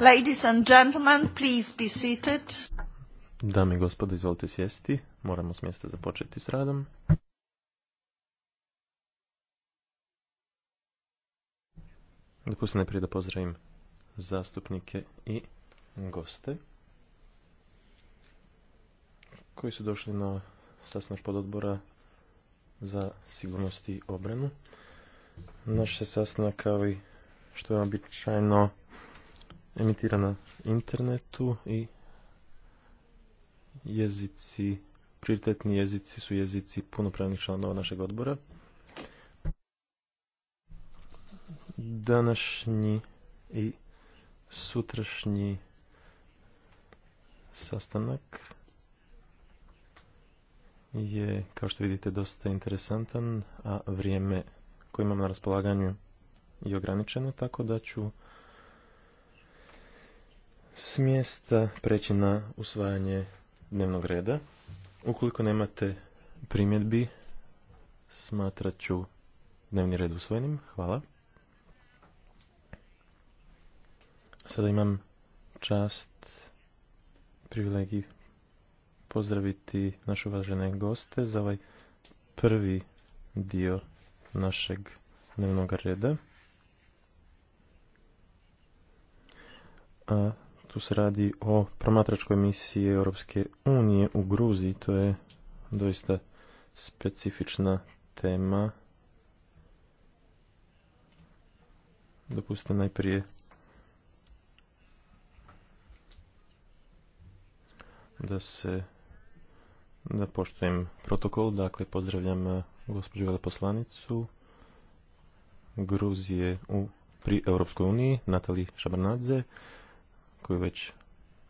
Ladies and gentlemen, please be seated. Dame i gospodo, izvolite sjesti. Moramo s mjesta započeti s radom. Dopustite najprije da pozdravim zastupnike i goste koji su došli na sastanak pododbora za sigurnost i obranu. Naš se sastanak kao i što je običajno emitira na internetu i jezici, prioritetni jezici su jezici punopravnih članova našeg odbora. Današnji i sutrašnji sastanak je, kao što vidite, dosta interesantan, a vrijeme koje imam na raspolaganju je ograničeno, tako da ću s mjesta preći na usvajanje dnevnog reda. Ukoliko nemate primjedbi, smatrat ću dnevni red usvojenim. Hvala. Sada imam čast, privilegij pozdraviti naše uvažene goste za ovaj prvi dio našeg dnevnog reda. A tu se radi o promatračkoj misiji Europske unije u Gruziji. To je doista specifična tema. Dopustite najprije da se da poštujem protokol, dakle pozdravljam eh, gospođu veleposlanicu Gruzije u, pri Europskoj uniji, Natali Šabrnadze koju već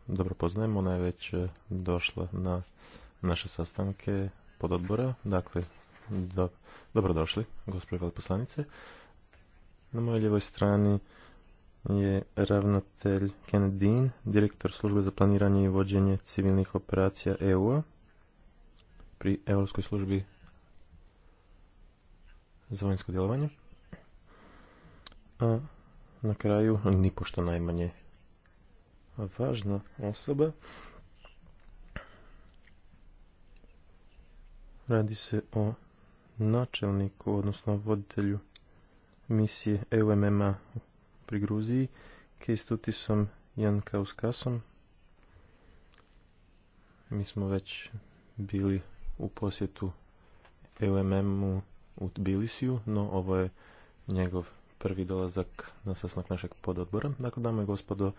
dobro poznajemo, ona je već e, došla na naše sastanke pod odbora. Dakle, do, došli gospođo veleposlanice. Na mojoj ljevoj strani je ravnatelj Kenneth direktor službe za planiranje i vođenje civilnih operacija EU-a pri Europskoj službi za vanjsko djelovanje. A na kraju, nipošto najmanje važna osoba. Radi se o načelniku, odnosno voditelju misije EUMMA pri Gruziji, Kestutisom Jankauskasom. Mi smo već bili u posjetu EUMM-u u Tbilisiju, no ovo je njegov prvi dolazak na sasnak našeg pododbora. Dakle, dame i gospodo,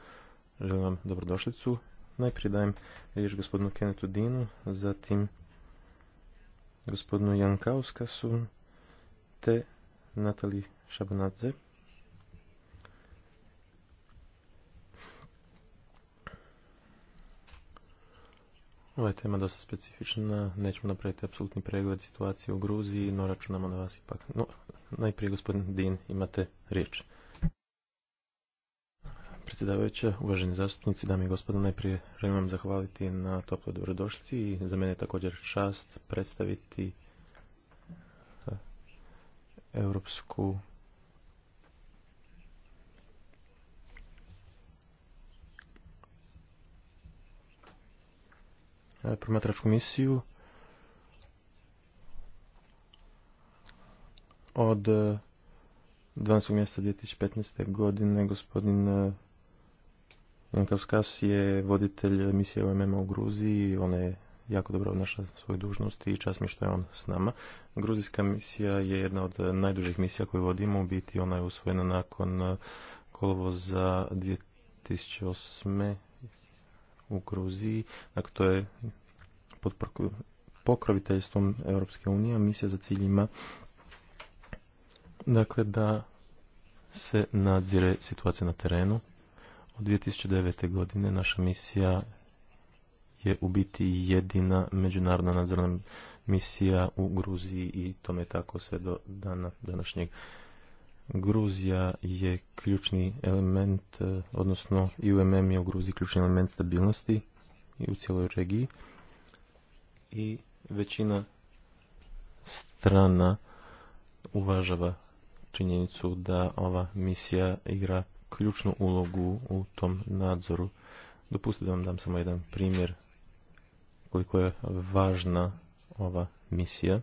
Želim vam dobrodošlicu. Najprije dajem riječ gospodinu Kenetu Dinu, zatim gospodinu Jankauskasu te Natali Šabanadze. Ova je tema dosta specifična, nećemo napraviti apsolutni pregled situacije u Gruziji, no računamo na vas ipak. najprije gospodin Din, imate riječ predsjedavajuća, uvaženi zastupnici, dame i gospodo, najprije želim vam zahvaliti na toploj dobrodošlici i za mene je također čast predstaviti e, Europsku promatračku misiju od 12. mjesta 2015. godine gospodin e, Kavskas je voditelj misije OMM-a u Gruziji, ona je jako dobro obnaša svoju dužnost i čas mi što je on s nama. Gruzijska misija je jedna od najdužih misija koju vodimo, u biti ona je usvojena nakon eh, kolovoza 2008. u Gruziji, dakle to je pod pokroviteljstvom Europske unije, misija za ciljima dakle da se nadzire situacija na terenu od 2009. godine naša misija je u biti jedina međunarodna nadzorna misija u Gruziji i tome je tako sve do dana današnjeg. Gruzija je ključni element, e, odnosno i IUMM je u Gruziji ključni element stabilnosti i u cijeloj regiji i većina strana uvažava činjenicu da ova misija igra ključnu ulogu u tom nadzoru. Dopustite da vam dam samo jedan primjer koliko je važna ova misija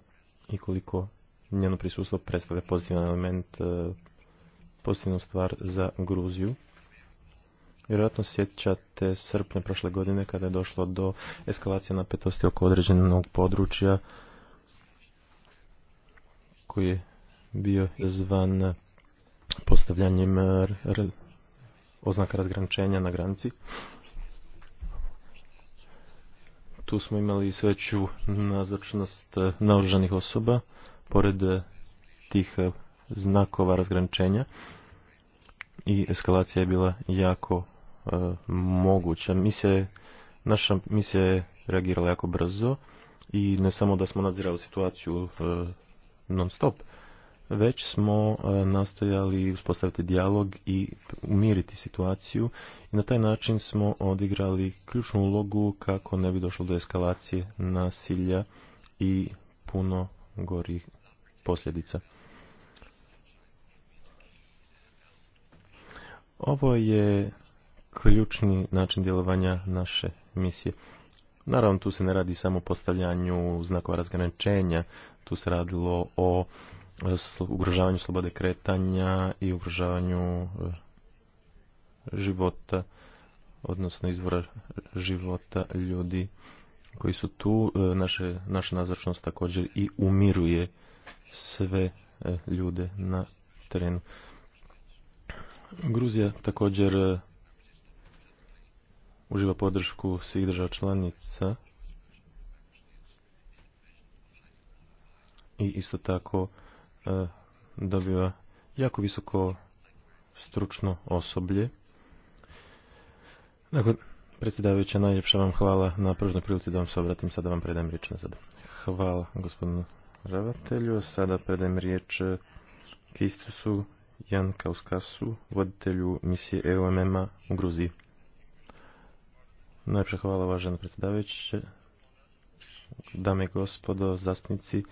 i koliko njeno prisustvo predstavlja pozitivan element, e, pozitivnu stvar za Gruziju. Vjerojatno sjećate srpnja prošle godine kada je došlo do eskalacije napetosti oko određenog područja koji je bio zvan postavljanjem e, oznaka razgraničenja na granici. Tu smo imali sveću veću nazočnost e, naoružanih osoba, pored e, tih znakova razgraničenja i eskalacija je bila jako moguća. Misija je, naša misija je reagirala jako brzo i ne samo da smo nadzirali situaciju non stop, već smo e, nastojali uspostaviti dijalog i umiriti situaciju i na taj način smo odigrali ključnu ulogu kako ne bi došlo do eskalacije nasilja i puno gorih posljedica. Ovo je ključni način djelovanja naše misije. Naravno, tu se ne radi samo o postavljanju znakova razgraničenja, tu se radilo o ugrožavanju slobode kretanja i ugrožavanju e, života, odnosno izvora života ljudi koji su tu. E, naše, naša nazočnost također i umiruje sve e, ljude na terenu. Gruzija također uživa podršku svih država članica i isto tako E, dobiva jako visoko stručno osoblje. Dakle, predsjedavajuća, najljepša vam hvala na pružnoj prilici da vam se obratim, sada vam predajem riječ nazad. Hvala gospodinu ravatelju, sada predajem riječ Kistusu Jan Kauskasu, voditelju misije EOMM-a u Gruziji. Najljepša hvala, važena predsjedavajuća, dame i gospodo, zastupnici,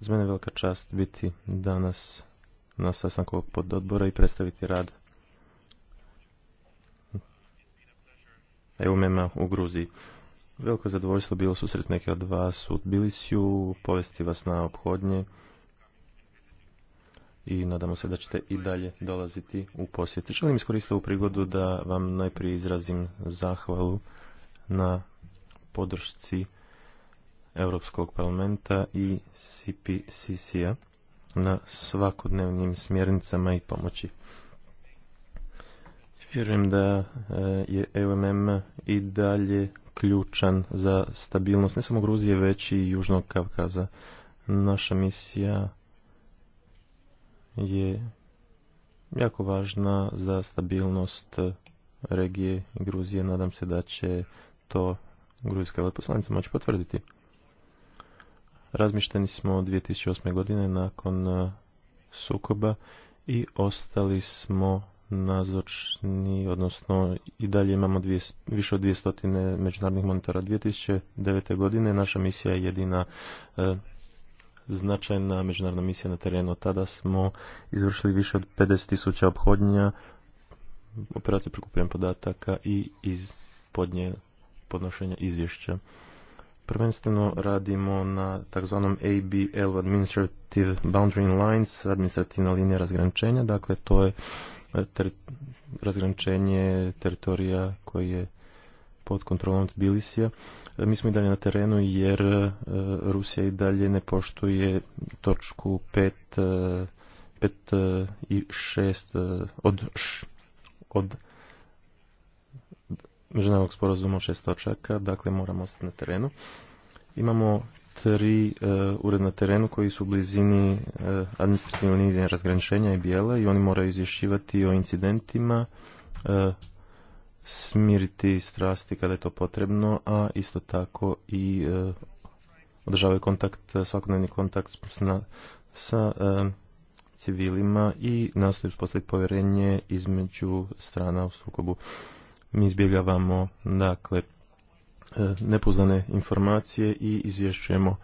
za mene je velika čast biti danas na sastanku ovog pododbora i predstaviti rad EUMEMA u Gruziji. Veliko zadovoljstvo bilo susret neke od vas u Tbilisiju, povesti vas na obhodnje i nadamo se da ćete i dalje dolaziti u posjeti. Želim iskoristiti ovu prigodu da vam najprije izrazim zahvalu na podršci Europskog parlamenta i CPCC-a na svakodnevnim smjernicama i pomoći. Vjerujem da e, je EUMM i dalje ključan za stabilnost ne samo Gruzije, već i Južnog Kavkaza. Naša misija je jako važna za stabilnost regije Gruzije. Nadam se da će to gruzijska veleposlanica moći potvrditi. Razmišteni smo 2008. godine nakon e, sukoba i ostali smo nazočni, odnosno i dalje imamo dvije, više od 200 međunarodnih monitora. 2009. godine naša misija je jedina e, značajna međunarodna misija na terenu. Tada smo izvršili više od 50.000 tisuća obhodnja, operacije prikupljenja podataka i iz podnje, podnošenja izvješća. Prvenstveno radimo na takzvanom ABL, Administrative Boundary Lines, administrativna linija razgrančenja. dakle to je e, ter, razgraničenje teritorija koji je pod kontrolom Tbilisija. E, mi smo i dalje na terenu jer e, Rusija i dalje ne poštuje točku 5, 5 i 6 od, od međunarodnog sporazuma šest točaka, dakle moramo ostati na terenu. Imamo tri e, uredna na terenu koji su u blizini e, administrativne razgraničenja i bijela i oni moraju izvješćivati o incidentima, e, smiriti strasti kada je to potrebno, a isto tako i e, održavaju kontakt, svakodnevni kontakt sa civilima i nastoji uspostaviti povjerenje između strana u sukobu mi izbjegavamo dakle e, nepoznane informacije i izvješćujemo.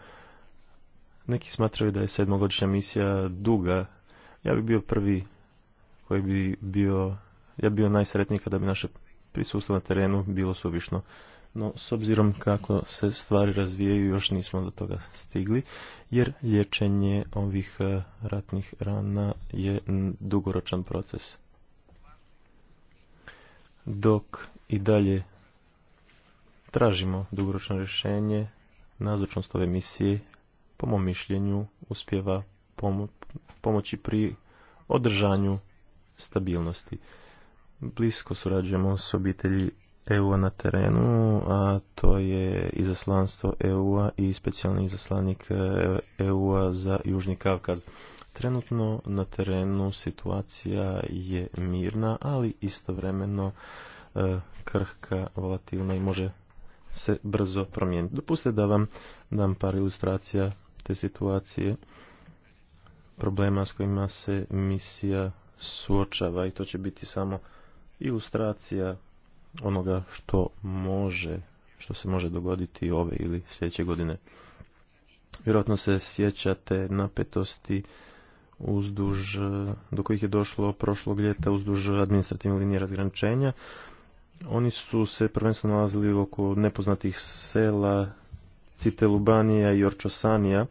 Neki smatraju da je sedmogodišnja misija duga. Ja bi bio prvi koji bi bio, ja bi bio najsretniji kada bi naše prisustvo na terenu bilo suvišno. No, s obzirom kako se stvari razvijaju, još nismo do toga stigli, jer liječenje ovih e, ratnih rana je dugoročan proces dok i dalje tražimo dugoročno rješenje, nazočnost ove misije, po mom mišljenju, uspjeva pomoći pri održanju stabilnosti. Blisko surađujemo s obitelji EU-a na terenu, a to je izaslanstvo EU-a i specijalni izaslanik EU-a e za Južni Kavkaz. Trenutno na terenu situacija je mirna, ali istovremeno e, krhka, volatilna i može se brzo promijeniti. Dopustite da vam dam par ilustracija te situacije, problema s kojima se misija suočava i to će biti samo ilustracija onoga što može, što se može dogoditi ove ili sljedeće godine. Vjerojatno se sjećate napetosti uzduž, do kojih je došlo prošlog ljeta uzduž administrativne linije razgraničenja. Oni su se prvenstveno nalazili oko nepoznatih sela Citelubanija i Orčosanija.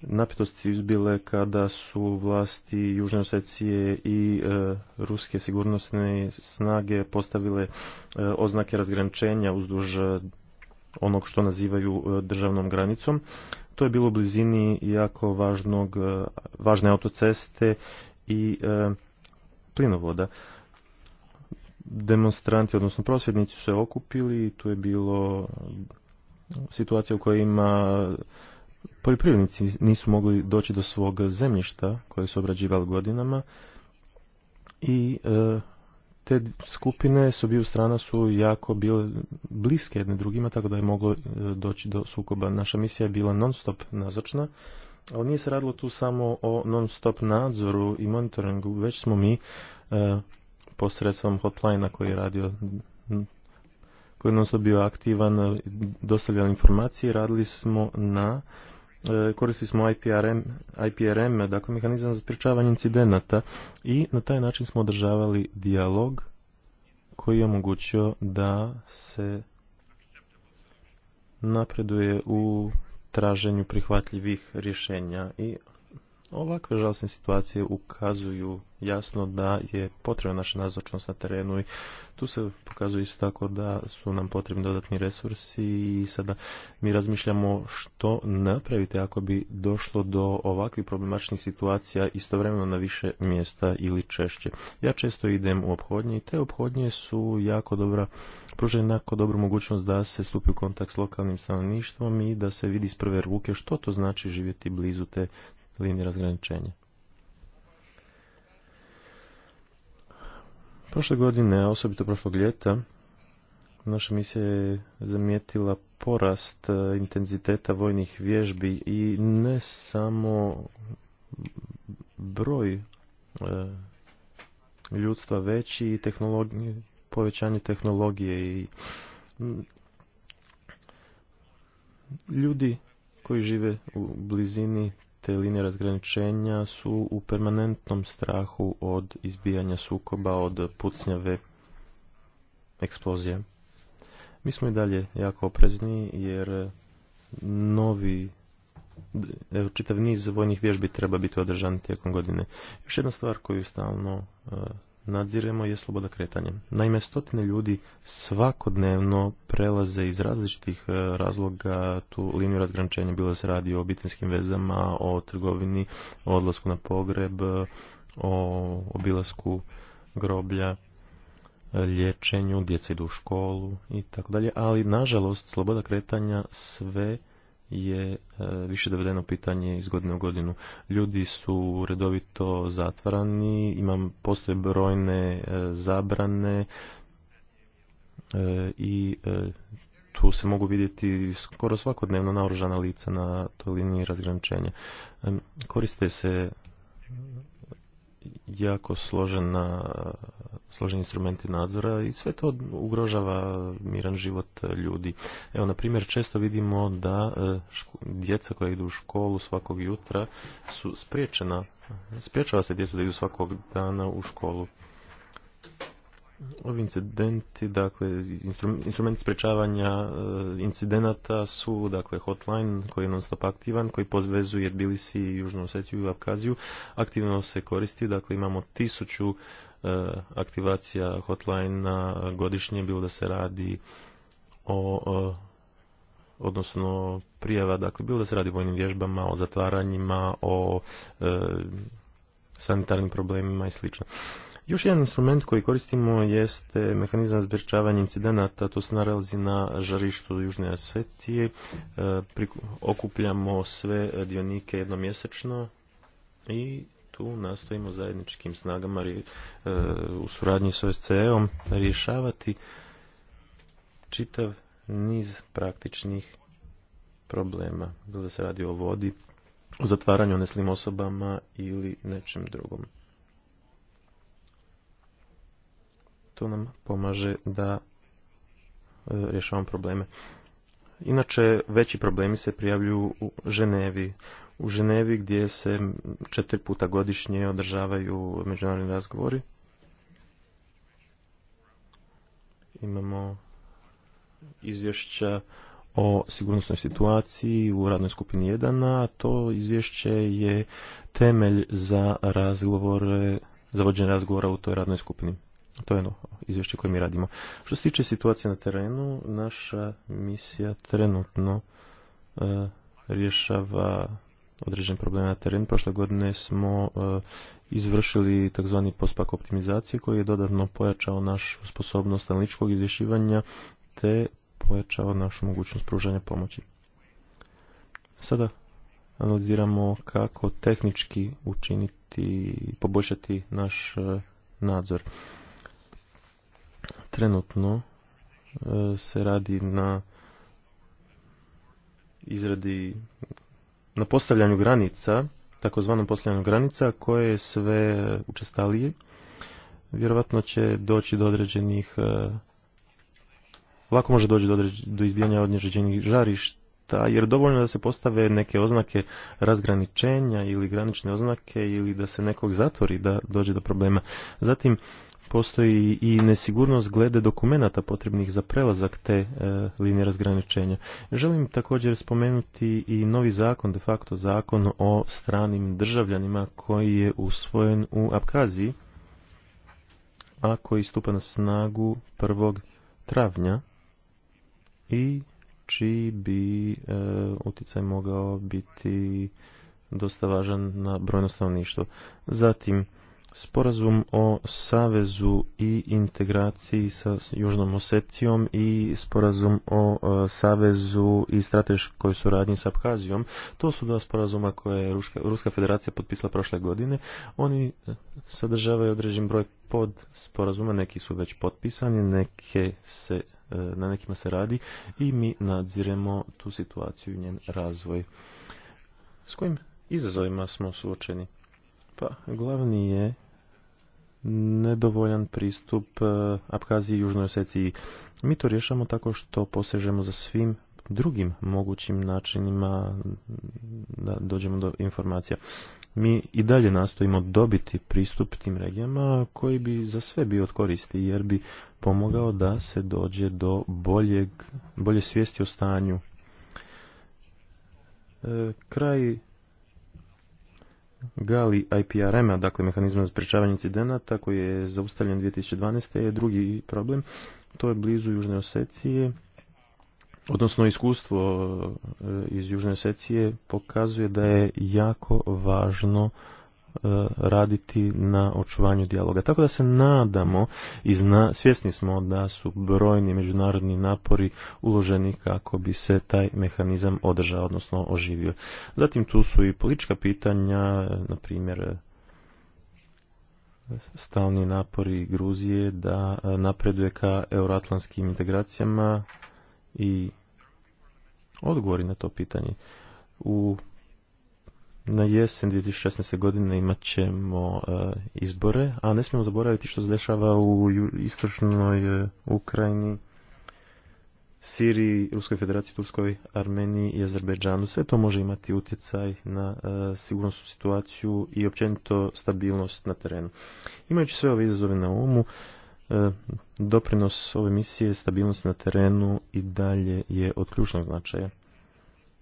Napetosti izbile kada su vlasti Južne Osecije i e, ruske sigurnosne snage postavile e, oznake razgraničenja uzduž onog što nazivaju e, državnom granicom. To je bilo u blizini jako važnog, e, važne autoceste i e, plinovoda. Demonstranti, odnosno prosvjednici su se okupili i tu je bilo e, situacija u kojima poljoprivrednici nisu mogli doći do svog zemljišta koje su obrađivali godinama i te skupine s obiju strana su jako bile bliske jedne drugima, tako da je moglo e, doći do sukoba. Naša misija je bila non-stop nazočna, ali nije se radilo tu samo o non-stop nadzoru i monitoringu, već smo mi e, posredstvom hotline koji je radio koji je non-stop bio aktivan, e, dostavljali informacije, radili smo na E, koristili smo IPRM, IPRM dakle mehanizam za sprječavanje incidenata i na taj način smo održavali dijalog koji je omogućio da se napreduje u traženju prihvatljivih rješenja i Ovakve žalostne situacije ukazuju jasno da je potrebna naša nazočnost na terenu i tu se pokazuje isto tako da su nam potrebni dodatni resursi i sada mi razmišljamo što napraviti ako bi došlo do ovakvih problemačnih situacija istovremeno na više mjesta ili češće. Ja često idem u obhodnje i te obhodnje su jako dobra pružaju jednako dobru mogućnost da se stupi u kontakt s lokalnim stanovništvom i da se vidi s prve ruke što to znači živjeti blizu te linije razgraničenja. Prošle godine, a osobito prošlog ljeta, naša misija je zamijetila porast e, intenziteta vojnih vježbi i ne samo broj e, ljudstva veći i povećanje tehnologije i ljudi koji žive u blizini te linije razgraničenja su u permanentnom strahu od izbijanja sukoba, od pucnjave eksplozije. Mi smo i dalje jako oprezni jer novi čitav niz vojnih vježbi treba biti održan tijekom godine. Još jedna stvar koju stalno e, nadziremo je sloboda kretanja. Naime, stotine ljudi svakodnevno prelaze iz različitih e, razloga tu liniju razgrančenja. bilo se radi o obiteljskim vezama, o trgovini, o odlasku na pogreb, o obilasku groblja, liječenju, djece idu u školu i tako dalje, ali nažalost sloboda kretanja sve je e, više dovedeno pitanje iz godine u godinu. Ljudi su redovito zatvarani, imam, postoje brojne e, zabrane e, i tu se mogu vidjeti skoro svakodnevno naoružana lica na toj liniji razgraničenja. Koriste se jako složena, složeni instrumenti nadzora i sve to ugrožava miran život ljudi. Evo, na primjer, često vidimo da e, djeca koja idu u školu svakog jutra su spriječena, spriječava se djecu da idu svakog dana u školu. Ovi incidenti, dakle, instrumenti sprečavanja e, incidenata su, dakle, hotline koji je non stop aktivan, koji pozvezuje Tbilisi, Južnu Osetiju i Abkaziju. Aktivno se koristi, dakle, imamo tisuću e, aktivacija hotline godišnje, bilo da se radi o, odnosno prijava, dakle, bilo da se radi o vojnim vježbama, o zatvaranjima, o e, sanitarnim problemima i slično. Još jedan instrument koji koristimo jeste mehanizam zbirčavanja incidenata, to se nalazi na žarištu Južne Asvetije, e, Okupljamo sve dionike jednomjesečno i tu nastojimo zajedničkim snagama e, u suradnji s OSCE-om rješavati čitav niz praktičnih problema, bilo da se radi o vodi, o zatvaranju neslim osobama ili nečem drugom. to nam pomaže da e, rješavamo probleme. Inače, veći problemi se prijavljuju u Ženevi. U Ženevi gdje se četiri puta godišnje održavaju međunarodni razgovori. Imamo izvješća o sigurnosnoj situaciji u radnoj skupini 1, a to izvješće je temelj za razgovore, za vođenje razgovora u toj radnoj skupini. To je jedno izvješće koje mi radimo. Što se tiče situacije na terenu, naša misija trenutno e, rješava određen problem na terenu. Prošle godine smo e, izvršili takzvani pospak optimizacije koji je dodatno pojačao našu sposobnost analitičkog izvješivanja te pojačao našu mogućnost pružanja pomoći. Sada analiziramo kako tehnički učiniti, poboljšati naš e, nadzor. Trenutno e, se radi na izradi, na postavljanju granica, takozvanom postavljanju granica koje je sve učestalije. vjerojatno će doći do određenih e, lako može doći do, do izbijanja određenih žarišta, jer dovoljno da se postave neke oznake razgraničenja ili granične oznake ili da se nekog zatvori da dođe do problema. Zatim, postoji i nesigurnost glede dokumenata potrebnih za prelazak te e, linije razgraničenja. Želim također spomenuti i novi zakon, de facto zakon o stranim državljanima koji je usvojen u Abkaziji, a koji stupa na snagu 1. travnja i čiji bi e, utjecaj mogao biti dosta važan na brojno stanovništvo. Zatim, sporazum o savezu i integraciji sa Južnom Osetijom i sporazum o e, savezu i strateškoj suradnji sa Abhazijom. To su dva sporazuma koje je Ruska, Ruska federacija potpisala prošle godine. Oni e, sadržavaju određen broj pod sporazuma, neki su već potpisani, neke se, e, na nekima se radi i mi nadziremo tu situaciju i njen razvoj. S kojim izazovima smo suočeni? Pa, glavni je nedovoljan pristup e, Abhaziji i Južnoj Oseciji. Mi to rješamo tako što posežemo za svim drugim mogućim načinima da dođemo do informacija. Mi i dalje nastojimo dobiti pristup tim regijama koji bi za sve bio od koristi jer bi pomogao da se dođe do boljeg, bolje svijesti o stanju. E, kraj Gali IPRM-a, dakle mehanizma za sprečavanje incidenata koji je zaustavljen 2012. je drugi problem. To je blizu Južne Osecije. Odnosno iskustvo e, iz Južne Osecije pokazuje da je jako važno E, raditi na očuvanju dijaloga. Tako da se nadamo i zna, svjesni smo da su brojni međunarodni napori uloženi kako bi se taj mehanizam održao, odnosno oživio. Zatim tu su i politička pitanja, na primjer e, stalni napori Gruzije da e, napreduje ka euroatlantskim integracijama i odgovori na to pitanje. U na jesen 2016. godine imat ćemo e, izbore, a ne smijemo zaboraviti što se dešava u istočnoj e, Ukrajini, Siriji, Ruskoj federaciji, Turskoj, Armeniji i Azerbejdžanu. Sve to može imati utjecaj na e, sigurnosnu situaciju i općenito stabilnost na terenu. Imajući sve ove izazove na umu, doprinos ove misije stabilnosti na terenu i dalje je od ključnog značaja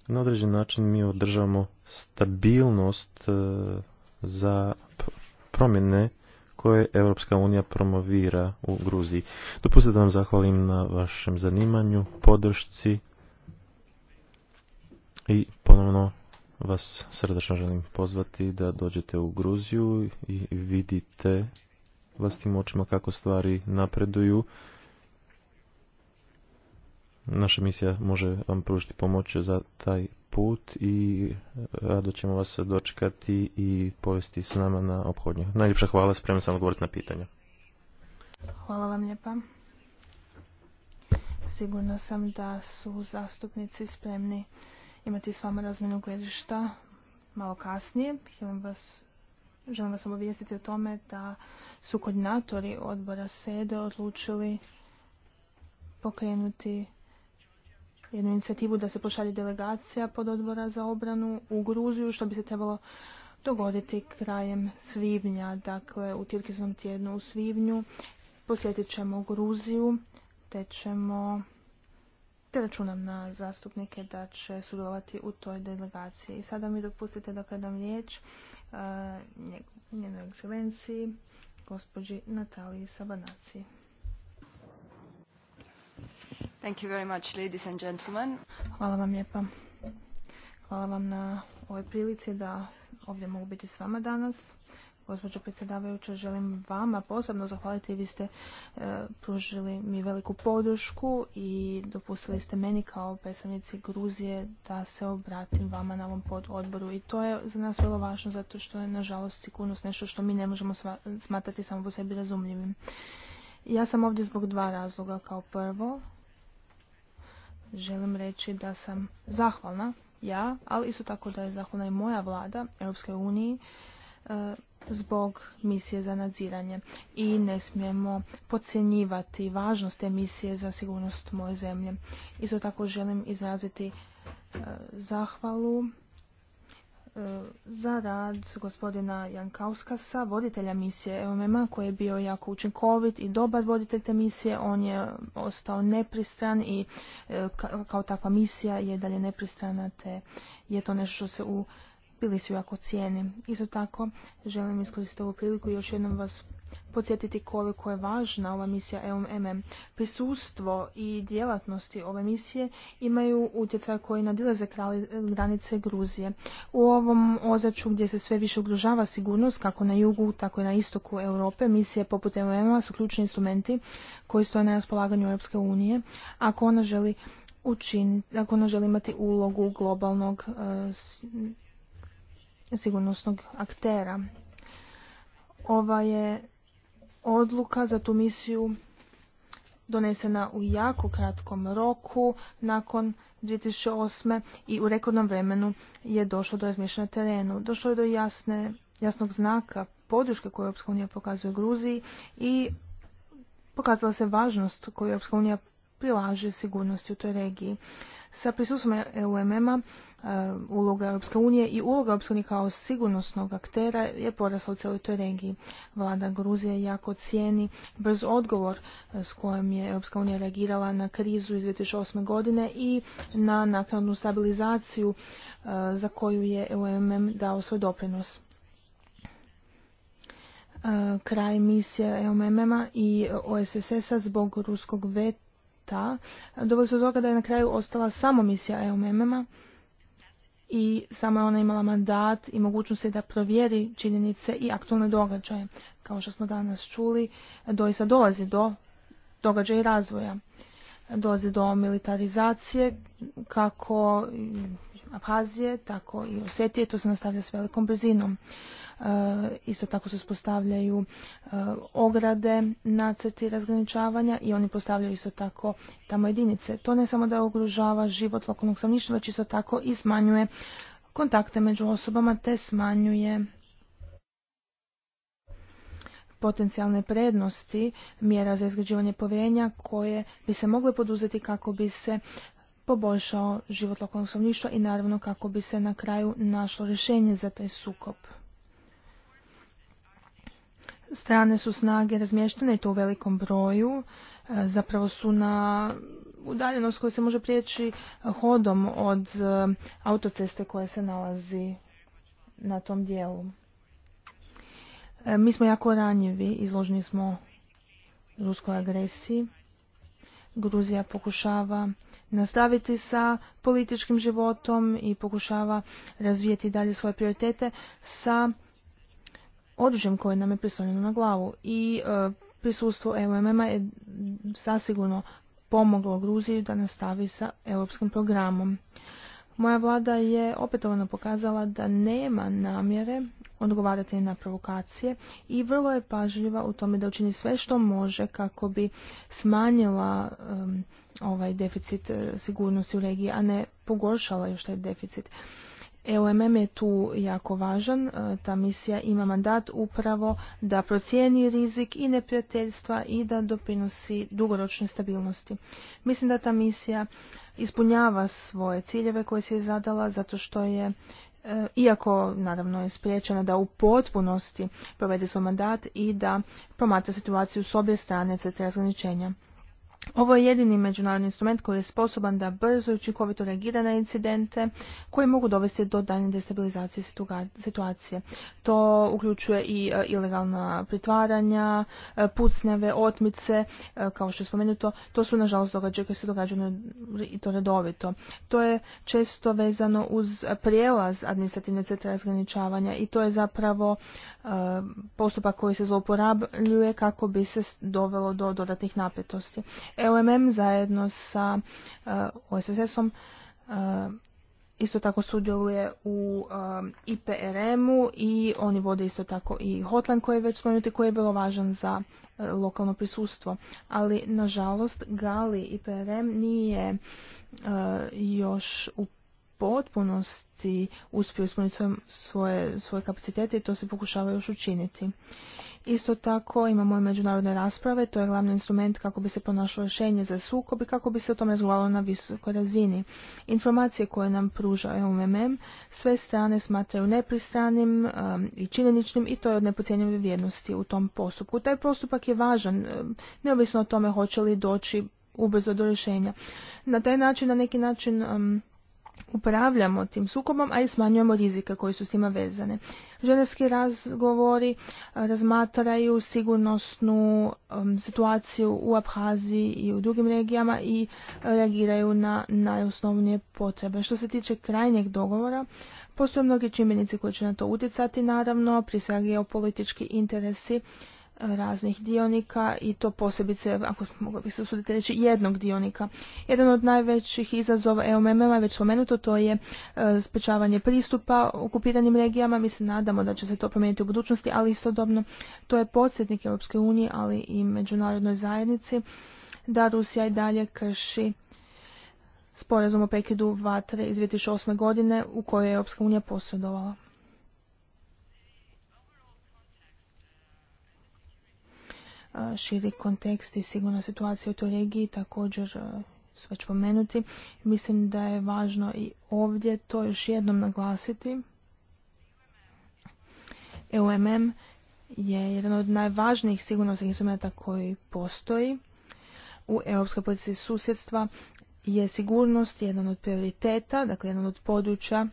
na određen način mi održamo stabilnost e, za promjene koje Europska unija promovira u Gruziji. Dopustite da vam zahvalim na vašem zanimanju, podršci i ponovno vas srdačno želim pozvati da dođete u Gruziju i vidite vlastim očima kako stvari napreduju naša misija može vam pružiti pomoć za taj put i e, rado ćemo vas dočekati i povesti s nama na obhodnju. Najljepša hvala, spreman sam odgovoriti na pitanja. Hvala vam lijepa. Sigurna sam da su zastupnici spremni imati s vama razmjenu gledišta malo kasnije. Želim vas, želim vas obavijestiti o tome da su koordinatori odbora SEDE odlučili pokrenuti jednu inicijativu da se pošalje delegacija pod odbora za obranu u Gruziju, što bi se trebalo dogoditi krajem svibnja. Dakle, u Tirkiznom tjednu u svibnju posjetit ćemo Gruziju, te ćemo te računam na zastupnike da će sudjelovati u toj delegaciji. I sada mi dopustite da predam riječ eh, njenoj ekscelenciji, gospođi Nataliji Sabanaci. Hvala vam lijepa. Hvala vam na ovoj prilici da ovdje mogu biti s vama danas. Gospođo predsjedavajuća, želim vama posebno zahvaliti. Vi ste e, pružili mi veliku podršku i dopustili ste meni kao predstavnici Gruzije da se obratim vama na ovom pododboru. I to je za nas vrlo važno zato što je nažalost sigurnost nešto što mi ne možemo smatrati samo po sebi razumljivim. Ja sam ovdje zbog dva razloga. Kao prvo, želim reći da sam zahvalna ja, ali isto tako da je zahvalna i moja vlada Europske unije, zbog misije za nadziranje i ne smijemo podcjenjivati važnost te misije za sigurnost moje zemlje. Isto tako želim izraziti e, zahvalu E, za rad gospodina Jankauskasa, voditelja misije eomm koji je bio jako učinkovit i dobar voditelj te misije. On je ostao nepristran i e, kao takva misija je dalje nepristrana te je to nešto što se u su jako cijeni. Isto tako želim iskoristiti ovu priliku i još jednom vas podsjetiti koliko je važna ova misija EUMM. Prisustvo i djelatnosti ove misije imaju utjecaj koji nadilaze granice Gruzije. U ovom ozaču gdje se sve više ugrožava sigurnost kako na jugu, tako i na istoku Europe, misije poput eumm su ključni instrumenti koji stoje na raspolaganju Europske unije ako ona želi učiniti, ako ona želi imati ulogu globalnog e, sigurnosnog aktera. Ova je odluka za tu misiju donesena u jako kratkom roku nakon 2008. i u rekordnom vremenu je došlo do razmišljanja terenu. Došlo je do jasne, jasnog znaka podrške koju Europska unija pokazuje Gruziji i pokazala se važnost koju Europska unija prilaže sigurnosti u toj regiji. Sa prisustvom EUMM-a E, uloga Europske unije i uloga Europske kao sigurnosnog aktera je porasla u cijeloj toj regiji. Vlada Gruzije jako cijeni brz odgovor e, s kojim je Europska unija reagirala na krizu iz 2008. godine i na naknadnu stabilizaciju e, za koju je EUMM dao svoj doprinos kraj misije eumm a i OSSS-a zbog ruskog veta doveli se do toga da je na kraju ostala samo misija eumm a i samo je ona imala mandat i mogućnosti da provjeri činjenice i aktualne događaje. Kao što smo danas čuli, doista dolazi do događaja i razvoja dolazi do militarizacije kako Abhazije, tako i Osetije, to se nastavlja s velikom brzinom. E, isto tako se uspostavljaju e, ograde na crti razgraničavanja i oni postavljaju isto tako tamo jedinice. To ne samo da ugrožava život lokalnog stanovništva, već isto tako i smanjuje kontakte među osobama te smanjuje potencijalne prednosti mjera za izgrađivanje povjerenja koje bi se mogle poduzeti kako bi se poboljšao život lokalnog stanovništva i naravno kako bi se na kraju našlo rješenje za taj sukob. Strane su snage razmještene i to u velikom broju. E, zapravo su na udaljenost koja se može prijeći hodom od e, autoceste koja se nalazi na tom dijelu. E, mi smo jako ranjivi, izloženi smo ruskoj agresiji. Gruzija pokušava nastaviti sa političkim životom i pokušava razvijeti dalje svoje prioritete sa oružjem koje nam je prisunjeno na glavu. I e, prisustvo EUMM-a je zasigurno pomoglo Gruziji da nastavi sa europskim programom. Moja vlada je opetovano pokazala da nema namjere odgovarati na provokacije i vrlo je pažljiva u tome da učini sve što može kako bi smanjila ovaj deficit e, sigurnosti u regiji, a ne pogoršala još taj deficit. EOMM je tu jako važan, e, ta misija ima mandat upravo da procijeni rizik i neprijateljstva i da doprinosi dugoročnoj stabilnosti. Mislim da ta misija ispunjava svoje ciljeve koje si je zadala zato što je e, iako naravno je spriječena da u potpunosti provede svoj mandat i da promatra situaciju s obje strane te razgraničenja. Ovo je jedini međunarodni instrument koji je sposoban da brzo i učinkovito reagira na incidente koji mogu dovesti do daljnje destabilizacije situacije. To uključuje i e, ilegalna pritvaranja, e, pucnjave, otmice, e, kao što je spomenuto, to su nažalost događaje koje se događaju i to redovito. To je često vezano uz prijelaz administrativne centra razgraničavanja i to je zapravo postupak koji se zlouporabljuje kako bi se dovelo do dodatnih napetosti. LMM e zajedno sa e, OSSS-om e, isto tako sudjeluje u IPRM-u i oni vode isto tako i hotline koji je već spomenuti koji je bilo važan za lokalno prisustvo. Ali nažalost Gali IPRM nije još u potpunosti uspio ispuniti svoje kapacitete i to se pokušava još učiniti. Isto tako imamo i međunarodne rasprave, to je glavni instrument kako bi se pronašlo rješenje za sukob i kako bi se o tome zvalo na visokoj razini. Informacije koje nam pruža MMM sve strane smatraju nepristranim um, i činjeničnim i to je od nepocijenjive vrijednosti u tom postupku. Taj postupak je važan, um, neovisno o tome hoće li doći ubrzo do rješenja. Na taj način, na neki način um, upravljamo tim sukobom, a i smanjujemo rizike koji su s njima vezane. Ženevski razgovori e, razmatraju sigurnosnu situaciju u Abhaziji i u drugim regijama i e, reagiraju na najosnovnije potrebe. Što se tiče krajnjeg dogovora, postoje mnogi čimbenici koji će na to utjecati, naravno, prije svega geopolitički interesi raznih dionika i to posebice, ako mogla bi se usuditi reći, jednog dionika. Jedan od najvećih izazova EOMM-a je već spomenuto, to je e, sprečavanje pristupa okupiranim regijama. Mi se nadamo da će se to promijeniti u budućnosti, ali istodobno to je podsjetnik Europske unije, ali i međunarodnoj zajednici, da Rusija i dalje krši sporazum o prekidu vatre iz 2008. godine u kojoj je Europska unija posjedovala. širi kontekst i sigurna situacija u toj regiji također su već pomenuti. Mislim da je važno i ovdje to još jednom naglasiti. EUMM je jedan od najvažnijih sigurnosnih instrumenta koji postoji u europskoj politici susjedstva je sigurnost jedan od prioriteta, dakle jedan od područja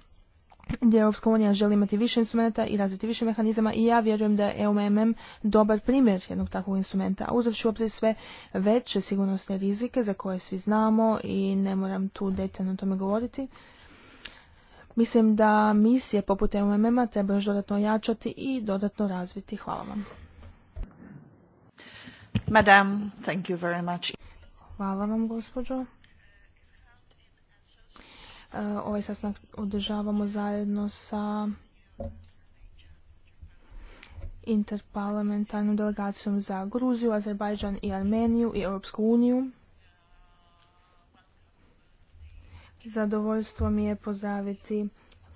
gdje Europska unija želi imati više instrumenta i razviti više mehanizama i ja vjerujem da je EUMM dobar primjer jednog takvog instrumenta. A uzavši obzir sve veće sigurnosne rizike za koje svi znamo i ne moram tu detaljno o tome govoriti, mislim da misije poput EUMM-a treba još dodatno jačati i dodatno razviti. Hvala vam. Madame, thank you very much. Hvala vam, gospođo. E, ovaj sastanak održavamo zajedno sa interparlamentarnom delegacijom za Gruziju, Azerbajdžan i Armeniju i Europsku uniju. Zadovoljstvo mi je pozdraviti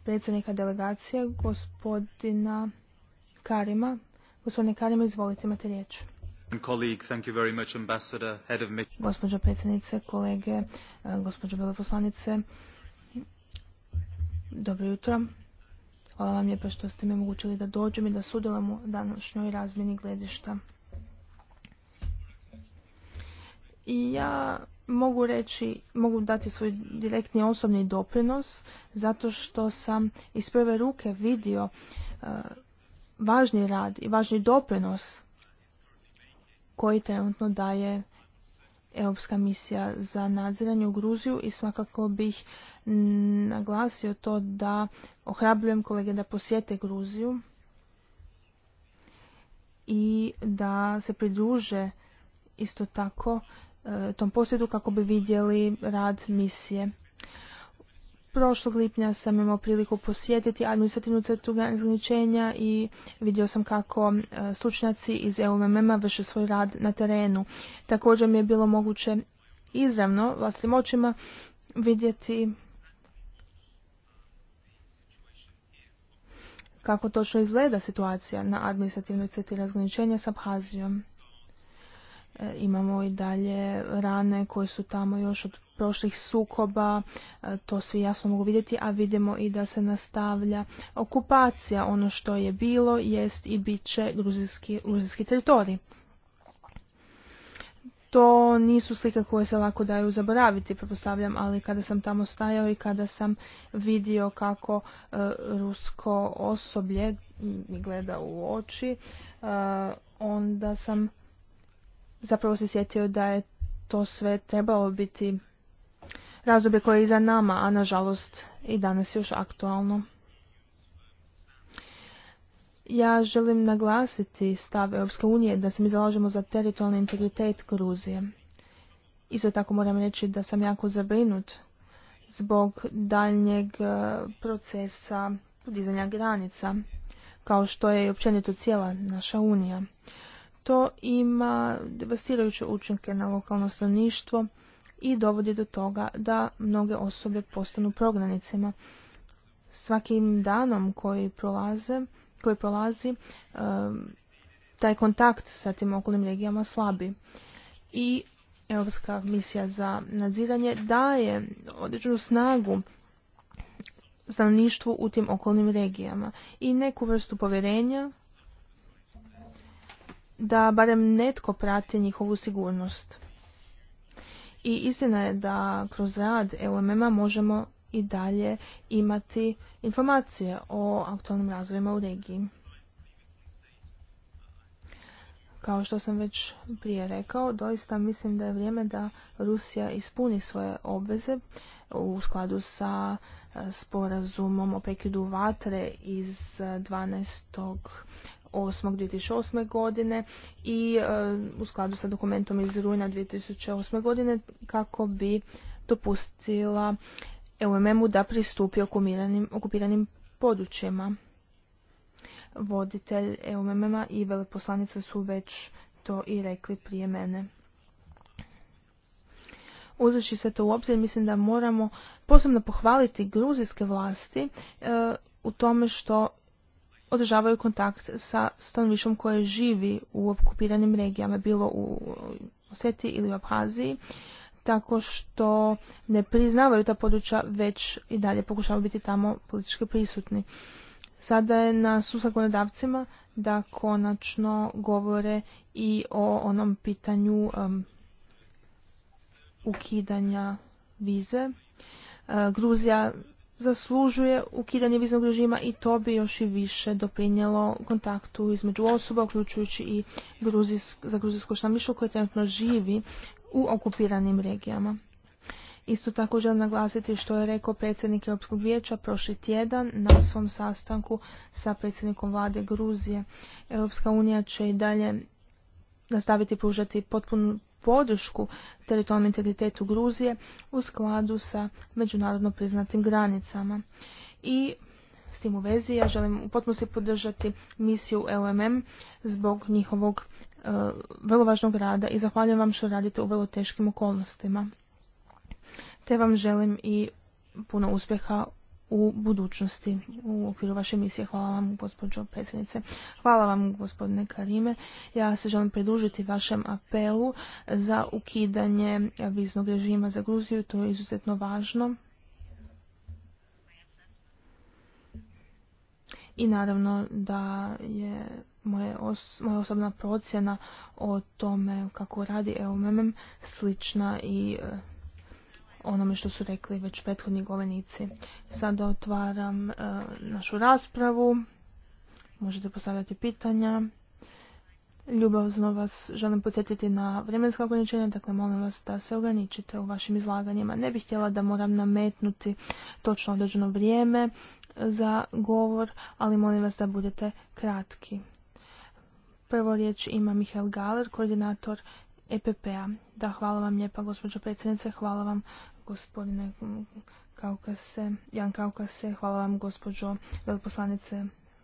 predsjednika delegacije, gospodina Karima. Gospodine Karima, izvolite, imate riječ. Gospođo predsjednice, kolege, e, gospođo veleposlanice, dobro jutro. Hvala vam lijepa što ste mi omogućili da dođem i da sudjelujem u današnjoj razmjeni gledišta. I ja mogu reći, mogu dati svoj direktni osobni doprinos zato što sam iz prve ruke vidio e, važni rad i važni doprinos koji trenutno daje Europska misija za nadziranje u Gruziju i svakako bih naglasio to da ohrabljujem kolege da posjete Gruziju i da se pridruže isto tako e, tom posjedu kako bi vidjeli rad misije Prošlog lipnja sam imao priliku posjetiti administrativnu crtu ograničenja i vidio sam kako e, stručnjaci iz EUMM-a vrše svoj rad na terenu. Također mi je bilo moguće izravno vlastnim očima vidjeti kako točno izgleda situacija na administrativnoj crti razgraničenja s Abhazijom. E, imamo i dalje rane koje su tamo još od prošlih sukoba, e, to svi jasno mogu vidjeti, a vidimo i da se nastavlja okupacija. Ono što je bilo jest i bit će gruzijski, teritorij. To nisu slike koje se lako daju zaboraviti, prepostavljam, ali kada sam tamo stajao i kada sam vidio kako e, rusko osoblje mi gleda u oči, e, onda sam zapravo se sjetio da je to sve trebalo biti razdoblje koje je iza nama, a nažalost i danas još aktualno. Ja želim naglasiti stav Europske unije da se mi zalažemo za teritorijalni integritet Gruzije. Isto tako moram reći da sam jako zabrinut zbog daljnjeg e, procesa podizanja granica, kao što je i općenito cijela naša unija. To ima devastirajuće učinke na lokalno stanovništvo, i dovodi do toga da mnoge osobe postanu prognanicima. Svakim danom koji prolaze, koji prolazi, um, taj kontakt sa tim okolnim regijama slabi. I Europska misija za nadziranje daje određenu snagu stanovništvu u tim okolnim regijama i neku vrstu povjerenja da barem netko prati njihovu sigurnost. I istina je da kroz rad EUMM-a možemo i dalje imati informacije o aktualnim razvojima u regiji. Kao što sam već prije rekao, doista mislim da je vrijeme da Rusija ispuni svoje obveze u skladu sa e, sporazumom o prekidu vatre iz 12. E, 2008. godine i e, u skladu sa dokumentom iz rujna 2008. godine kako bi dopustila EUMM-u da pristupi okupiranim područjima. Voditelj EUMM-a i veleposlanica su već to i rekli prije mene. Uzeći se to u obzir, mislim da moramo posebno pohvaliti gruzijske vlasti e, u tome što održavaju kontakt sa stanovišom koje živi u okupiranim regijama, bilo u Oseti ili u Abhaziji, tako što ne priznavaju ta područja, već i dalje pokušavaju biti tamo politički prisutni. Sada je na susakonodavcima da konačno govore i o onom pitanju ukidanja vize. E, Gruzija zaslužuje ukidanje viznog režima i to bi još i više doprinjelo kontaktu između osoba, uključujući i za gruzijsko štamišlo koje trenutno živi u okupiranim regijama. Isto tako želim naglasiti što je rekao predsjednik Europskog vijeća prošli tjedan na svom sastanku sa predsjednikom vlade Gruzije. Europska unija će i dalje nastaviti pružati potpunu podršku teritorijalnom integritetu Gruzije u skladu sa međunarodno priznatim granicama. I s tim u vezi ja želim u potpunosti podržati misiju LMM e zbog njihovog e, vrlo važnog rada i zahvaljujem vam što radite u vrlo teškim okolnostima. Te vam želim i puno uspjeha u budućnosti u okviru vaše misije. Hvala vam, gospođo predsjednice. Hvala vam, gospodine Karime. Ja se želim pridružiti vašem apelu za ukidanje viznog režima za Gruziju. To je izuzetno važno. I naravno da je moje moja osobna procjena o tome kako radi EOMM slična i e, onome što su rekli već prethodni govenici. Sada otvaram e, našu raspravu. Možete postavljati pitanja. Ljubavno vas želim podsjetiti na vremenska ograničenja, dakle molim vas da se ograničite u vašim izlaganjima. Ne bih htjela da moram nametnuti točno određeno vrijeme za govor, ali molim vas da budete kratki. Prvo riječ ima Mihael Galer, koordinator EPP-a. Da, hvala vam lijepa, gospođo predsjednice, hvala vam gospodine Kaukase, Jan Kaukase, hvala vam gospođo veliposlanice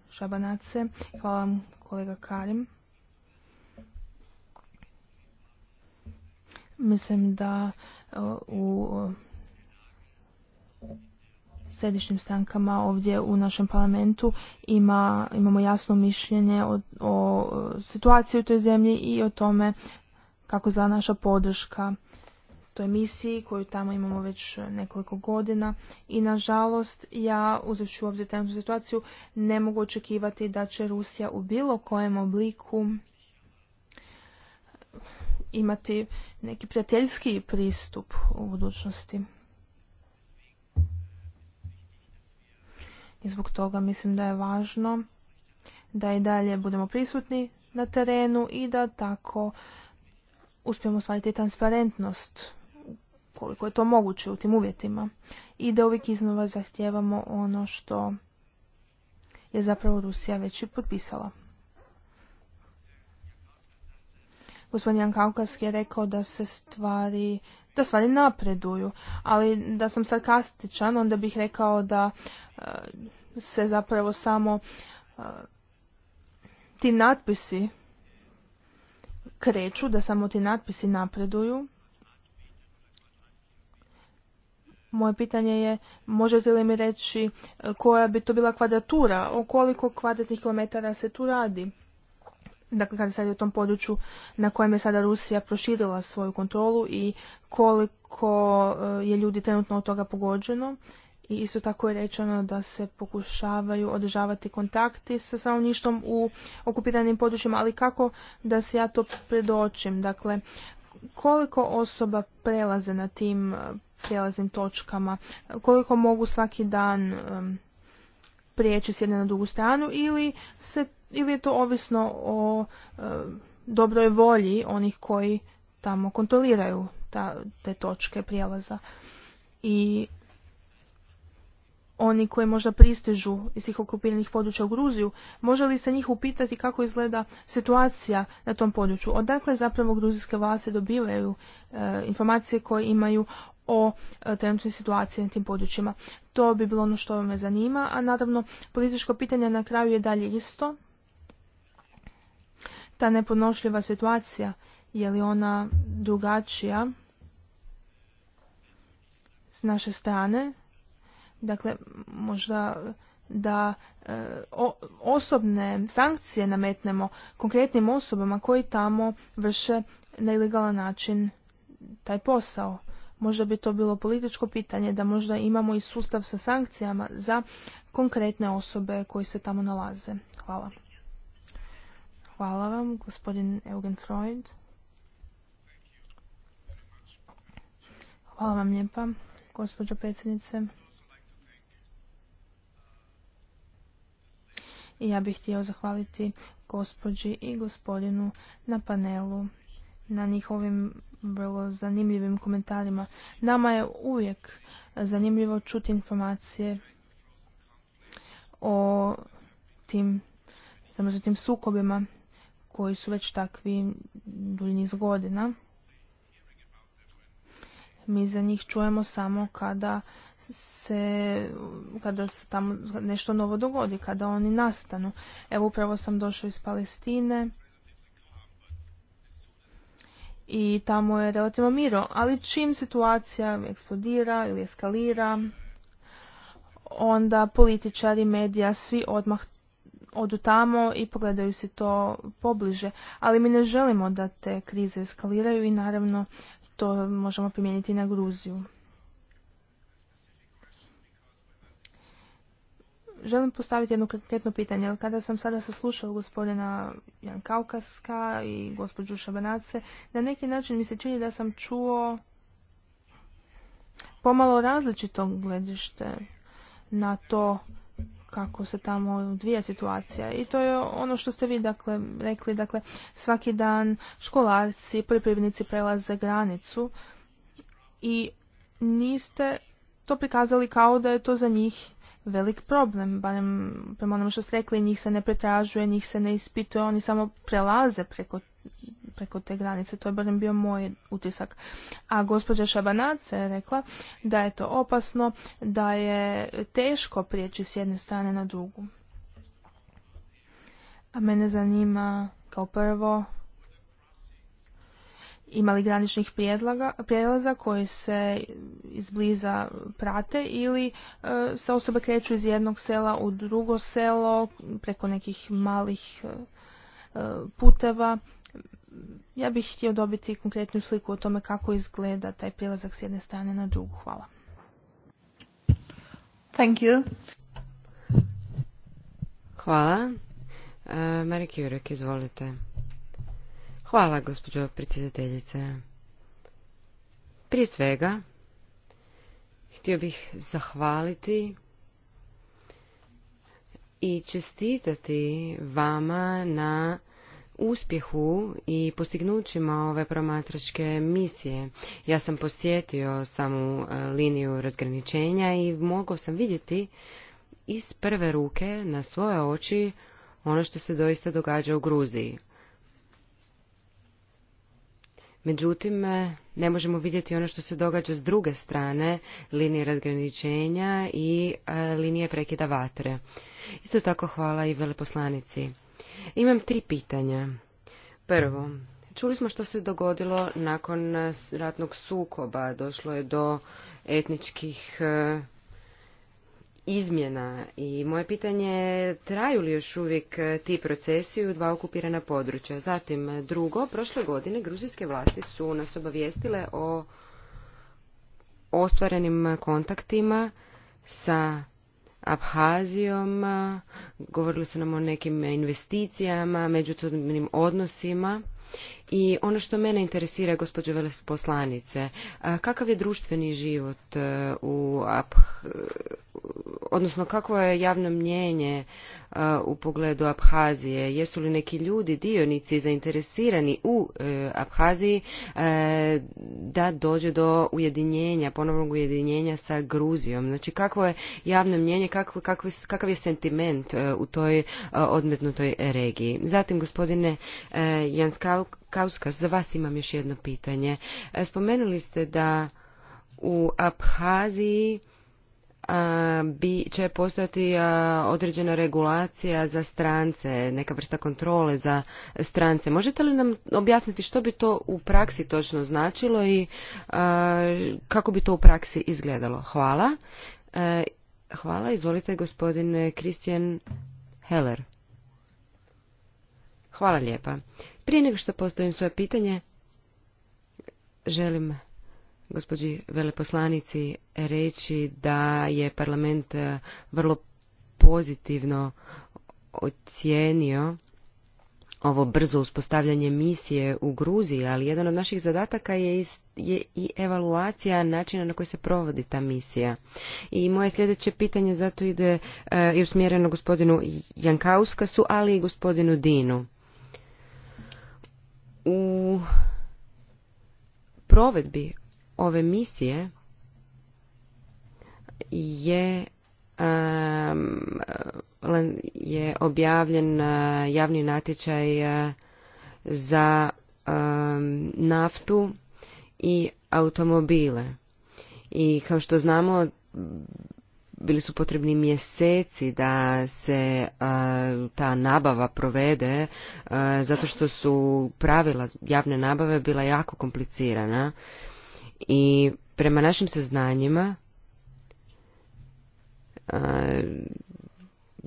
Šabanace, hvala vam kolega Karim. Mislim da u središnjim stankama ovdje u našem parlamentu ima, imamo jasno mišljenje o, o situaciji u toj zemlji i o tome kako za naša podrška toj misiji koju tamo imamo već nekoliko godina i nažalost ja uzevši u obzir situaciju ne mogu očekivati da će Rusija u bilo kojem obliku imati neki prijateljski pristup u budućnosti. I zbog toga mislim da je važno da i dalje budemo prisutni na terenu i da tako uspijemo ostvariti transparentnost koliko je to moguće u tim uvjetima i da uvijek iznova zahtijevamo ono što je zapravo Rusija već i potpisala. Gospodin Jan je rekao da se stvari, da stvari napreduju, ali da sam sarkastičan, onda bih rekao da e, se zapravo samo e, ti natpisi kreću, da samo ti natpisi napreduju, Moje pitanje je, možete li mi reći e, koja bi to bila kvadratura, o koliko kvadratnih kilometara se tu radi? Dakle, kada se radi o tom području na kojem je sada Rusija proširila svoju kontrolu i koliko e, je ljudi trenutno od toga pogođeno. I isto tako je rečeno da se pokušavaju održavati kontakti sa stanovništvom u okupiranim područjima, ali kako da se ja to predočim? Dakle, koliko osoba prelaze na tim e, prijelaznim točkama, koliko mogu svaki dan prijeći s jedne na drugu stranu ili, se, ili je to ovisno o dobroj volji onih koji tamo kontroliraju ta, te točke prijelaza. I oni koji možda pristižu iz tih okupiranih područja u Gruziju, može li se njih upitati kako izgleda situacija na tom području? Odakle zapravo gruzijske vlasti dobivaju eh, informacije koje imaju o e, trenutnoj situaciji na tim područjima. To bi bilo ono što me zanima, a naravno političko pitanje na kraju je dalje isto. Ta neponošljiva situacija, je li ona drugačija s naše strane? Dakle, možda da e, osobne sankcije nametnemo konkretnim osobama koji tamo vrše na ilegalan način taj posao. Možda bi to bilo političko pitanje da možda imamo i sustav sa sankcijama za konkretne osobe koji se tamo nalaze. Hvala. Hvala vam, gospodin Eugen Freud. Hvala vam lijepa, gospođo predsjednice. I ja bih htio zahvaliti gospođi i gospodinu na panelu na njihovim vrlo zanimljivim komentarima. Nama je uvijek zanimljivo čuti informacije o tim, znači, tim sukobima koji su već takvi dulji niz godina. Mi za njih čujemo samo kada se, kada se tamo nešto novo dogodi, kada oni nastanu. Evo upravo sam došao iz Palestine i tamo je relativno miro, ali čim situacija eksplodira ili eskalira, onda političari, medija, svi odmah odu tamo i pogledaju se to pobliže. Ali mi ne želimo da te krize eskaliraju i naravno to možemo primijeniti na Gruziju. želim postaviti jedno konkretno pitanje, kada sam sada saslušao gospodina Jan Kaukaska i gospođu Šabanace, na neki način mi se čini da sam čuo pomalo različito gledište na to kako se tamo odvija situacija. I to je ono što ste vi dakle, rekli, dakle svaki dan školarci, poljoprivrednici prelaze granicu i niste to prikazali kao da je to za njih velik problem, barem prema onome što ste rekli, njih se ne pretražuje, njih se ne ispituje, oni samo prelaze preko, preko te granice, to je barem bio moj utisak. A gospođa Šabanac je rekla da je to opasno, da je teško prijeći s jedne strane na drugu. A mene zanima kao prvo imali graničnih prijelaza koji se izbliza prate ili e, se osobe kreću iz jednog sela u drugo selo preko nekih malih e, e, puteva. Ja bih htio dobiti konkretnu sliku o tome kako izgleda taj prijelazak s jedne strane na drugu. Hvala. Thank you. Hvala. Jurek, izvolite. Hvala, gospođo predsjedateljice. Prije svega, htio bih zahvaliti i čestitati vama na uspjehu i postignućima ove promatračke misije. Ja sam posjetio samu e, liniju razgraničenja i mogao sam vidjeti iz prve ruke na svoje oči ono što se doista događa u Gruziji. Međutim, e, ne možemo vidjeti ono što se događa s druge strane linije razgraničenja i e, linije prekida vatre. Isto tako hvala i veleposlanici. Imam tri pitanja. Prvo, čuli smo što se dogodilo nakon ratnog sukoba. Došlo je do etničkih e, izmjena i moje pitanje je traju li još uvijek e, ti procesi u dva okupirana područja. Zatim e, drugo, prošle godine gruzijske vlasti su nas obavijestile o ostvarenim kontaktima sa Abhazijom, e, govorili se nam o nekim investicijama, međutim odnosima i ono što mene interesira, gospođo veleposlanice, kakav je društveni život e, u, odnosno kakvo je javno mnjenje e, u pogledu Abhazije? Jesu li neki ljudi, dionici zainteresirani u e, Abhaziji da dođe do ujedinjenja, ponovnog ujedinjenja sa Gruzijom? Znači kakvo je javno mnjenje, kakav je sentiment u toj odmetnutoj regiji? Zatim, gospodine Janskauk, Kauska, za vas imam još jedno pitanje. E, spomenuli ste da u Abhaziji bi, će postojati određena regulacija za strance, neka vrsta kontrole za strance. Možete li nam objasniti što bi to u praksi točno značilo i kako bi to u praksi izgledalo? Hvala. E, hvala, izvolite gospodine Kristijan Heller. Hvala lijepa. Prije nego što postavim svoje pitanje, želim gospođi veleposlanici reći da je parlament e, vrlo pozitivno ocijenio ovo brzo uspostavljanje misije u Gruziji, ali jedan od naših zadataka je, je i evaluacija načina na koji se provodi ta misija. I moje sljedeće pitanje zato ide e, i usmjereno gospodinu Jankauskasu, ali i gospodinu Dinu u provedbi ove misije je je objavljen e, javni natječaj e, za naftu i automobile. I kao što znamo bili su potrebni mjeseci da se ta nabava provede zato što su pravila javne nabave bila jako komplicirana i prema našim saznanjima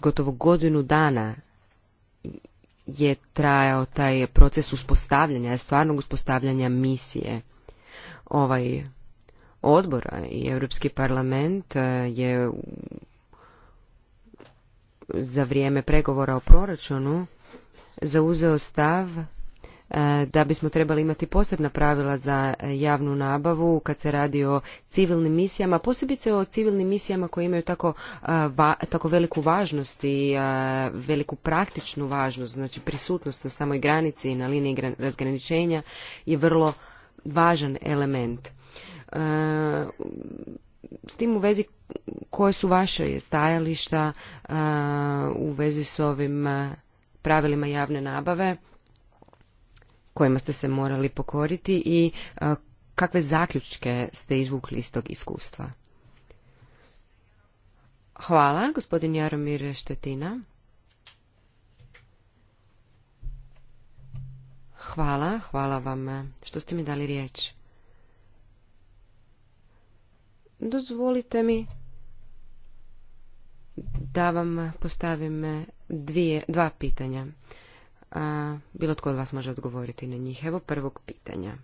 gotovo godinu dana je trajao taj proces uspostavljanja, stvarnog uspostavljanja misije. Ovaj odbora i Europski parlament e, je za vrijeme pregovora o proračunu zauzeo stav e, da bismo trebali imati posebna pravila za javnu nabavu kad se radi o civilnim misijama, posebice o civilnim misijama koje imaju tako, e, tako veliku važnost i veliku praktičnu važnost, znači prisutnost na samoj granici i na liniji razgraničenja je vrlo važan element. E, s tim u vezi koje su vaše stajališta e, u vezi s ovim e, pravilima javne nabave kojima ste se morali pokoriti i kakve zaključke ste izvukli iz tog iskustva? Hvala, gospodin Jaromir Štetina. Hvala, hvala vam što ste mi dali riječ. Dozvolite mi da vam postavim eh, dvije, dva pitanja. A, bilo tko od vas može odgovoriti na njih. Evo prvog pitanja.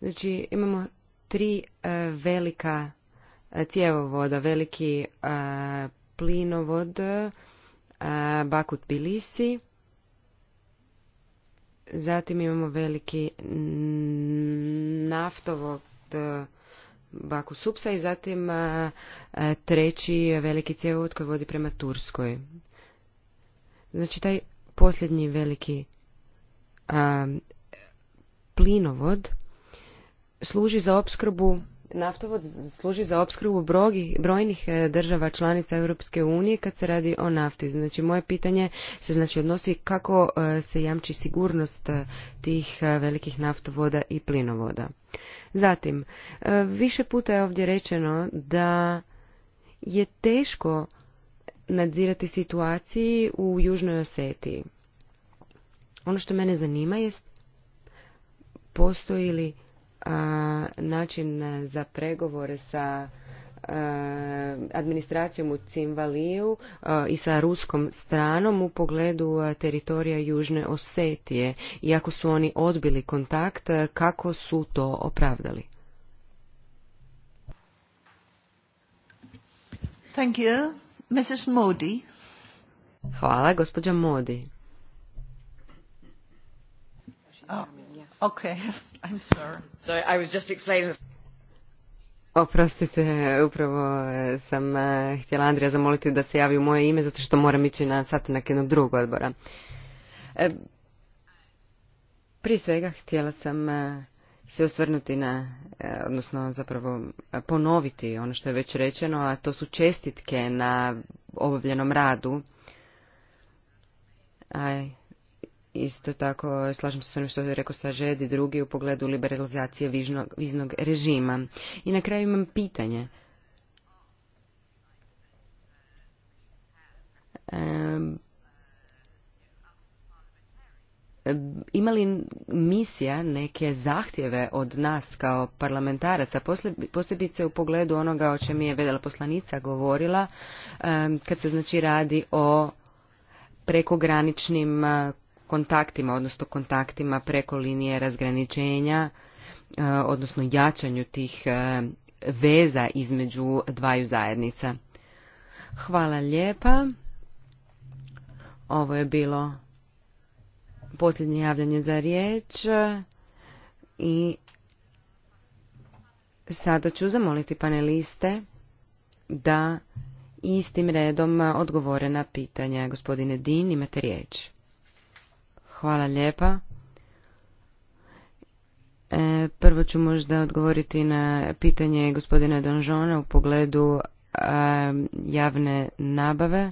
Znači, imamo tri eh, velika eh, cjevovoda, veliki plinovod e, Bakut Bilisi, Zatim imamo veliki naftovod e, Baku Supsa i zatim e, e, treći veliki cjevovod koji vodi prema Turskoj. Znači taj posljednji veliki plinovod služi za opskrbu naftovod služi za opskrbu brojnih e, država članica Europske unije kad se radi o nafti. Znači moje pitanje se znači odnosi kako e, se jamči sigurnost e, tih velikih naftovoda i plinovoda. Zatim, više puta je ovdje rečeno da je teško nadzirati situaciji u Južnoj Osetiji. Ono što mene zanima jest postoji li način za pregovore sa administracijom u Cimvaliju i sa ruskom stranom u pogledu teritorija Južne Osetije. Iako su oni odbili kontakt, kako su to opravdali? Thank Modi. Hvala, gospođa Modi. Oh. Okay. I'm sorry. So I was just explaining. Oprostite, upravo e, sam e, htjela Andrija zamoliti da se javi u moje ime, zato što moram ići na sastanak jednog drugog odbora. E, prije svega htjela sam se osvrnuti na, odnosno zapravo ponoviti ono što je već rečeno, a to su čestitke na obavljenom radu. Aj, Isto tako slažem se s onim što je rekao Sažed i drugi u pogledu liberalizacije viznog režima. I na kraju imam pitanje. ima li misija neke zahtjeve od nas kao parlamentaraca, posebice u pogledu onoga o čemu je vedela poslanica govorila, kad se znači radi o prekograničnim kontaktima, odnosno kontaktima preko linije razgraničenja, e, odnosno jačanju tih e, veza između dvaju zajednica. Hvala lijepa. Ovo je bilo posljednje javljanje za riječ i sada ću zamoliti paneliste da istim redom odgovore na pitanja. Gospodine Din, imate riječ. Hvala lijepa. E, prvo ću možda odgovoriti na pitanje gospodina Donžona u pogledu e, javne nabave.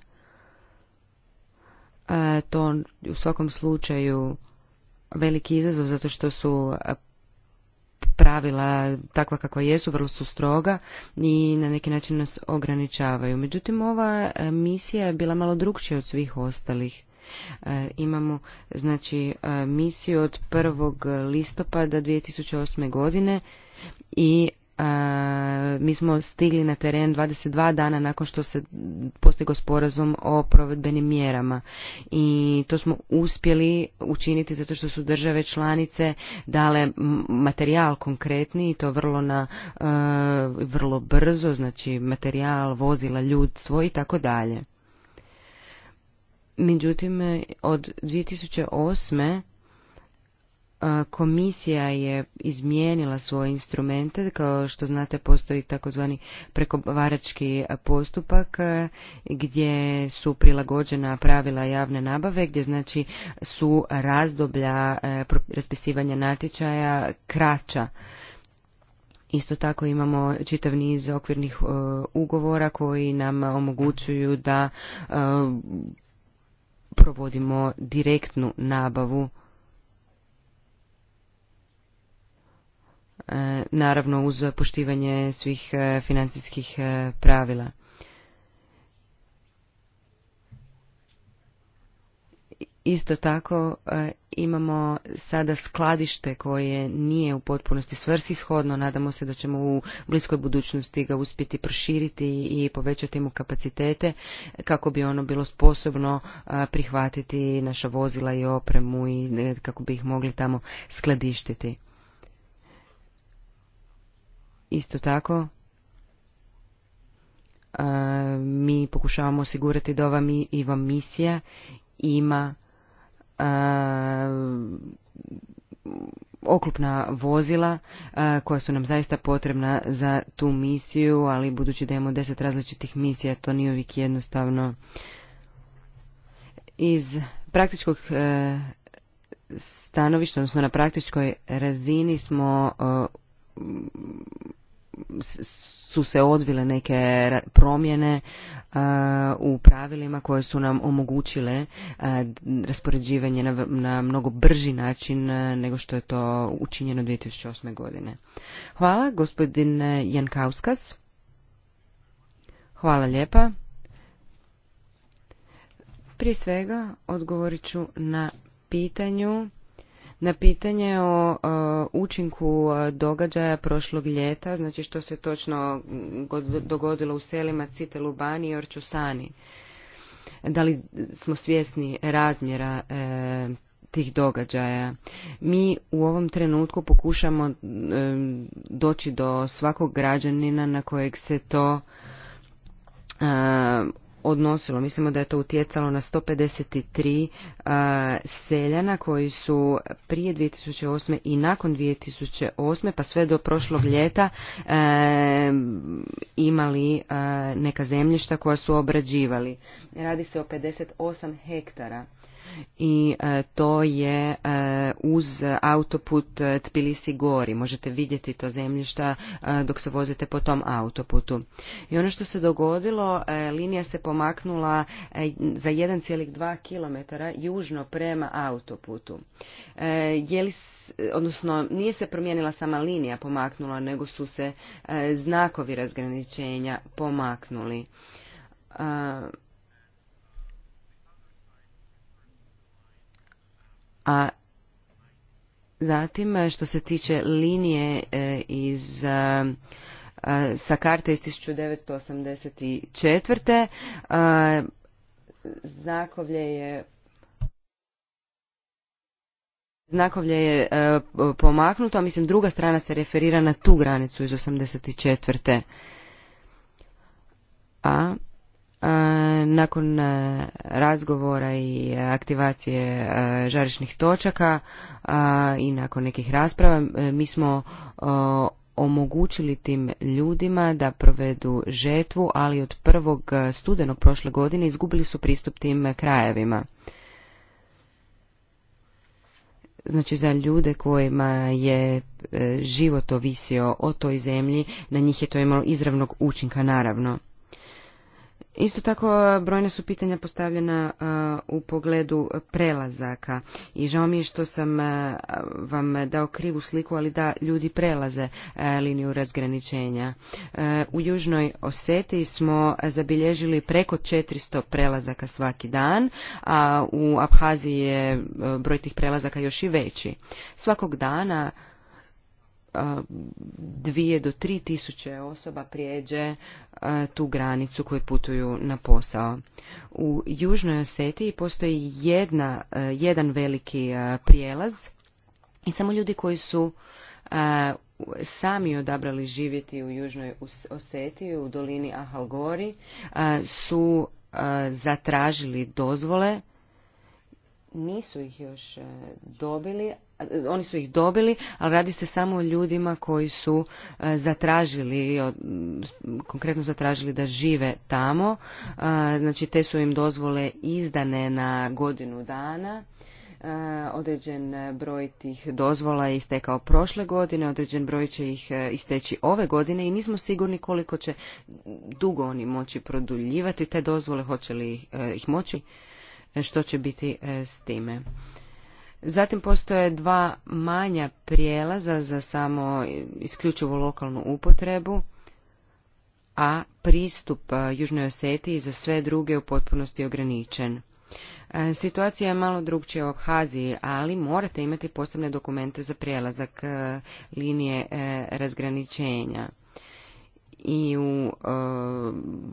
E, to u svakom slučaju veliki izazov zato što su pravila takva kakva jesu, vrlo su stroga i na neki način nas ograničavaju. Međutim, ova misija je bila malo drugčija od svih ostalih. E, imamo znači e, misiju od 1. listopada 2008. godine i e, mi smo stigli na teren 22 dana nakon što se postigao sporazum o provedbenim mjerama i to smo uspjeli učiniti zato što su države članice dale materijal konkretni i to vrlo na vrlo brzo znači materijal vozila ljudstvo i tako dalje Međutim, od 2008. komisija je izmijenila svoje instrumente, kao što znate postoji takozvani prekovarački postupak gdje su prilagođena pravila javne nabave, gdje znači su razdoblja raspisivanja natječaja kraća. Isto tako imamo čitav niz okvirnih ugovora koji nam omogućuju da provodimo direktnu nabavu e, naravno uz poštivanje svih e, financijskih e, pravila Isto tako e, imamo sada skladište koje nije u potpunosti svrsishodno, nadamo se da ćemo u bliskoj budućnosti ga uspjeti proširiti i povećati mu kapacitete kako bi ono bilo sposobno e, prihvatiti naša vozila i opremu i e, kako bi ih mogli tamo skladištiti. Isto tako mi pokušavamo osigurati da ova i misija ima E, oklopna vozila e, koja su nam zaista potrebna za tu misiju, ali budući da imamo deset različitih misija, to nije uvijek jednostavno. Iz praktičkog e, stanovišta, odnosno na praktičkoj razini smo su se odvile neke promjene e, u pravilima koje su nam omogućile e, raspoređivanje na mnogo brži način e, nego što je to učinjeno 2008. godine. Hvala, gospodin Jankauskas. Hvala lijepa. Prije svega odgovorit ću na pitanju na pitanje o e, učinku e, događaja prošlog ljeta, znači što se točno dogodilo u selima Lubani i Orčusani, da li smo svjesni razmjera e, tih događaja. Mi u ovom trenutku pokušamo doći do svakog građanina na kojeg se to odnosilo. Mislimo da je to utjecalo na 153 tri e, seljana koji su prije 2008. i nakon 2008. pa sve do prošlog ljeta e, imali e, neka zemljišta koja su obrađivali. Radi se o 58 hektara i e, to je e, uz autoput Tbilisi Gori. Možete vidjeti to zemljišta e, dok se vozite po tom autoputu. I ono što se dogodilo, linija se pomaknula za 1,2 km južno prema autoputu. Je li, odnosno nije se promijenila sama linija pomaknula, nego su se znakovi razgraničenja pomaknuli. A zatim e, što se tiče linije e, iz e, sa karte iz 1984. Znakovlje je Znakovlje je pomaknuto, a mislim druga strana se referira na tu granicu iz 84. A nakon e, razgovora i aktivacije e, žarišnih točaka i nakon nekih rasprava e, mi smo omogućili tim ljudima da provedu žetvu, ali od prvog studenog prošle godine izgubili su pristup tim krajevima. Znači za ljude kojima je život ovisio o toj zemlji, na njih je to imalo izravnog učinka naravno. Isto tako brojne su pitanja postavljena e, u pogledu prelazaka i žao mi je što sam e, vam dao krivu sliku, ali da ljudi prelaze e, liniju razgraničenja. U Južnoj Oseti smo zabilježili preko 400 prelazaka svaki dan, a u Abhaziji je broj tih prelazaka još i veći. Svakog dana dvije do tri tisuće osoba prijeđe tu granicu koji putuju na posao. U Južnoj Osetiji postoji jedna, jedan veliki prijelaz i samo ljudi koji su sami odabrali živjeti u Južnoj Osetiji, u dolini Ahalgori, su zatražili dozvole, nisu ih još dobili, oni su ih dobili, ali radi se samo o ljudima koji su e, zatražili, konkretno zatražili da žive tamo. E, znači te su im dozvole izdane na godinu dana. E, određen broj tih dozvola je istekao prošle godine, određen broj će ih isteći ove godine i nismo sigurni koliko će dugo oni moći produljivati te dozvole, hoće li ih moći, što će biti s time. Zatim postoje dva manja prijelaza za samo isključivo lokalnu upotrebu, a pristup e, Južnoj Osetiji za sve druge u potpunosti ograničen. E, situacija je malo drugčija u Abhaziji, ali morate imati posebne dokumente za prijelazak e, linije razgraničenja. I u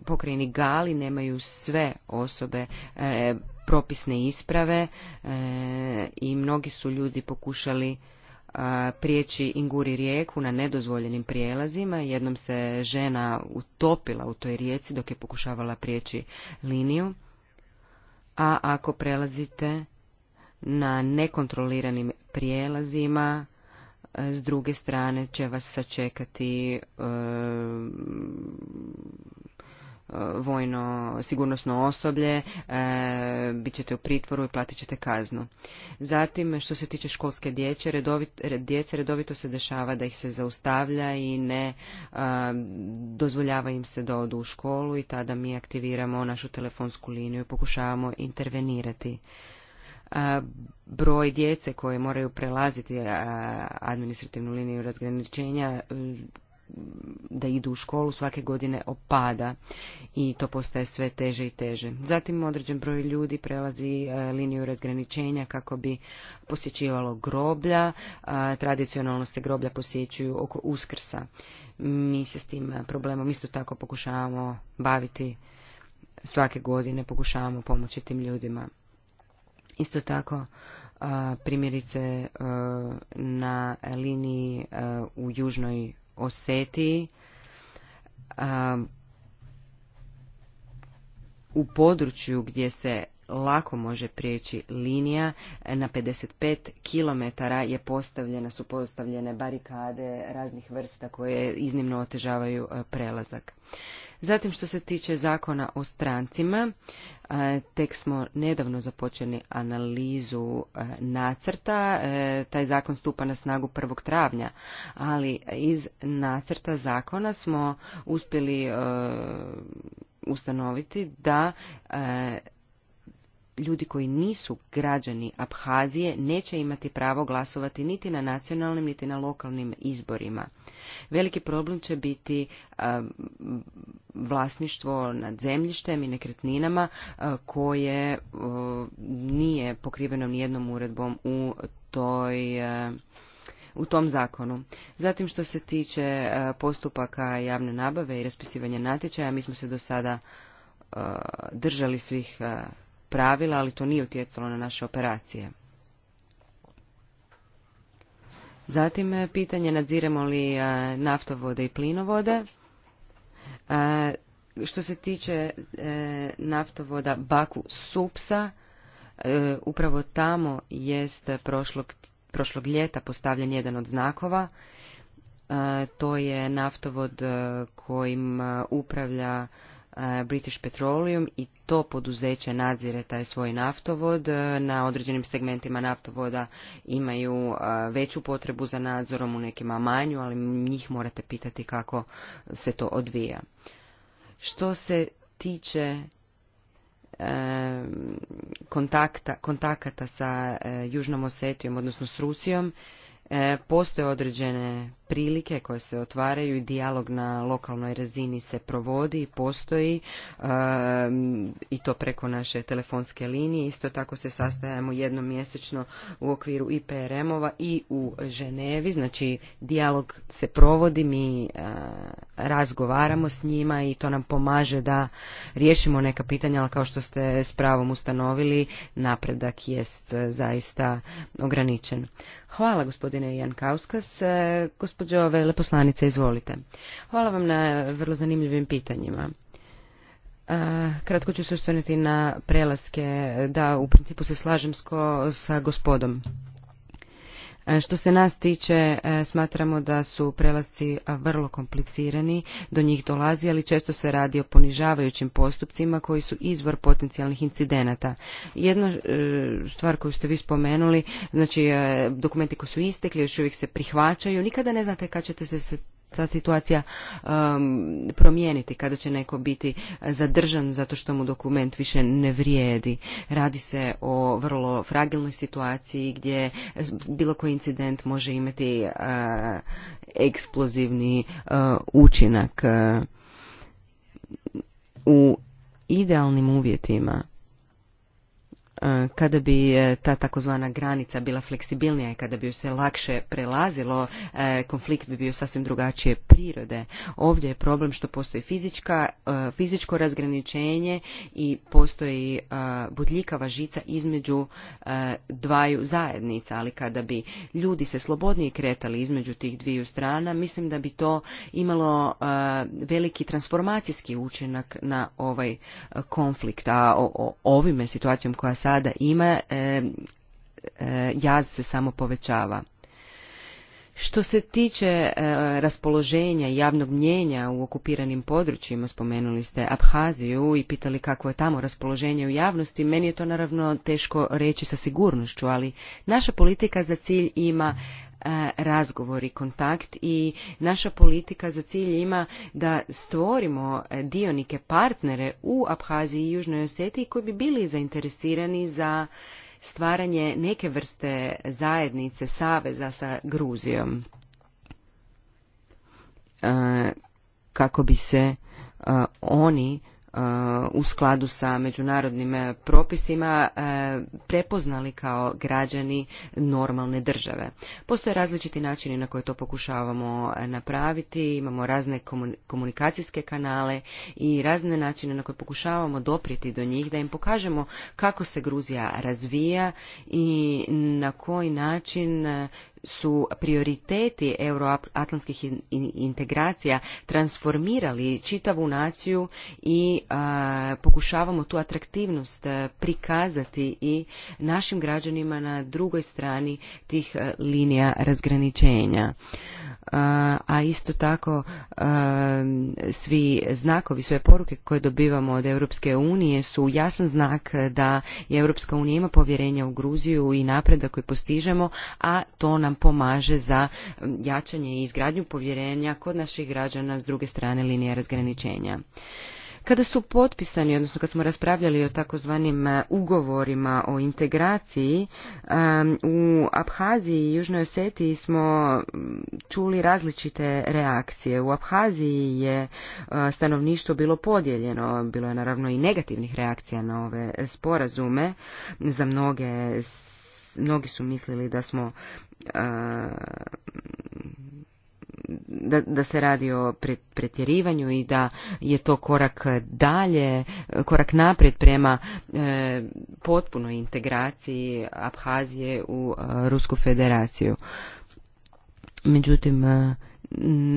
pokrajini Gali nemaju sve osobe propisne isprave e, i mnogi su ljudi pokušali e, prijeći Inguri rijeku na nedozvoljenim prijelazima. Jednom se žena utopila u toj rijeci dok je pokušavala prijeći liniju. A ako prelazite na nekontroliranim prijelazima, e, s druge strane će vas sačekati vojno sigurnosno osoblje, e, bit ćete u pritvoru i platit ćete kaznu. Zatim, što se tiče školske djece, djece redovito se dešava da ih se zaustavlja i ne e, dozvoljava im se da odu u školu i tada mi aktiviramo našu telefonsku liniju i pokušavamo intervenirati e, broj djece koje moraju prelaziti administrativnu liniju razgraničenja da idu u školu svake godine opada i to postaje sve teže i teže. Zatim određen broj ljudi prelazi e, liniju razgraničenja kako bi posjećivalo groblja. E, tradicionalno se groblja posjećuju oko uskrsa. Mi se s tim problemom isto tako pokušavamo baviti svake godine, pokušavamo pomoći tim ljudima. Isto tako e, primjerice na liniji u južnoj Osetiji u području gdje se lako može prijeći linija na 55 km je postavljena su postavljene barikade raznih vrsta koje iznimno otežavaju prelazak. Zatim što se tiče zakona o strancima, e, tek smo nedavno započeli analizu e, nacrta. E, taj zakon stupa na snagu 1. travnja, ali iz nacrta zakona smo uspjeli ustanoviti da ljudi koji nisu građani Abhazije neće imati pravo glasovati niti na nacionalnim niti na lokalnim izborima. Veliki problem će biti vlasništvo nad zemljištem i nekretninama koje nije pokriveno nijednom uredbom u toj u tom zakonu. Zatim što se tiče postupaka javne nabave i raspisivanja natječaja, mi smo se do sada držali svih pravila, ali to nije utjecalo na naše operacije. Zatim e, pitanje nadziremo li e, naftovode i plinovode. E, što se tiče naftovoda Baku Supsa, upravo tamo jest prošlog, prošlog ljeta postavljen jedan od znakova. To je naftovod kojim upravlja E, British Petroleum i to poduzeće nadzire taj svoj naftovod. E, na određenim segmentima naftovoda imaju e, veću potrebu za nadzorom, u nekima manju, ali njih morate pitati kako se to odvija. Što se tiče kontakta, kontakata sa Južnom Osetijom, odnosno s Rusijom, E, postoje određene prilike koje se otvaraju i dijalog na lokalnoj razini se provodi i postoji e, i to preko naše telefonske linije. Isto tako se sastajamo jednom mjesečno u okviru IPRM-ova i u Ženevi. Znači dijalog se provodi, mi e, razgovaramo s njima i to nam pomaže da riješimo neka pitanja, ali kao što ste s pravom ustanovili, napredak jest zaista ograničen. Hvala gospodine Jan Kauskas. E, gospođo veleposlanice, izvolite. Hvala vam na vrlo zanimljivim pitanjima. E, kratko ću se osvrnuti na prelaske. Da, u principu se slažem sko sa gospodom. E, što se nas tiče, e, smatramo da su prelasci e, vrlo komplicirani, do njih dolazi, ali često se radi o ponižavajućim postupcima koji su izvor potencijalnih incidenata. Jedna stvar koju ste vi spomenuli, znači dokumenti koji su istekli, još uvijek se prihvaćaju, nikada ne znate kad ćete se ta situacija um, promijeniti kada će neko biti zadržan zato što mu dokument više ne vrijedi. Radi se o vrlo fragilnoj situaciji gdje bilo koji incident može imati uh, eksplozivni uh, učinak. Uh, u idealnim uvjetima E, kada bi e, ta takozvana granica bila fleksibilnija i kada bi se lakše prelazilo, e, konflikt bi bio sasvim drugačije prirode. Ovdje je problem što postoji fizička, fizičko razgraničenje i postoji budljikava žica između dvaju zajednica, ali kada bi ljudi se slobodnije kretali između tih dviju strana, mislim da bi to imalo veliki transformacijski učinak na ovaj konflikt, a ovime situacijom koja sad sada ima, e, e, jaz se samo povećava. Što se tiče e, raspoloženja javnog mnjenja u okupiranim područjima, spomenuli ste Abhaziju i pitali kako je tamo raspoloženje u javnosti, meni je to naravno teško reći sa sigurnošću, ali naša politika za cilj ima E, razgovor i kontakt i naša politika za cilj ima da stvorimo e, dionike partnere u Abhaziji i Južnoj Osetiji koji bi bili zainteresirani za stvaranje neke vrste zajednice, saveza sa Gruzijom e, kako bi se oni u skladu sa međunarodnim e, propisima e, prepoznali kao građani normalne države. Postoje različiti načini na koje to pokušavamo e, napraviti, imamo razne komunikacijske kanale i razne načine na koje pokušavamo doprijeti do njih da im pokažemo kako se Gruzija razvija i na koji način su prioriteti euroatlantskih integracija transformirali čitavu naciju i pokušavamo tu atraktivnost prikazati i našim građanima na drugoj strani tih linija razgraničenja a isto tako svi znakovi, sve poruke koje dobivamo od Europske unije su jasan znak da Europska unija ima povjerenja u Gruziju i napredak koji postižemo, a to nam pomaže za jačanje i izgradnju povjerenja kod naših građana s druge strane linije razgraničenja. Kada su potpisani, odnosno kad smo raspravljali o takozvanim e, ugovorima o integraciji, u Abhaziji i Južnoj Osetiji smo čuli različite reakcije. U Abhaziji je e, stanovništvo bilo podijeljeno, bilo je naravno i negativnih reakcija na ove sporazume. Za mnoge mnogi su mislili da smo da, da se radi o pretjerivanju i da je to korak dalje, korak naprijed prema e, potpunoj integraciji Abhazije u Rusku federaciju. Međutim,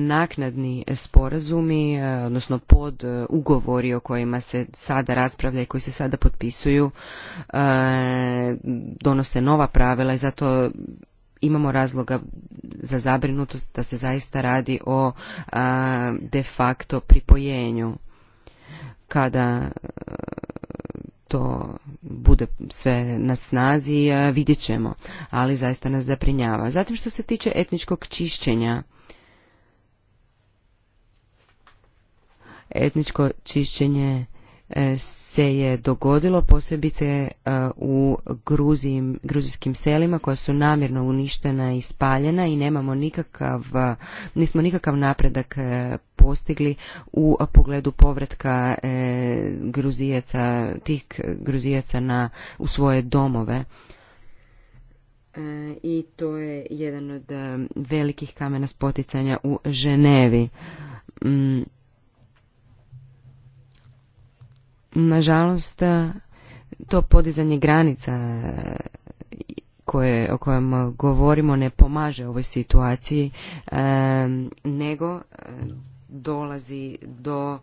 naknadni sporazumi, e, odnosno pod e, ugovori o kojima se sada raspravlja i koji se sada potpisuju, e, donose nova pravila i zato imamo razloga za zabrinutost da se zaista radi o de facto pripojenju kada to bude sve na snazi, vidjet ćemo, ali zaista nas zaprinjava. Zatim što se tiče etničkog čišćenja, etničko čišćenje e, se je dogodilo posebice e, u gruzijskim selima koja su namjerno uništena i spaljena i nemamo nikakav, e, nismo nikakav napredak postigli u pogledu povratka gruzijaca, tih gruzijaca na, u svoje domove. I to je jedan od velikih kamena spoticanja u Ženevi mm, Nažalost, to podizanje granica koje, o kojem govorimo ne pomaže ovoj situaciji, nego dolazi do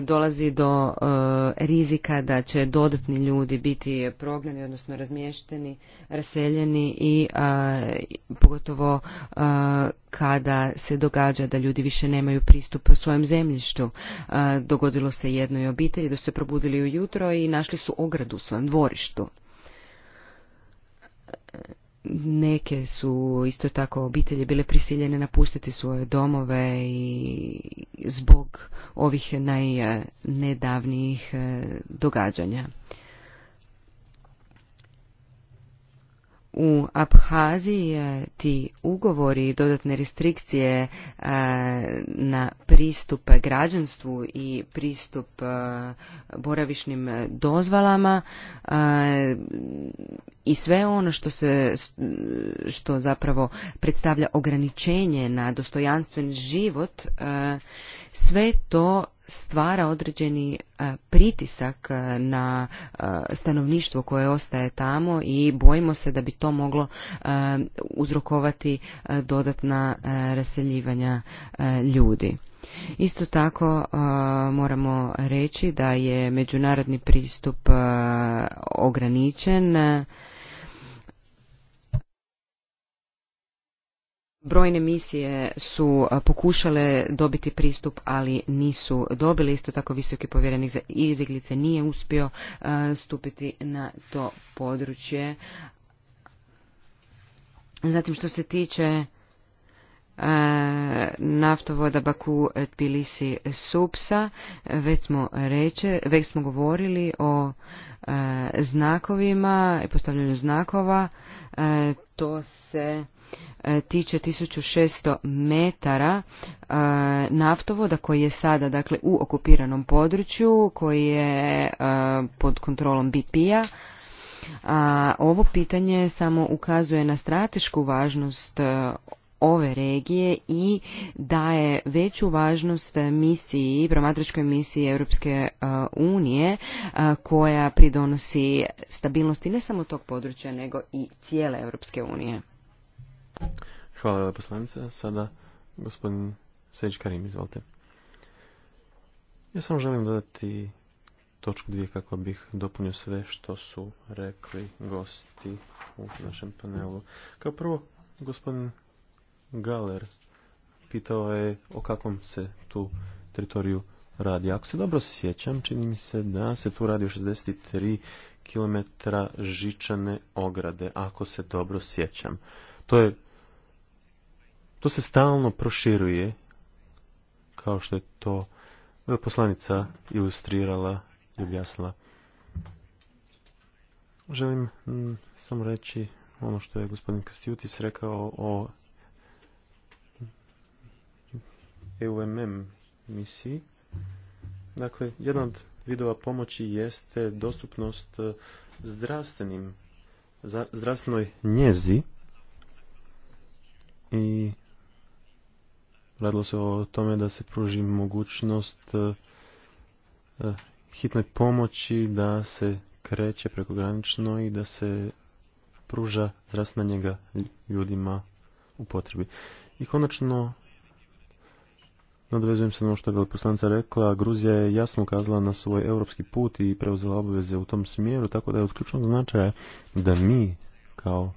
dolazi do e, rizika da će dodatni ljudi biti prognani, odnosno razmješteni, raseljeni i pogotovo kada se događa da ljudi više nemaju pristup u svojem zemljištu. Dogodilo se jednoj obitelji da su se probudili ujutro i našli su ogradu u svojem dvorištu Neke su isto tako obitelji bile prisiljene napustiti svoje domove i zbog ovih najnedavnijih e, događanja. U Abhaziji e, ti ugovori i dodatne restrikcije e, na pristup građanstvu i pristup boravišnim dozvalama i sve ono što se što zapravo predstavlja ograničenje na dostojanstven život e, sve to stvara određeni e, pritisak e, na stanovništvo koje ostaje tamo i bojimo se da bi to moglo uzrokovati dodatna raseljivanja ljudi. Isto tako moramo reći da je međunarodni pristup ograničen Brojne misije su pokušale dobiti pristup, ali nisu dobili. Isto tako visoki povjerenik za izbjeglice nije uspio stupiti na to područje. Zatim što se tiče naftovoda Baku Tbilisi Supsa. Već smo, reče, već smo govorili o znakovima i postavljanju znakova. to se E, tiče 1600 metara e, naftovoda koji je sada dakle u okupiranom području koji je e, pod kontrolom BP-a ovo pitanje samo ukazuje na stratešku važnost ove regije i daje veću važnost misiji, promatračkoj misiji Europske unije koja pridonosi stabilnosti ne samo tog područja nego i cijele Europske unije. Hvala poslanice. Sada gospodin Sejđ Karim, izvolite. Ja samo želim dodati točku dvije kako bih dopunio sve što su rekli gosti u našem panelu. Kao prvo, gospodin Galer pitao je o kakvom se tu teritoriju radi. Ako se dobro sjećam, čini mi se da se tu radi o 63 km žičane ograde, ako se dobro sjećam. To je to se stalno proširuje, kao što je to poslanica ilustrirala i objasnila. Želim mm, samo reći ono što je gospodin Kastijutis rekao o EUMM misiji. Dakle, jedan od vidova pomoći jeste dostupnost e, zdravstvenim, zdravstvenoj njezi i Radilo se o tome da se pruži mogućnost e, e, hitnoj pomoći da se kreće prekogranično i da se pruža zdravstvena njega ljudima u potrebi. I konačno, nadvezujem se na ono što je veliposlanica rekla, Gruzija je jasno ukazala na svoj europski put i preuzela obveze u tom smjeru, tako da je od ključnog značaja da mi kao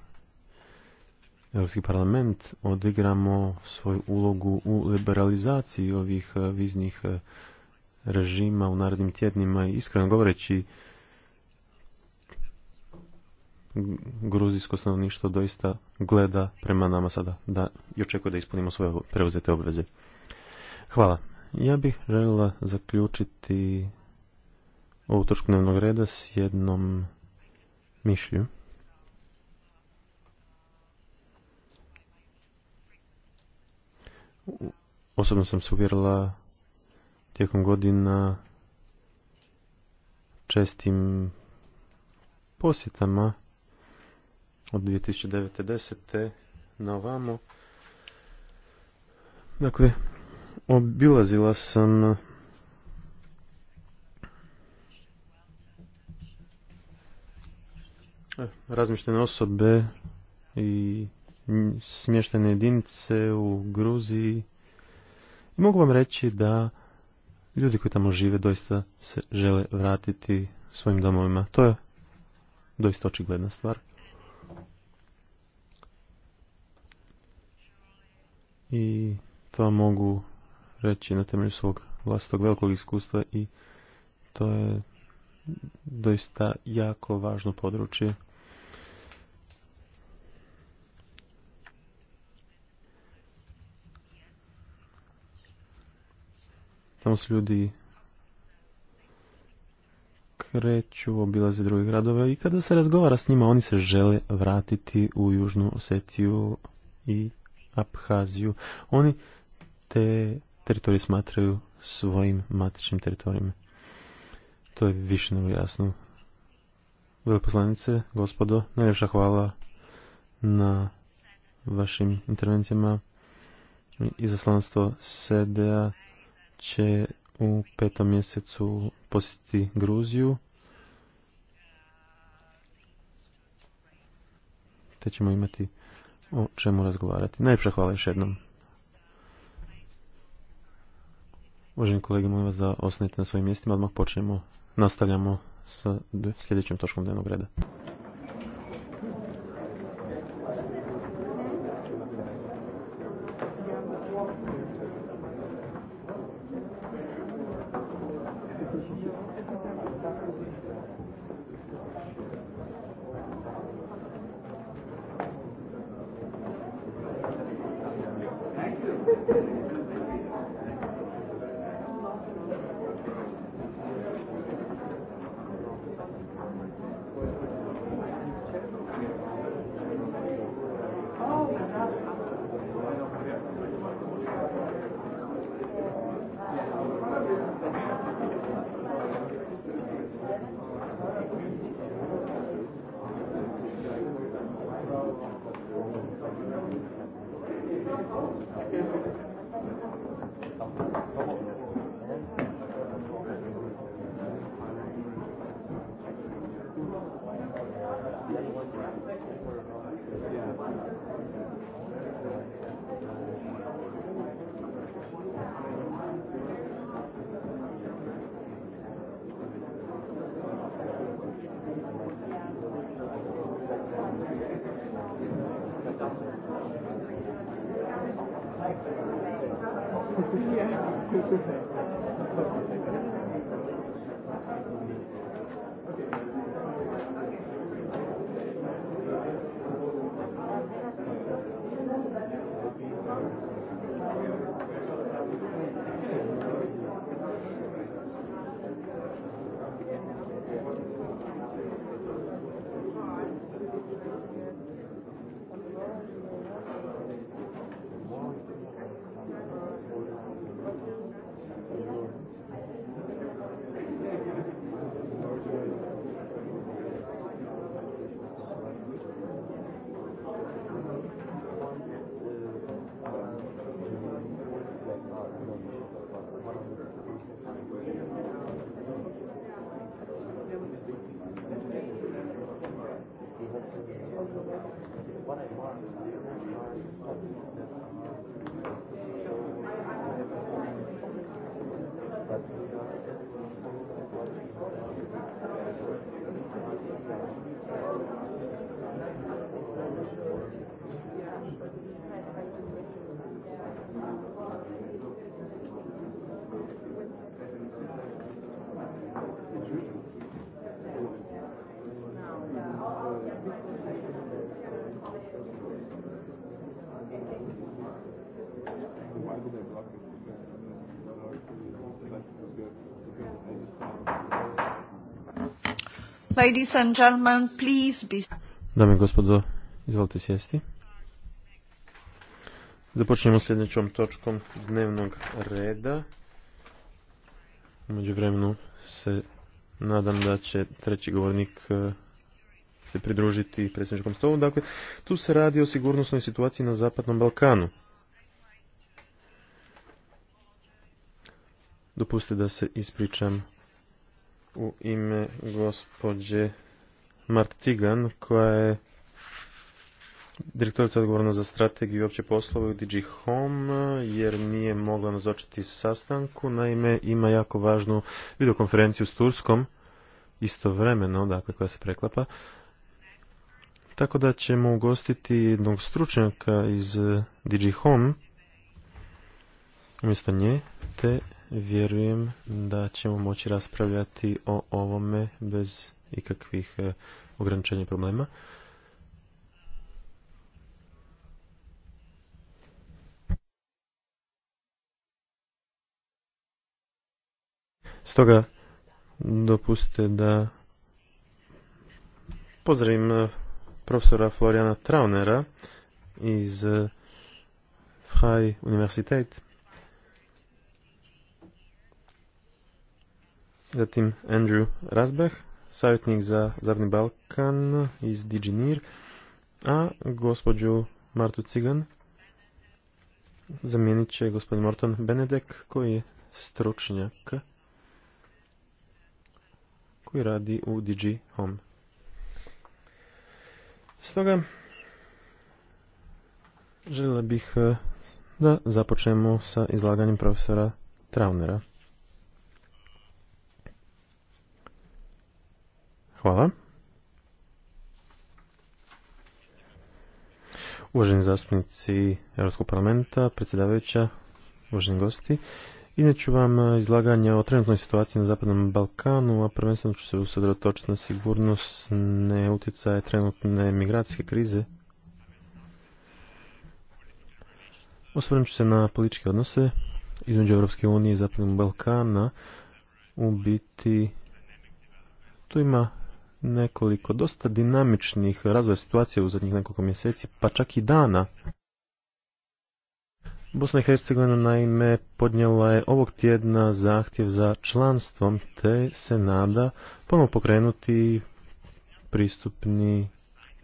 Europski parlament odigramo svoju ulogu u liberalizaciji ovih e, viznih e, režima u narednim tjednima. Iskreno govoreći, gruzijsko stanovništvo doista gleda prema nama sada da, i očekuje da ispunimo svoje preuzete obveze. Hvala. Ja bih željela zaključiti ovu točku dnevnog reda s jednom mišlju. osobno sam se uvjerila tijekom godina čestim posjetama od 2009-10 na ovamo. Dakle, obilazila sam razmišljene osobe i smještene jedinice u Gruziji. I mogu vam reći da ljudi koji tamo žive doista se žele vratiti svojim domovima. To je doista očigledna stvar. I to mogu reći na temelju svog vlastitog velikog iskustva i to je doista jako važno područje Tamo su ljudi kreću, obilaze drugih gradove i kada se razgovara s njima, oni se žele vratiti u Južnu Osetiju i Abhaziju. Oni te teritorije smatraju svojim matičnim teritorijima. To je više nego jasno. Veleposlanice, gospodo, najljepša hvala na vašim intervencijama. Izaslanstvo SEDEA će u petom mjesecu posjetiti Gruziju. Te ćemo imati o čemu razgovarati. Najprije hvala još jednom. Uvaženi kolege, molim vas da ostanete na svojim mjestima. Odmah počnemo, nastavljamo sa sljedećom točkom dnevnog reda. Yeah, Ladies and Dame i gospodo, izvolite sjesti. Započnemo sljedećom točkom dnevnog reda. Umeđu vremenu se nadam da će treći govornik e, se pridružiti predsjedničkom stolu. Dakle, tu se radi o sigurnosnoj situaciji na Zapadnom Balkanu. Dopustite da se ispričam u ime gospođe Martigan koja je direktorica odgovorna za strategiju i opće poslove u DG Home jer nije mogla nazočiti sastanku. Naime, ima jako važnu videokonferenciju s Turskom istovremeno, dakle koja se preklapa. Tako da ćemo ugostiti jednog stručnjaka iz DG Home umjesto nje, te vjerujem da ćemo moći raspravljati o ovome bez ikakvih e, ograničenja problema. Stoga dopustite da pozdravim e, profesora Floriana Traunera iz e, Freie Universität Zatim Andrew razbeh savjetnik za Zapadni Balkan iz Diginir, a gospođu Martu Cigan zamijenit će gospodin Morton Benedek koji je stručnjak koji radi u DG Home. Stoga željela bih eh, da započnemo sa izlaganjem profesora Traunera. Hvala. Uvaženi zastupnici Europskog parlamenta, predsjedavajuća, uvaženi gosti. Inače ću vam izlaganje o trenutnoj situaciji na Zapadnom Balkanu, a prvenstveno ću se usredotočiti na sigurnosne utjecaje trenutne migracijske krize. Osvrnut ću se na političke odnose između Europske unije i Zapadnog Balkana. U biti tu ima nekoliko dosta dinamičnih razvoja situacije u zadnjih nekoliko mjeseci, pa čak i dana. Bosna i Hercegovina naime podnijela je ovog tjedna zahtjev za članstvom te se nada ponovno pokrenuti pristupni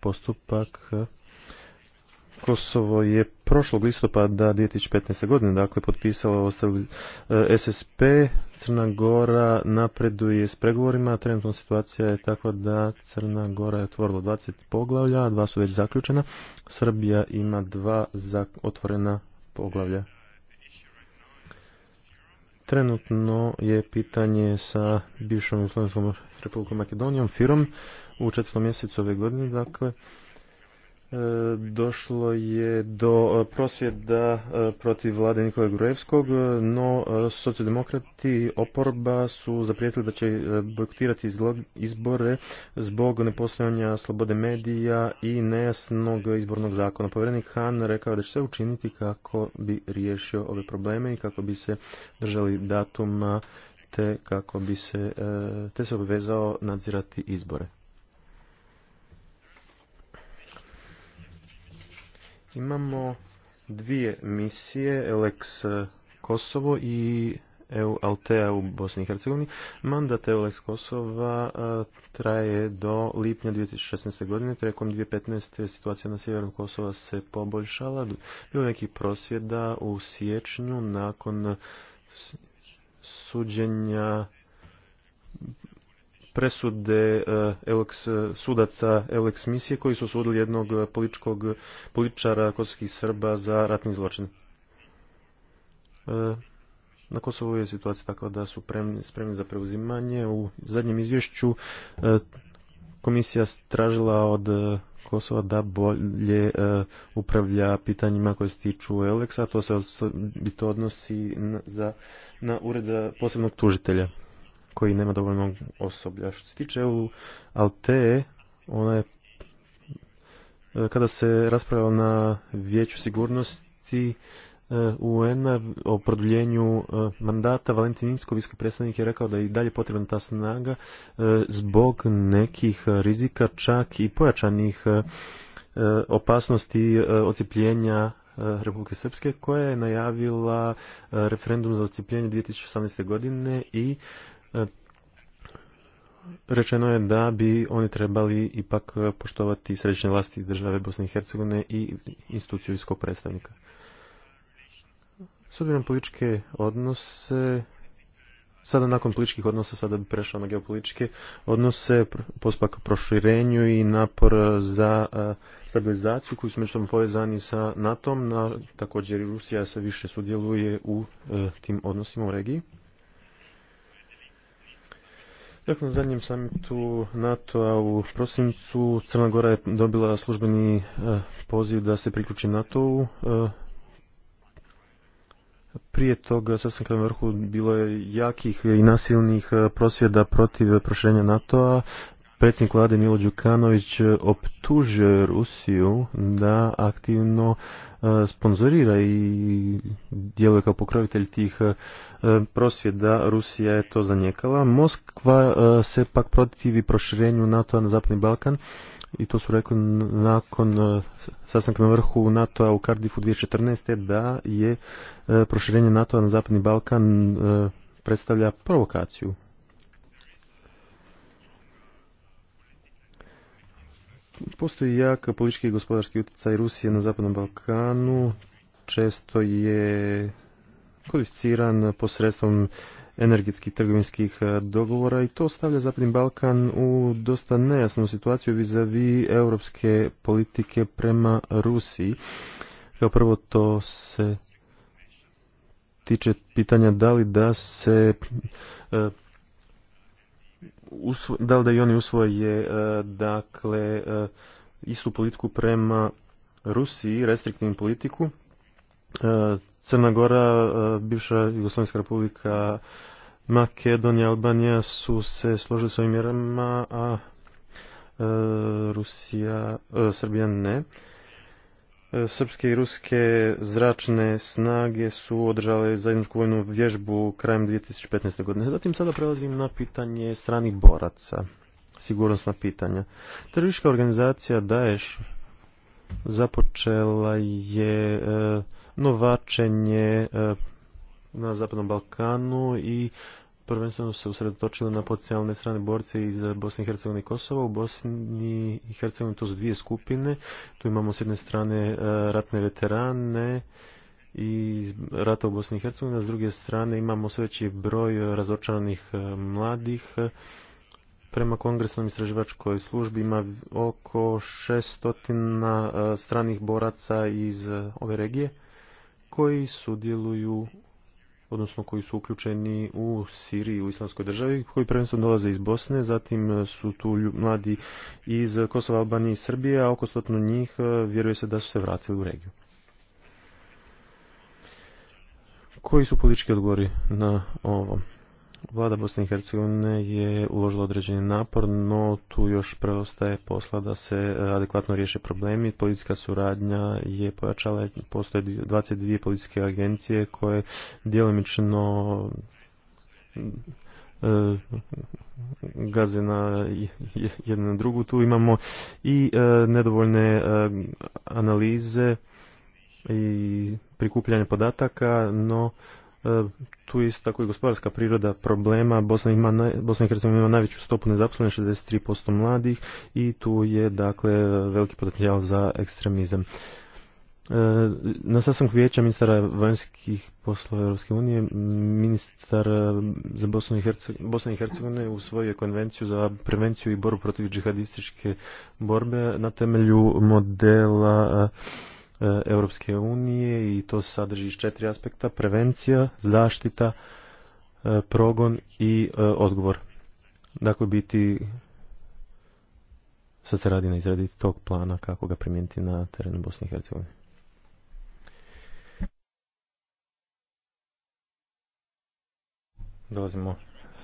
postupak Kosovo je prošlog listopada 2015. godine dakle potpisalo ostrog e, SSP Crna Gora napreduje s pregovorima trenutno situacija je takva da Crna Gora je otvorila 20 poglavlja dva su već zaključena Srbija ima dva otvorena poglavlja Trenutno je pitanje sa bivšom Jugoslavenskom republikom Makedonijom, FIROM, u četvrtom mjesecu ove godine, dakle, E, došlo je do e, prosvjeda e, protiv vlade Nikola Grujevskog, no socijaldemokrati oporba su zaprijetili da će bojkotirati izbore zbog nepostojanja slobode medija i nejasnog izbornog zakona. Povjerenik Han rekao da će sve učiniti kako bi riješio ove probleme i kako bi se držali datuma te kako bi se, te se obvezao nadzirati izbore. Imamo dvije misije, Elex Kosovo i EU Altea u Bosni i Hercegovini. Mandat Elex Kosova traje do lipnja 2016. godine. Trekom 2015. situacija na sjeveru Kosova se poboljšala. Bilo nekih prosvjeda u siječnju nakon suđenja presude eh, eh, sudaca Eleks misije koji su sudili jednog eh, političkog političara kosovskih Srba za ratni zločin. Na Kosovu je situacija takva da su spremni za preuzimanje. U zadnjem izvješću komisija stražila od Kosova da bolje upravlja pitanjima koje se tiču Eleksa, to se bi to odnosi na, za, na ured za posebnog tužitelja koji nema dovoljno osoblja. Što se tiče EU Alte, ona je e, kada se raspravljalo na vijeću sigurnosti e, UN-a o produljenju e, mandata Valentin Insko, predstavnik je rekao da je i dalje potrebna ta snaga zbog nekih rizika, čak i pojačanih opasnosti ocipljenja Republike Srpske koja je najavila referendum za ocipljenje 2018. godine i E, rečeno je da bi oni trebali ipak poštovati središnje vlasti države Bosne i Hercegovine i instituciju viskog predstavnika. S obzirom političke odnose, sada nakon političkih odnosa, sada bi prešao na geopolitičke odnose, pospak proširenju i napor za e, stabilizaciju koji su povezani sa NATO-om, također i Rusija se više sudjeluje u e, tim odnosima u regiji. Dakle, na zadnjem samitu NATO-a u prosincu Crna Gora je dobila službeni eh, poziv da se priključi NATO-u. Eh, prije toga sastanka na vrhu bilo je jakih i nasilnih eh, prosvjeda protiv proširenja NATO-a predsjednik vlade Milo Đukanović e, optužuje Rusiju da aktivno e, sponzorira i djeluje kao pokrovitelj tih e, prosvjeda. Rusija je to zanjekala. Moskva se pak protivi proširenju NATO-a na Zapadni Balkan i to su rekli nakon sastanka na vrhu NATO-a u Cardiffu 2014. da je proširenje NATO-a na Zapadni Balkan predstavlja provokaciju Postoji jak politički i gospodarski utjecaj Rusije na Zapadnom Balkanu. Često je kodificiran posredstvom energetskih trgovinskih e, dogovora i to stavlja Zapadni Balkan u dosta nejasnu situaciju vis-a-vis europske politike prema Rusiji. Kao prvo to se tiče pitanja da li da se e, usvo, da li da i oni usvoje e, dakle e, istu politiku prema Rusiji, restriktivnu politiku. E, Crna Gora, bivša Jugoslavenska republika, Makedonija, Albanija su se složili s ovim mjerama, a Rusija, Srbija ne. E, srpske i ruske zračne snage su održale zajedničku vojnu vježbu krajem 2015. godine. Zatim sada prelazim na pitanje stranih boraca, sigurnosna pitanja. Teroristička organizacija Daesh započela je e, novačenje e, na Zapadnom Balkanu i prvenstveno se usredotočili na potencijalne strane borce iz Bosne i Hercegovine i Kosova. U Bosni i Hercegovini to su dvije skupine. Tu imamo s jedne strane e, ratne veterane i rata u Bosni i Hercegovini, a s druge strane imamo sve veći broj razočaranih e, mladih. Prema kongresnom istraživačkoj službi ima oko 600 e, stranih boraca iz ove regije koji sudjeluju odnosno koji su uključeni u Siriji, u islamskoj državi, koji prvenstveno dolaze iz Bosne, zatim e, su tu mladi iz Kosova, Albanije i Srbije, a oko stotno njih e, vjeruje se da su se vratili u regiju. Koji su politički odgovori na ovo? Vlada Bosne i Hercegovine je uložila određeni napor, no tu još preostaje posla da se e, adekvatno riješe problemi. Policijska suradnja je pojačala, postoje 22 policijske agencije koje djelomično e, gaze na jednu na drugu. Tu imamo i e, nedovoljne analize i prikupljanje podataka, no E, tu je isto tako i gospodarska priroda problema. Bosna, i Hercegovina ima najveću stopu nezaposlenih, 63% mladih i tu je dakle veliki potencijal za ekstremizam. E, na sastanku vijeća ministara vanjskih poslova Europske unije ministar e, za Bosnu i Hercegovinu, Bosna i usvojio konvenciju za prevenciju i borbu protiv džihadističke borbe na temelju modela E, Europske unije i to sadrži iz četiri aspekta, prevencija, zaštita, e, progon i e, odgovor. Dakle, biti, sad se radi na izradi tog plana kako ga primijeniti na terenu Bosne i Hercegovine. Dolazimo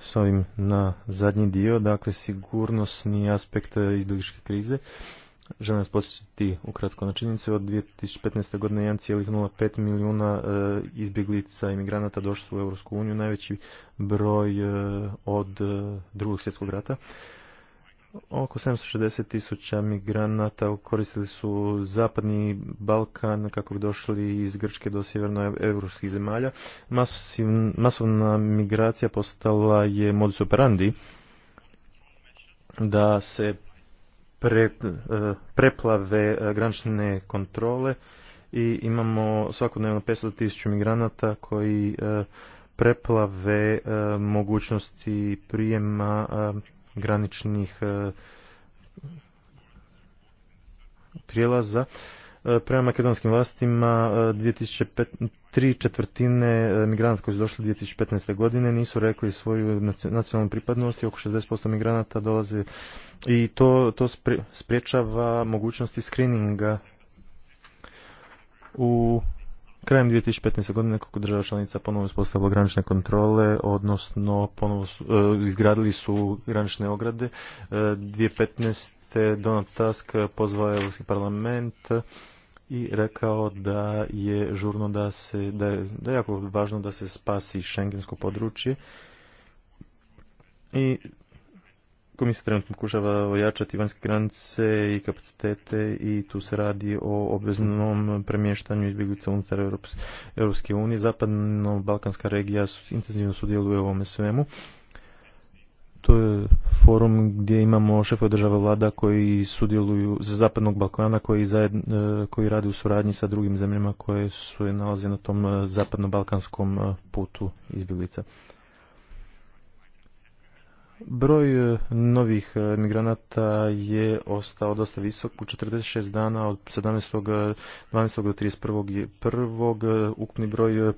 s ovim na zadnji dio, dakle sigurnosni aspekt izbjegličke krize. Želim vas posjetiti ukratko na činjenicu od 2015. godine 1,05 milijuna e, izbjeglica i migranata došli u Europsku uniju, najveći broj e, od e, drugog svjetskog rata. Oko 760 tisuća migranata koristili su zapadni Balkan kako bi došli iz Grčke do sjevernoevropskih zemalja. masovna migracija postala je modus operandi da se E, preplave e, granične kontrole i imamo svakodnevno 500.000 migranata koji e, preplave mogućnosti prijema graničnih prijelaza E, prema makedonskim vlastima e, tri četvrtine e, migranata koji su došli 2015. godine nisu rekli svoju nacionalnu pripadnost i oko 60% migranata dolaze i to, to spriječava mogućnosti screeninga u Krajem 2015. godine nekoliko država članica ponovno uspostavila granične kontrole, odnosno ponovo izgradili su granične ograde. E, 2015. Donald Task pozvao Europski parlament i rekao da je žurno da se, da je, da je jako važno da se spasi šengensko područje i Komisija trenutno pokušava ojačati vanjske granice i kapacitete i tu se radi o obveznom premještanju izbjeglica unutar Europske unije. Zapadno-Balkanska regija intenzivno sudjeluje u ovome svemu to je forum gdje imamo šefove država vlada koji sudjeluju za zapadnog Balkana koji, e, koji radi u suradnji sa drugim zemljama koje su nalaze na tom e, zapadno-balkanskom e, putu izbjeglica. Broj novih migranata je ostao dosta visok u 46 dana od 17. 12. do 31. 1. Ukupni broj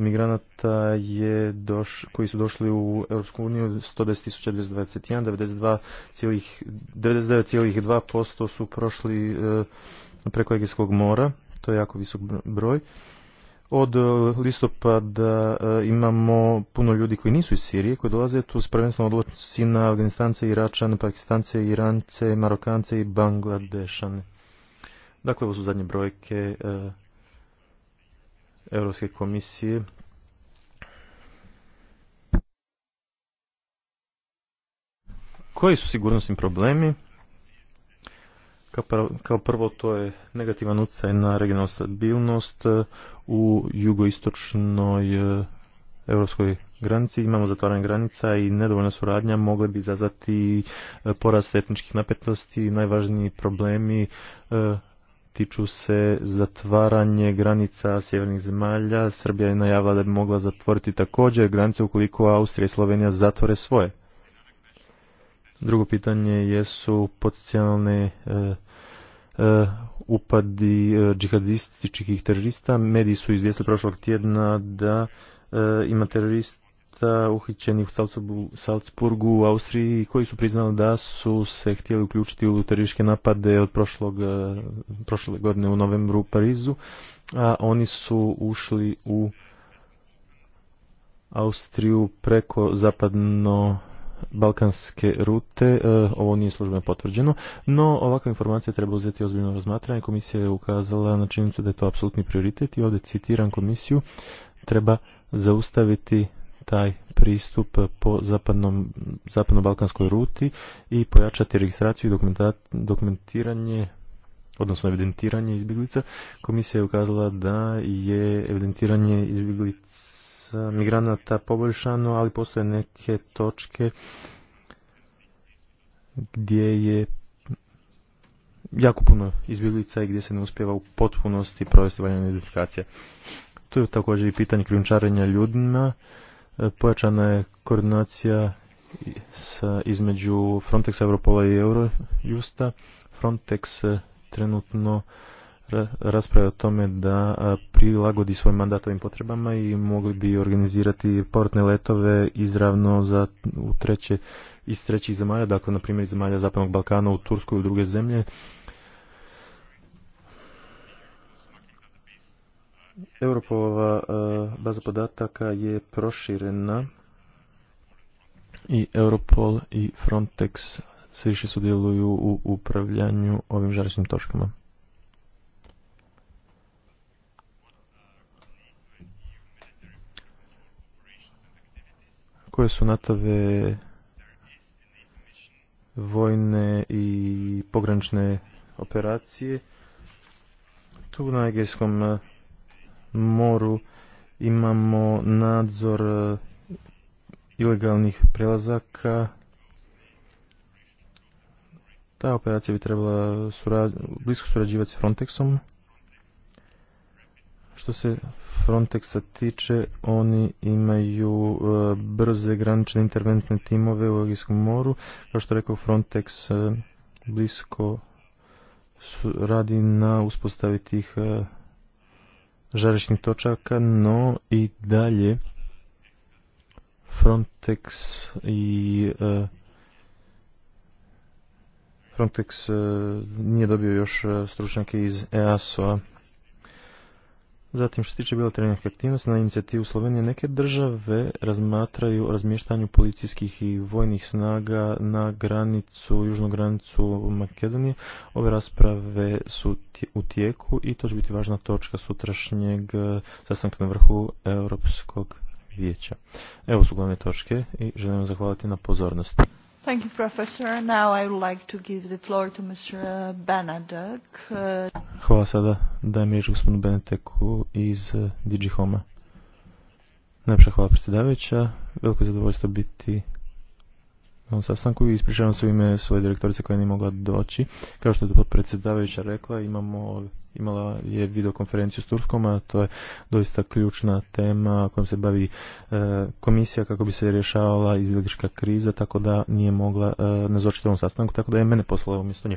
migranata je doš, koji su došli u Europsku uniju 110.221, 99,2% su prošli e, preko Egejskog mora, to je jako visok broj. Od e, listopada e, imamo puno ljudi koji nisu iz Sirije, koji dolaze tu s prvenstveno odločnici na Afganistance, Iračane, Pakistance, Irance, Marokance i Bangladešane. Dakle, ovo su zadnje brojke Europske komisije Koji su sigurnosni problemi? Kao prvo to je negativan utjecaj na regionalnu stabilnost e, u jugoistočnoj e, europskoj granici. Imamo zatvaranje granica i nedovoljna suradnja mogle bi izazvati e, porast etničkih napetnosti najvažniji problemi tiču se zatvaranje granica sjevernih zemalja. Srbija je najavila da bi mogla zatvoriti također granice ukoliko Austrija i Slovenija zatvore svoje. Drugo pitanje jesu potencijalne e, e, upadi e, džihadističkih terorista. Mediji su izvijestili prošlog tjedna da ima terorist aktivista uhićenih u Salzburgu u Austriji koji su priznali da su se htjeli uključiti u terorističke napade od prošlog, eh, prošle godine u novembru u Parizu, a oni su ušli u Austriju preko zapadno balkanske rute, eh, ovo nije službeno potvrđeno, no ovakva informacija treba uzeti ozbiljno razmatranje. Komisija je ukazala na činjenicu da je to apsolutni prioritet i ovdje citiram komisiju, treba zaustaviti taj pristup po zapadnom, zapadno-balkanskoj ruti i pojačati registraciju i dokumentiranje odnosno evidentiranje izbjeglica. Komisija je ukazala da je evidentiranje izbjeglica migranata poboljšano, ali postoje neke točke gdje je jako puno izbjeglica i gdje se ne uspjeva u potpunosti provesti valjena identifikacija. Tu je također i pitanje krijumčarenja ljudima pojačana je koordinacija sa, između Frontex Europola i Eurojusta. Frontex eh, trenutno raspravlja o tome da eh, prilagodi svoj mandat ovim potrebama i mogli bi organizirati portne letove izravno za, u treće, iz trećih zemalja, dakle na primjer iz zemalja Zapadnog Balkana u Tursku i u druge zemlje Europolova e, baza podataka je proširena i Europol i Frontex se više sudjeluju u upravljanju ovim žarišnim točkama. Koje su natove vojne i pogranične operacije? Tu na Egejskom e, moru imamo nadzor e, ilegalnih prelazaka. Ta operacija bi trebala blisko surađivati s Frontexom. Što se Frontexa tiče, oni imaju e, brze granične interventne timove u Agijskom moru. Kao što rekao, Frontex e, blisko radi na uspostavi tih žarišnih točaka, no i dalje Frontex i e, Frontex e, nije dobio još e, stručnjake iz EASO-a Zatim što se tiče bilateralnih aktivnosti na inicijativu Slovenije, neke države razmatraju razmještanju policijskih i vojnih snaga na granicu, južnu granicu Makedonije. Ove rasprave su u tijeku i to će biti važna točka sutrašnjeg eh, sastanka na vrhu Europskog vijeća. Evo su glavne točke i želim zahvaliti na pozornosti. Thank you, Hvala sada. Dajem riječ gospodinu Beneteku iz uh, DigiHoma. Najprej hvala predsjedavajuća. Veliko je zadovoljstvo biti ovom sastanku i ispričavam se u ime svoje direktorice koja nije mogla doći. Kao što je potpredsjedavajuća rekla, imamo, imala je videokonferenciju s Turskom, a to je doista ključna tema kojom se bavi e, komisija kako bi se rješavala izbjeglička kriza, tako da nije mogla e, nazočiti ovom sastanku, tako da je mene poslala umjesto nje.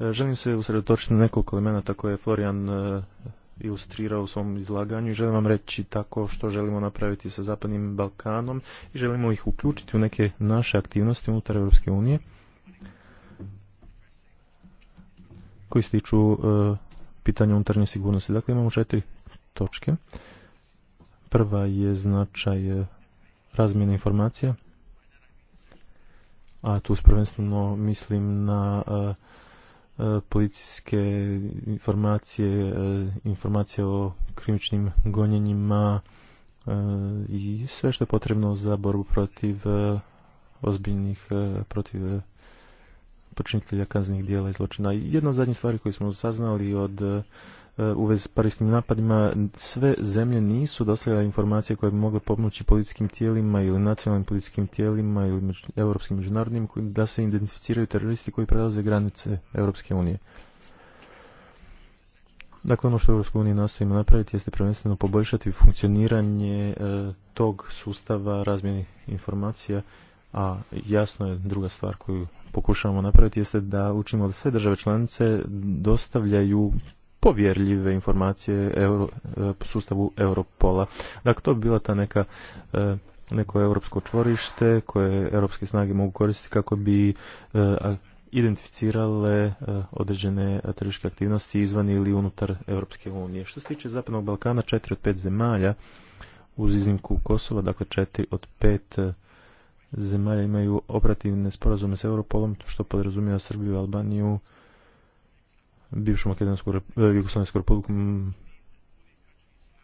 E, želim se usredotočiti na nekoliko elemenata koje je Florian e, ilustrirao u svom izlaganju i želim vam reći tako što želimo napraviti sa Zapadnim Balkanom i želimo ih uključiti u neke naše aktivnosti unutar Europske unije koji se tiču e, pitanja unutarnje sigurnosti. Dakle, imamo četiri točke. Prva je značaj e, razmjene informacija, a tu prvenstveno mislim na e, E, policijske informacije, e, informacije o krimičnim gonjenjima e, i sve što je potrebno za borbu protiv ozbiljnih, protiv počinitelja kaznenih dijela i zločina. Jedna od zadnjih stvari koju smo saznali od E, u vezi s parijskim napadima, sve zemlje nisu dostavljale informacije koje bi mogle pomoći policijskim tijelima ili nacionalnim policijskim tijelima ili među, europskim međunarodnim da se identificiraju teroristi koji prelaze granice Europske unije. Dakle, ono što Europska unija nastojimo napraviti jeste prvenstveno poboljšati funkcioniranje e, tog sustava razmjeni informacija, a jasno je druga stvar koju pokušavamo napraviti jeste da učimo da sve države članice dostavljaju povjerljive informacije euro, e, sustavu Europola. Dakle, to bi bila ta neka e, neko europsko čvorište koje europske snage mogu koristiti kako bi e, identificirale određene terorističke aktivnosti izvan ili unutar Europske unije. Što se tiče Zapadnog Balkana, četiri od pet zemalja, uz iznimku Kosova, dakle četiri od pet zemalja imaju operativne sporazume s Europolom, što podrazumijeva Srbiju, Albaniju, bivšu Makedonsku, e, Jugoslavijsku republiku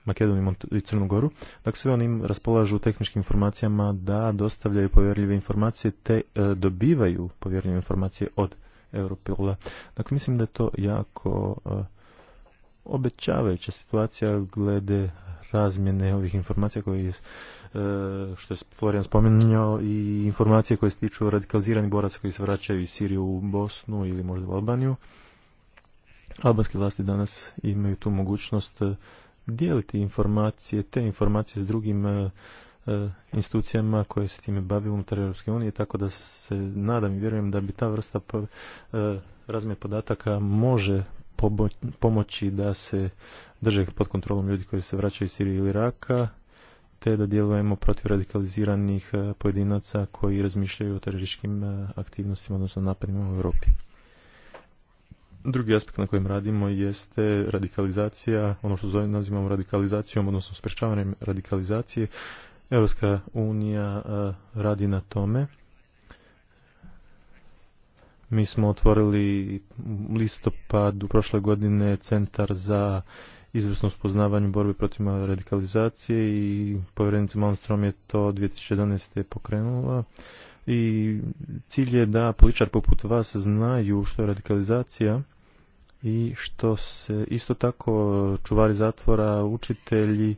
Makedoniju i Crnu Goru. Dakle, sve oni raspolažu tehničkim informacijama da dostavljaju povjerljive informacije te e, dobivaju povjerljive informacije od Europola. Dakle, mislim da je to jako e, obećavajuća situacija glede razmjene ovih informacija koje je, što je Florian spomenuo i informacije koje se tiču radikaliziranih boraca koji se vraćaju iz Sirije u Bosnu ili možda u Albaniju albanske vlasti danas imaju tu mogućnost e, dijeliti informacije, te informacije s drugim e, e, institucijama koje se time bavi unutar Europske unije, tako da se nadam i vjerujem da bi ta vrsta razmjene podataka može pomoći da se drže pod kontrolom ljudi koji se vraćaju iz Sirije ili Iraka, te da djelujemo protiv radikaliziranih pojedinaca koji razmišljaju o terorističkim aktivnostima, odnosno napadima u Europi. Drugi aspekt na kojem radimo jeste radikalizacija, ono što nazivamo radikalizacijom, odnosno sprečavanjem radikalizacije. Europska unija e, radi na tome. Mi smo otvorili listopad u prošle godine centar za izvrsno spoznavanje borbe protiv radikalizacije i povjerenica Malmstrom je to 2011. pokrenula i cilj je da političar poput vas znaju što je radikalizacija i što se isto tako čuvari zatvora, učitelji,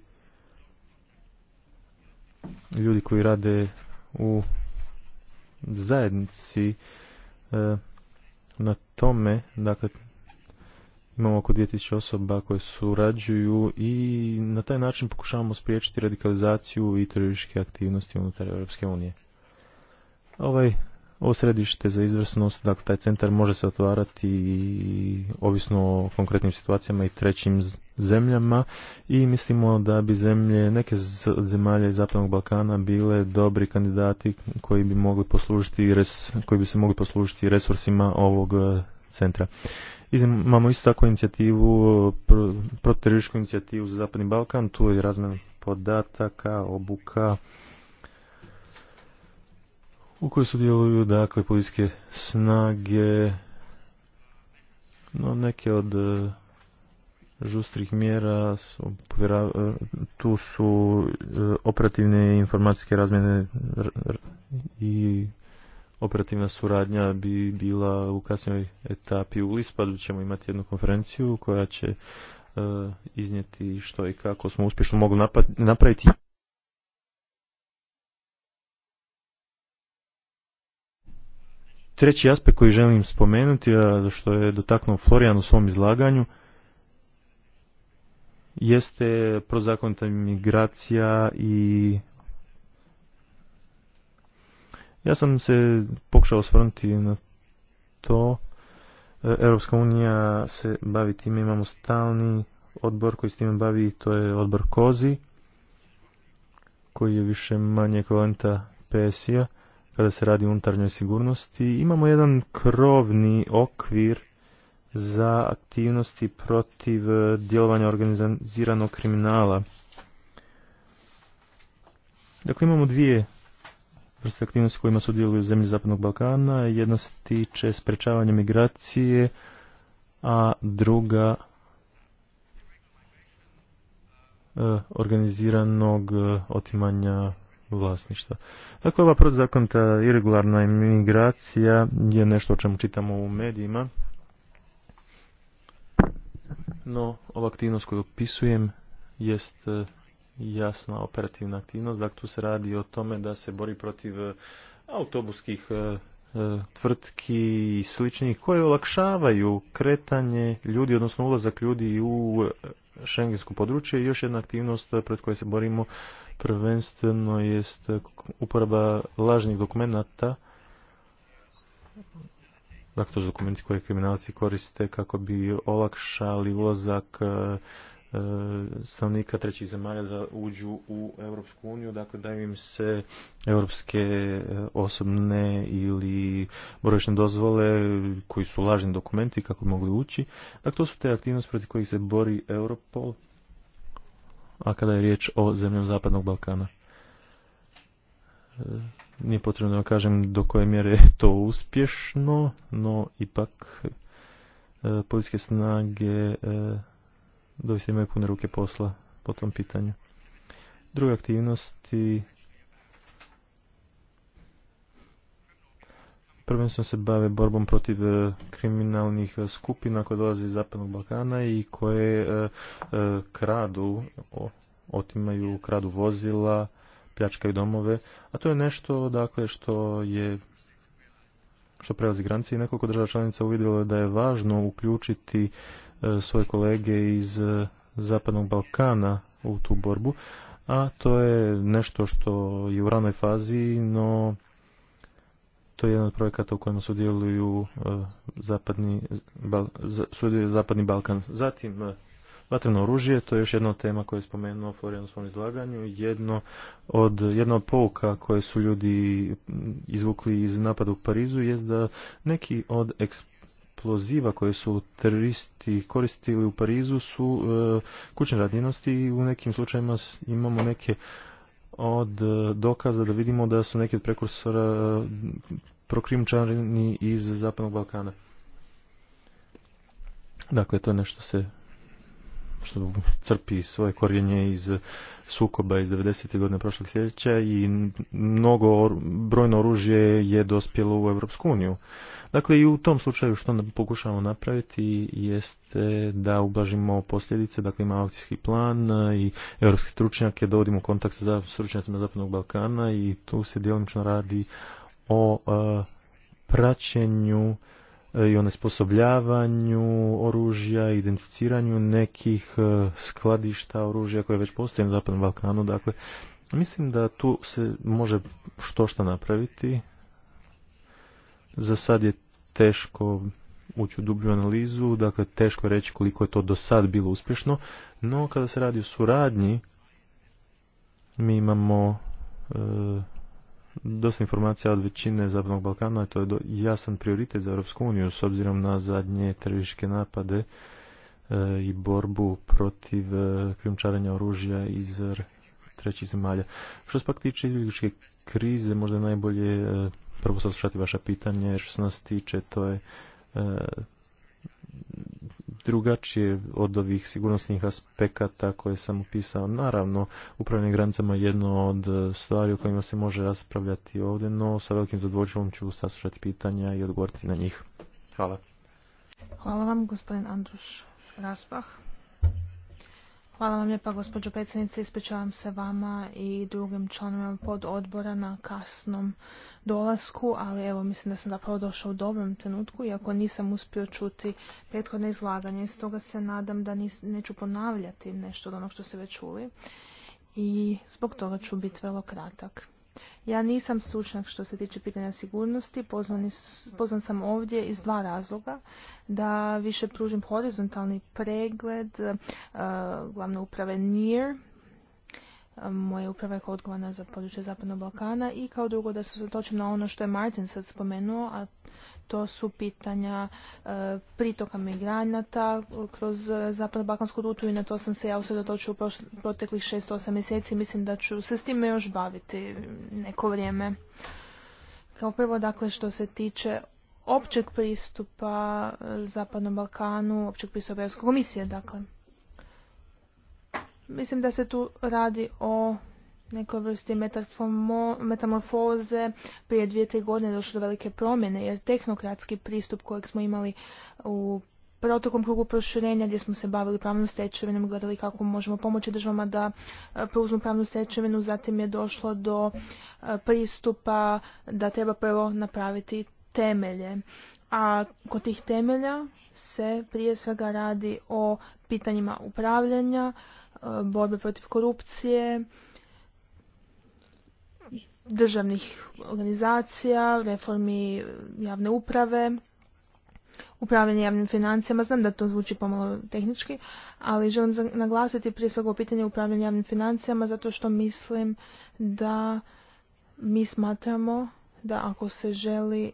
ljudi koji rade u zajednici e, na tome, dakle imamo oko 2000 osoba koje surađuju i na taj način pokušavamo spriječiti radikalizaciju i terorističke aktivnosti unutar Europske unije. Ovaj ovo središte za izvrsnost, dakle taj centar može se otvarati i ovisno o konkretnim situacijama i trećim zemljama i mislimo da bi zemlje, neke zemalje iz Zapadnog Balkana bile dobri kandidati koji bi mogli poslužiti res, koji bi se mogli poslužiti resursima ovog e, centra. Imamo isto tako inicijativu, protivteričku inicijativu za Zapadni Balkan, tu je razmjena podataka, obuka, u kojoj sudjeluju dakle policijske snage no neke od e, žustrih mjera su, e, tu su e, operativne informacijske razmjene i operativna suradnja bi bila u kasnijoj etapi u listopadu ćemo imati jednu konferenciju koja će iznijeti što i kako smo uspješno mogli napraviti Treći aspekt koji želim spomenuti, a što je dotaknuo Florijan u svom izlaganju, jeste prozakonita migracija i ja sam se pokušao osvrnuti na to. E, Europska unija se bavi time, imamo stalni odbor koji se time bavi, to je odbor Kozi, koji je više manje kvalenta PSI-a kada se radi o unutarnjoj sigurnosti, imamo jedan krovni okvir za aktivnosti protiv djelovanja organiziranog kriminala. Dakle, imamo dvije vrste aktivnosti kojima sudjeluju u zemlje Zapadnog Balkana. Jedna se tiče sprečavanja migracije, a druga e, organiziranog e, otimanja vlasništva. Dakle, ova protuzakonita irregularna imigracija je nešto o čemu čitamo u medijima. No, ova aktivnost koju opisujem jest e, jasna operativna aktivnost. Dakle, tu se radi o tome da se bori protiv autobuskih e, E, tvrtki i sličnih koje olakšavaju kretanje ljudi, odnosno ulazak ljudi u e, šengensko područje. I još jedna aktivnost pred kojoj se borimo prvenstveno jest uporaba lažnih dokumenata Dakle, to su dokumenti koje kriminalci koriste kako bi olakšali ulazak e, E, stanovnika trećih zemalja da uđu u Europsku uniju, dakle daju im se europske e, osobne ili boravišne dozvole koji su lažni dokumenti kako bi mogli ući. Dakle, to su te aktivnosti protiv kojih se bori Europol, a kada je riječ o zemljama Zapadnog Balkana. E, nije potrebno da vam kažem do koje mjere je to uspješno, no ipak politiske snage doista imaju pune ruke posla po tom pitanju. Druge aktivnosti prvenstveno se bave borbom protiv e, kriminalnih e, skupina koje dolaze iz Zapadnog Balkana i koje e, kradu, otimaju, kradu vozila, pljačkaju domove, a to je nešto dakle što je što prelazi granice i nekoliko država članica uvidjelo da je važno uključiti E, svoje kolege iz e, Zapadnog Balkana u tu borbu, a to je nešto što je u ranoj fazi, no to je jedan od projekata u kojem sudjeluju e, zapadni, zapadni Balkan. Zatim, vatreno oružje, to je još jedna tema koja je spomenuo Florijan u svom izlaganju, jedno od, jedna od pouka koje su ljudi izvukli iz napada u Parizu je da neki od eksperta eksploziva koje su teroristi koristili u Parizu su e, kućne radinosti i u nekim slučajima imamo neke od e, dokaza da vidimo da su neki od prekursora e, prokrimčani iz Zapadnog Balkana. Dakle, to je nešto se što crpi svoje korjenje iz sukoba iz 90. godine prošlog sljedeća i mnogo brojno oružje je dospjelo u Europsku uniju. Dakle, i u tom slučaju što pokušavamo napraviti jeste da ublažimo posljedice, dakle imamo akcijski plan e, i europski stručnjake, dovodimo kontakt sa stručnjacima Zapadnog Balkana i tu se djelomično radi o e, praćenju e, i onesposobljavanju oružja, identificiranju nekih skladišta oružja koje već postoje na Zapadnom Balkanu. Dakle, mislim da tu se može što što napraviti. Za sad je teško ući u dublju analizu, dakle teško reći koliko je to do sad bilo uspješno, no kada se radi o suradnji, mi imamo e, dosta informacija od većine Zapadnog Balkana, to je do, jasan prioritet za Europsku uniju s obzirom na zadnje terorističke napade e, i borbu protiv e, krijumčarenja oružja iz trećih zemalja. Što se pak tiče krize, možda najbolje e, prvo saslušati vaše pitanje. Što se nas tiče, to je e, drugačije od ovih sigurnosnih aspekata koje sam upisao. Naravno, upravljanje granicama je jedno od e, stvari o kojima se može raspravljati ovdje, no sa velikim zadovoljstvom ću saslušati pitanja i odgovoriti na njih. Hvala. Hvala vam, gospodin Andruš Raspah. Hvala vam lijepa gospođo predsjednice. Ispričavam se vama i drugim članovima pod odbora na kasnom dolasku, ali evo mislim da sam zapravo došao u dobrom trenutku, iako nisam uspio čuti prethodne izlaganje. Stoga se nadam da neću ponavljati nešto od onog što se već čuli i zbog toga ću biti vrlo kratak. Ja nisam stručnjak što se tiče pitanja sigurnosti, Poznan sam ovdje iz dva razloga, da više pružim horizontalni pregled e, glavne uprave NIR, e, moja uprava je odgovorna za područje Zapadnog Balkana i kao drugo da se zatočim na ono što je Martin sad spomenuo, a to su pitanja e, pritoka migranata e, kroz e, zapadno balkansku rutu i na to sam se ja usredotočio u proteklih 6-8 mjeseci. Mislim da ću se s time još baviti neko vrijeme. Kao prvo, dakle, što se tiče općeg pristupa Zapadnom Balkanu, općeg pristupa Europske komisije, dakle. Mislim da se tu radi o nekoj vrsti metamorfoze prije dvije, tri godine došlo do velike promjene, jer tehnokratski pristup kojeg smo imali u protokom krugu proširenja gdje smo se bavili pravnom stečevinom, gledali kako možemo pomoći državama da e, preuzmu pravnu stečevinu, zatim je došlo do e, pristupa da treba prvo napraviti temelje. A kod tih temelja se prije svega radi o pitanjima upravljanja, e, borbe protiv korupcije, državnih organizacija, reformi javne uprave, upravljanje javnim financijama. Znam da to zvuči pomalo tehnički, ali želim naglasiti prije svega pitanje upravljanja javnim financijama zato što mislim da mi smatramo da ako se želi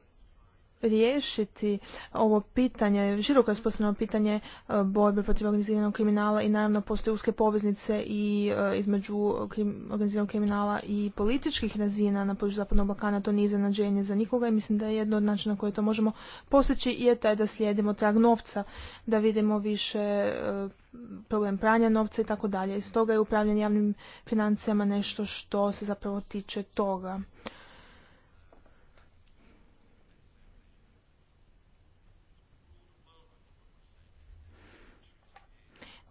riješiti ovo pitanje, široko raspostavljeno pitanje e, borbe protiv organiziranog kriminala i naravno postoje uske poveznice i e, između organiziranog kriminala i političkih razina na području Zapadnog Balkana, to nije iznenađenje za nikoga i mislim da je jedno od načina koje to možemo postići je taj da slijedimo trag novca, da vidimo više e, problem pranja novca i tako dalje. I stoga je upravljanje javnim financijama nešto što se zapravo tiče toga.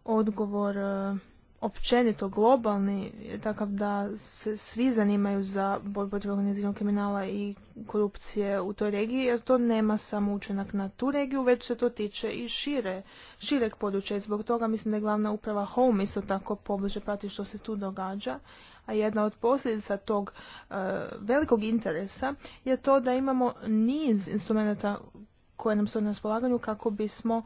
odgovor e, općenito globalni takav da se svi zanimaju za borbu protiv organiziranog kriminala i korupcije u toj regiji jer to nema samo učinak na tu regiju već se to tiče i šire, šireg područja i zbog toga mislim da je glavna uprava Home isto tako pobliže prati što se tu događa a jedna od posljedica tog e, velikog interesa je to da imamo niz instrumenta koje nam su na raspolaganju kako bismo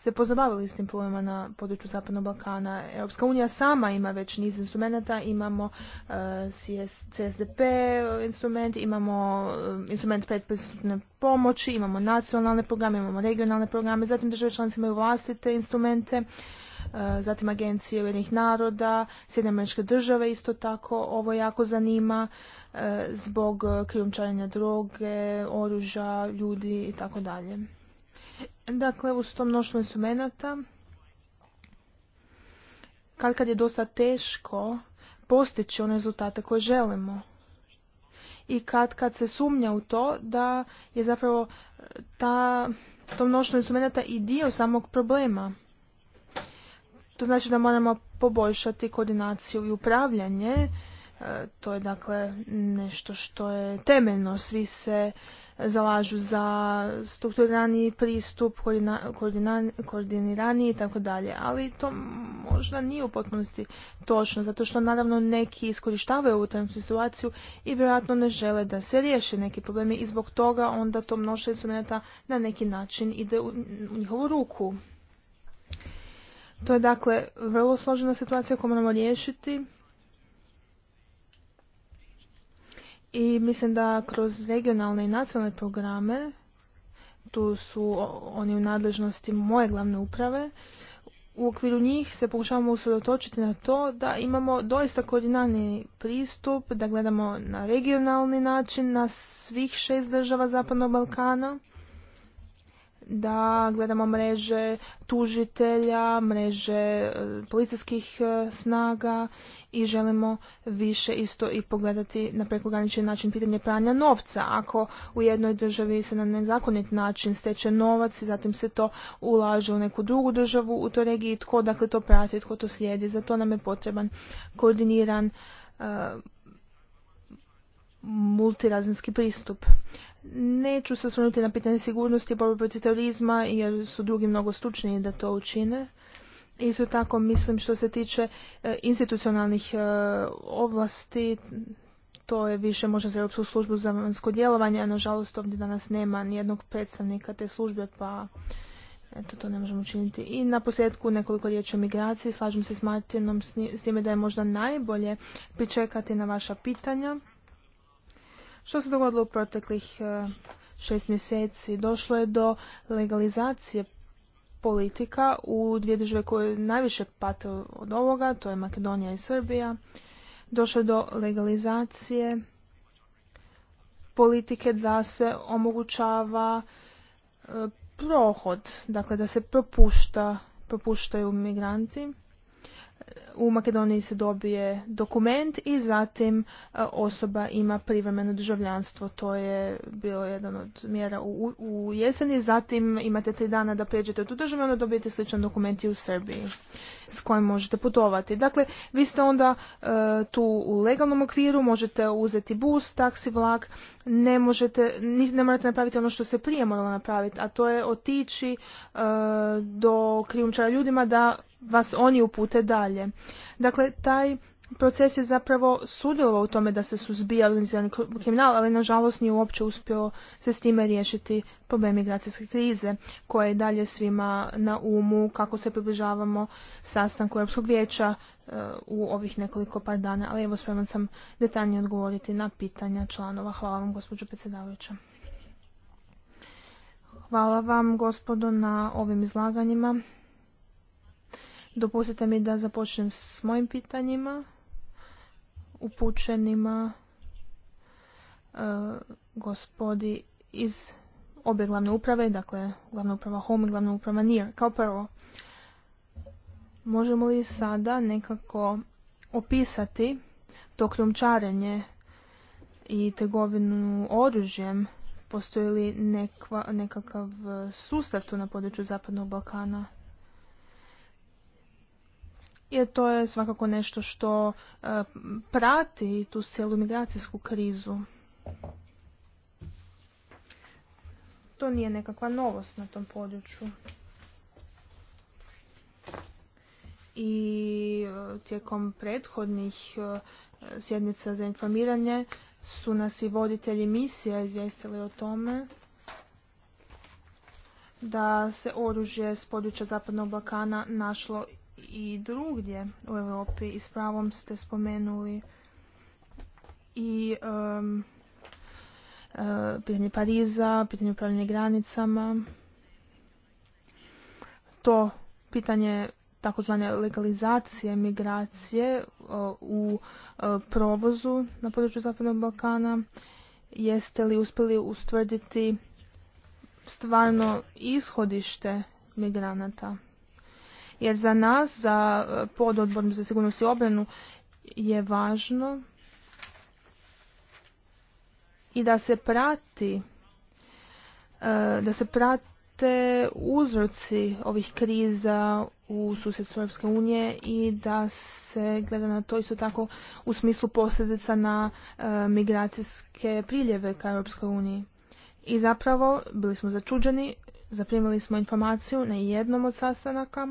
se pozabavili s tim problemima na području Zapadnog Balkana. Europska unija sama ima već niz instrumenta, imamo e, CSDP instrument, imamo e, instrument predpristupne pomoći, imamo nacionalne programe, imamo regionalne programe, zatim države članice imaju vlastite instrumente, e, zatim agencije Ujedinih naroda, Sjedinjene države isto tako ovo jako zanima zbog krijumčarenja droge, oružja, ljudi i tako dalje. Dakle, uz to mnoštvo instrumenta, kad kad je dosta teško postići one rezultate koje želimo. I kad kad se sumnja u to da je zapravo e, ta, to mnoštvo instrumenta i dio samog problema. To znači da moramo poboljšati koordinaciju i upravljanje. E, to je dakle nešto što je temeljno. Svi se zalažu za strukturirani pristup, koordinirani i tako dalje. Ali to možda nije u potpunosti točno, zato što naravno neki iskorištavaju ovu trenutnu situaciju i vjerojatno ne žele da se riješe neki problemi i zbog toga onda to mnoštvo instrumenta na neki način ide u njihovu ruku. To je dakle vrlo složena situacija koju moramo riješiti i mislim da kroz regionalne i nacionalne programe, tu su oni u nadležnosti moje glavne uprave, u okviru njih se pokušavamo usredotočiti na to da imamo doista koordinalni pristup, da gledamo na regionalni način na svih šest država Zapadnog Balkana da gledamo mreže tužitelja, mreže e, policijskih e, snaga i želimo više isto i pogledati na prekogranični način pitanje pranja novca. Ako u jednoj državi se na nezakonit način steče novac i zatim se to ulaže u neku drugu državu u toj regiji, tko dakle to prati, tko to slijedi, za to nam je potreban koordiniran e, multirazinski pristup. Neću se osvrnuti na pitanje sigurnosti i borbe protiv terorizma jer su drugi mnogo stručniji da to učine. Isto tako mislim što se tiče e, institucionalnih e, ovlasti, to je više možda za Europsku službu za vanjsko djelovanje, a nažalost ovdje danas nema nijednog predstavnika te službe, pa eto, to ne možemo učiniti. I na posljedku nekoliko riječi o migraciji. Slažem se s Martinom s time da je možda najbolje pričekati na vaša pitanja što se dogodilo u proteklih e, šest mjeseci? Došlo je do legalizacije politika u dvije države koje najviše pate od ovoga, to je Makedonija i Srbija. Došlo je do legalizacije politike da se omogućava e, prohod, dakle da se propuštaju migranti u Makedoniji se dobije dokument i zatim e, osoba ima privremeno državljanstvo. To je bilo jedan od mjera u, jeseni. Zatim imate tri dana da pređete u tu državu, onda dobijete sličan dokument i u Srbiji s kojim možete putovati. Dakle, vi ste onda e, tu u legalnom okviru, možete uzeti bus, taksi, vlak, ne možete, ne morate napraviti ono što se prije moralo napraviti, a to je otići e, do krijumčara ljudima da vas oni upute dalje. Dakle, taj proces je zapravo sudjelovao u tome da se suzbija organizirani kriminal, ali nažalost nije uopće uspio se s time riješiti problem migracijske krize, koja je dalje svima na umu kako se približavamo sastanku Europskog vijeća e, u ovih nekoliko par dana. Ali evo spreman sam detaljnije odgovoriti na pitanja članova. Hvala vam gospođo predsjedavajuća. Hvala vam gospodo na ovim izlaganjima. Dopustite mi da započnem s mojim pitanjima upućenima e, gospodi iz obje glavne uprave, dakle glavna uprava Home i glavna uprava Near Kao prvo, možemo li sada nekako opisati to krijumčarenje i trgovinu oružjem? Postoji li nekakav sustav tu na području Zapadnog Balkana? jer to je svakako nešto što e, prati tu cijelu migracijsku krizu. To nije nekakva novost na tom području. I e, tijekom prethodnih e, sjednica za informiranje su nas i voditelji misija izvijestili o tome da se oružje s područja Zapadnog Balkana našlo i drugdje u Europi i s pravom ste spomenuli i um, pitanje Pariza, pitanje upravljanja granicama. To pitanje takozvane legalizacije migracije eh, u eh, provozu na području Zapadnog Balkana. Jeste li uspjeli ustvrditi stvarno ishodište migranata? jer za nas, za eh, pododbor za sigurnost i obranu, je važno i da se prati eh, da se prate uzroci ovih kriza u susjedstvu Europske unije i da se gleda na to isto tako u smislu posljedica na eh, migracijske priljeve ka Europskoj uniji. I zapravo bili smo začuđeni, zaprimili smo informaciju na jednom od sastanaka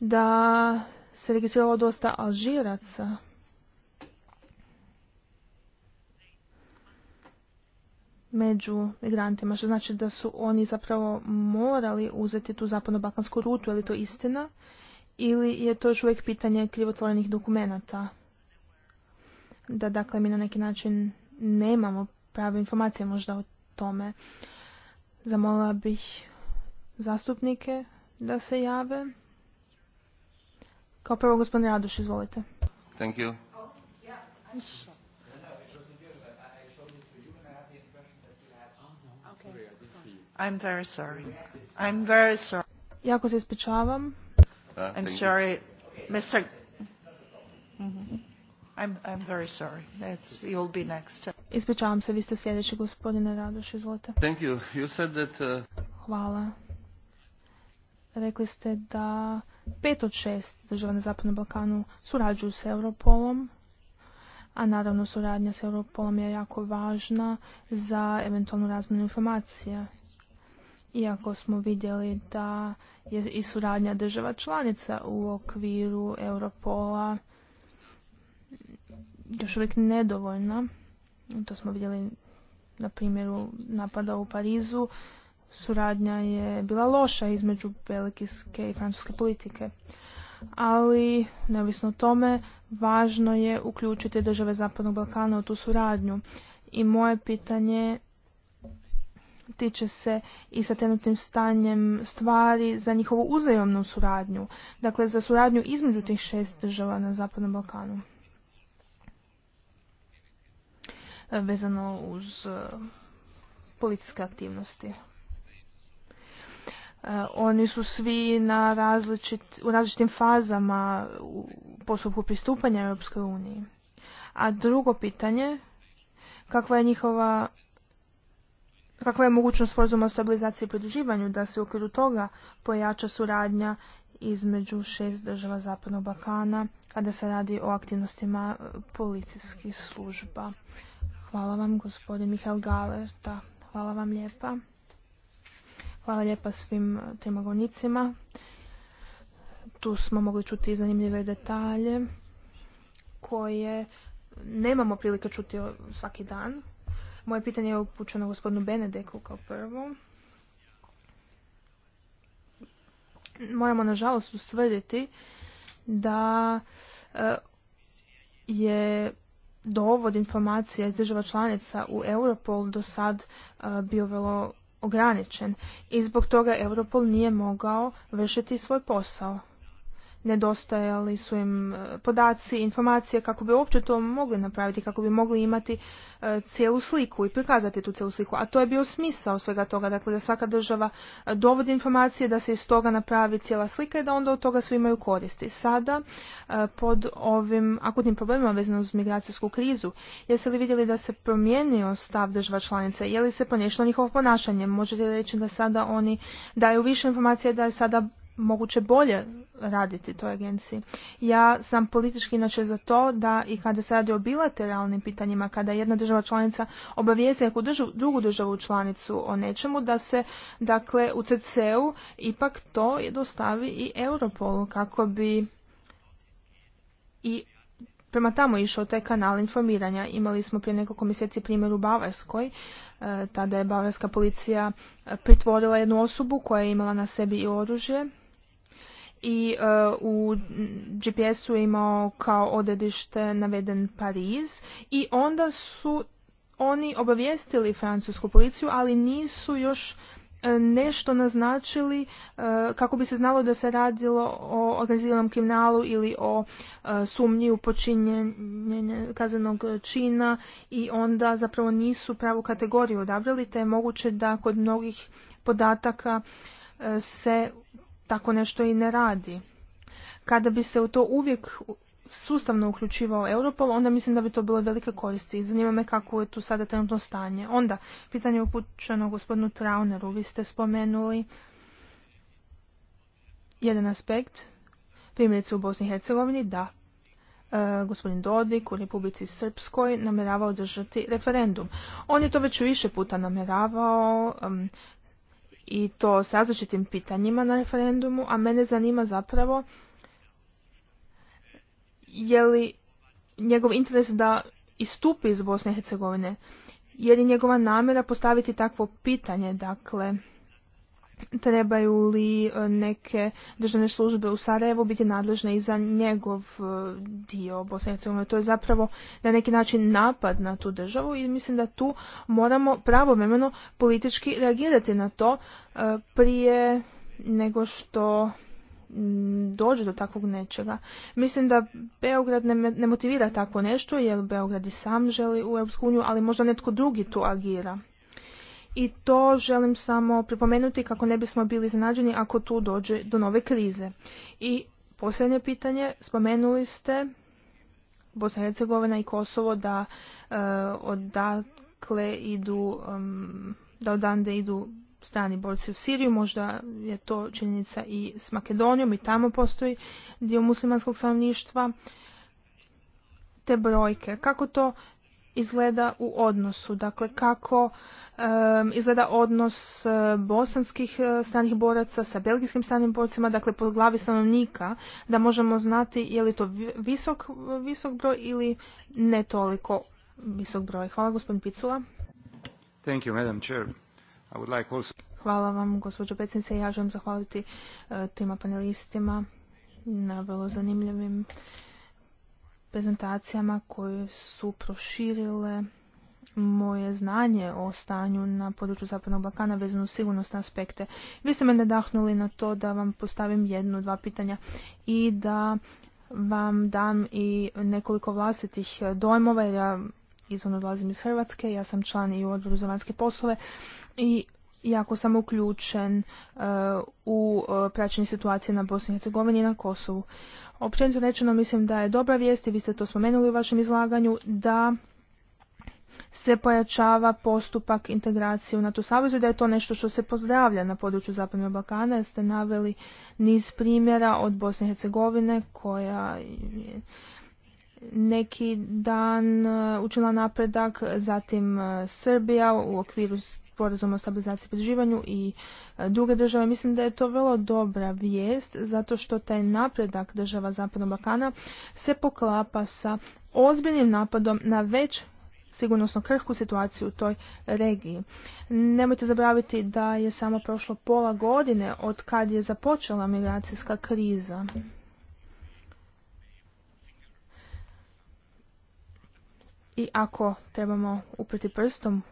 da se registriralo dosta Alžiraca. među migrantima, što znači da su oni zapravo morali uzeti tu zapadno-balkansku rutu, je li to istina, ili je to još uvijek pitanje krivotvorenih dokumenata? Da dakle mi na neki način nemamo prave informacije možda o tome. Zamolila bih zastupnike da se jave kao prvo gospodin Raduš, izvolite. Thank you. I'm very sorry. I'm very sorry. Jako se ispričavam. Ah, I'm sorry. Mr. Mm-hmm. I'm, I'm very sorry. That's, you'll be next. Ispričavam se, vi ste sljedeći gospodine Radoš, izvolite. Thank you. You said that, uh, Hvala. Rekli ste da Pet od šest država na Zapadnom Balkanu surađuju s Europolom, a naravno suradnja s Europolom je jako važna za eventualnu razmjenu informacija. Iako smo vidjeli da je i suradnja država članica u okviru Europola još uvijek nedovoljna, to smo vidjeli na primjeru napada u Parizu, suradnja je bila loša između belgijske i francuske politike. Ali, neovisno o tome, važno je uključiti države Zapadnog Balkana u tu suradnju. I moje pitanje tiče se i sa trenutnim stanjem stvari za njihovu uzajomnu suradnju, dakle za suradnju između tih šest država na Zapadnom Balkanu. Vezano uz eh, policijske aktivnosti. E, oni su svi na različit, u različitim fazama u postupku pristupanja Europskoj uniji. A drugo pitanje, kakva je njihova kakva je mogućnost sporazuma o stabilizaciji i pridruživanju da se u okviru toga pojača suradnja između šest država Zapadnog Balkana kada se radi o aktivnostima policijskih služba. Hvala vam gospodin Mihael Galerta. Hvala vam lijepa. Hvala lijepa svim temagonicima. Tu smo mogli čuti zanimljive detalje koje nemamo prilike čuti svaki dan. Moje pitanje je upućeno gospodinu Benedeku kao prvo. Moramo nažalost ustvrditi da e, je dovod informacija iz država članica u Europol do sad e, bio vrlo ograničen i zbog toga Europol nije mogao vršiti svoj posao nedostajali su im e, podaci, informacije kako bi uopće to mogli napraviti, kako bi mogli imati e, cijelu sliku i prikazati tu cijelu sliku. A to je bio smisao svega toga, dakle da svaka država e, dovodi informacije, da se iz toga napravi cijela slika i da onda od toga svi imaju koristi. Sada pod ovim akutnim problemima vezano uz migracijsku krizu, jeste li vidjeli da se promijenio stav država članica, je li se ponešlo njihovo ponašanje? Možete reći da sada oni daju više informacija, da je sada moguće bolje raditi toj agenciji. Ja sam politički inače za to da i kada se radi o bilateralnim pitanjima, kada jedna država članica obavijesti neku drugu državu članicu o nečemu, da se dakle u CCU ipak to dostavi i Europolu kako bi i prema tamo išao taj kanal informiranja. Imali smo prije nekoliko mjeseci primjer u Bavarskoj. E, tada je Bavarska policija e, pritvorila jednu osobu koja je imala na sebi i oružje i e, u GPS-u je imao kao odredište naveden Pariz i onda su oni obavijestili francusku policiju, ali nisu još e, nešto naznačili e, kako bi se znalo da se radilo o organiziranom kriminalu ili o sumnji u počinjenje kaznenog čina i onda zapravo nisu pravu kategoriju odabrali te je moguće da kod mnogih podataka se tako nešto i ne radi. Kada bi se u to uvijek sustavno uključivao Europol, onda mislim da bi to bilo velike koristi i zanima me kako je tu sada trenutno stanje. Onda, pitanje upućeno gospodinu Trauneru, vi ste spomenuli jedan aspekt, primjerice u Bosni i Hercegovini, da e, gospodin Dodik u Republici Srpskoj namjerava održati referendum. On je to već više puta namjeravao, i to s različitim pitanjima na referendumu, a mene zanima zapravo je li njegov interes da istupi iz Bosne i Hercegovine, je li njegova namjera postaviti takvo pitanje, dakle, trebaju li e, neke državne službe u Sarajevu biti nadležne i za njegov e, dio Bosne i Hercegovine. To je zapravo na neki način napad na tu državu i mislim da tu moramo pravovremeno politički reagirati na to e, prije nego što dođe do takvog nečega. Mislim da Beograd ne, ne motivira tako nešto, jer Beograd i sam želi u EU, ali možda netko drugi tu agira i to želim samo pripomenuti kako ne bismo bili zanađeni ako tu dođe do nove krize. I posljednje pitanje, spomenuli ste Bosna i Hercegovina i Kosovo da e, odakle idu, da odande idu strani borci u Siriju, možda je to činjenica i s Makedonijom i tamo postoji dio muslimanskog stanovništva. Te brojke, kako to izgleda u odnosu, dakle kako izgleda odnos e, bosanskih e, stranih boraca sa belgijskim stranim borcima, dakle po glavi stanovnika, da možemo znati je li to visok, visok broj ili ne toliko visok broj. Hvala gospodin Picula. Thank you, Madam Chair. I would like also... Hvala vam gospođo predsjednice. Ja želim zahvaliti e, tima panelistima na vrlo zanimljivim prezentacijama koje su proširile moje znanje o stanju na području Zapadnog Balkana vezano uz sigurnosne aspekte. Vi ste me nadahnuli na to da vam postavim jedno, dva pitanja i da vam dam i nekoliko vlastitih dojmova, jer ja izvan odlazim iz Hrvatske, ja sam član i u odboru za vanjske poslove i jako sam uključen e, u e, praćenje situacije na Bosni i Hercegovini i na Kosovu. Općenito rečeno mislim da je dobra vijest i vi ste to spomenuli u vašem izlaganju da se pojačava postupak integracije u NATO savezu i da je to nešto što se pozdravlja na području Zapadnog Balkana jer ste naveli niz primjera od Bosne i Hercegovine koja je neki dan uh, učila napredak, zatim uh, Srbija u okviru sporazuma o stabilizaciji i pridruživanju i uh, druge države. Mislim da je to vrlo dobra vijest zato što taj napredak država Zapadnog Balkana se poklapa sa ozbiljnim napadom na već sigurnosno krhku situaciju u toj regiji. Nemojte zaboraviti da je samo prošlo pola godine od kad je započela migracijska kriza. I ako trebamo upriti prstom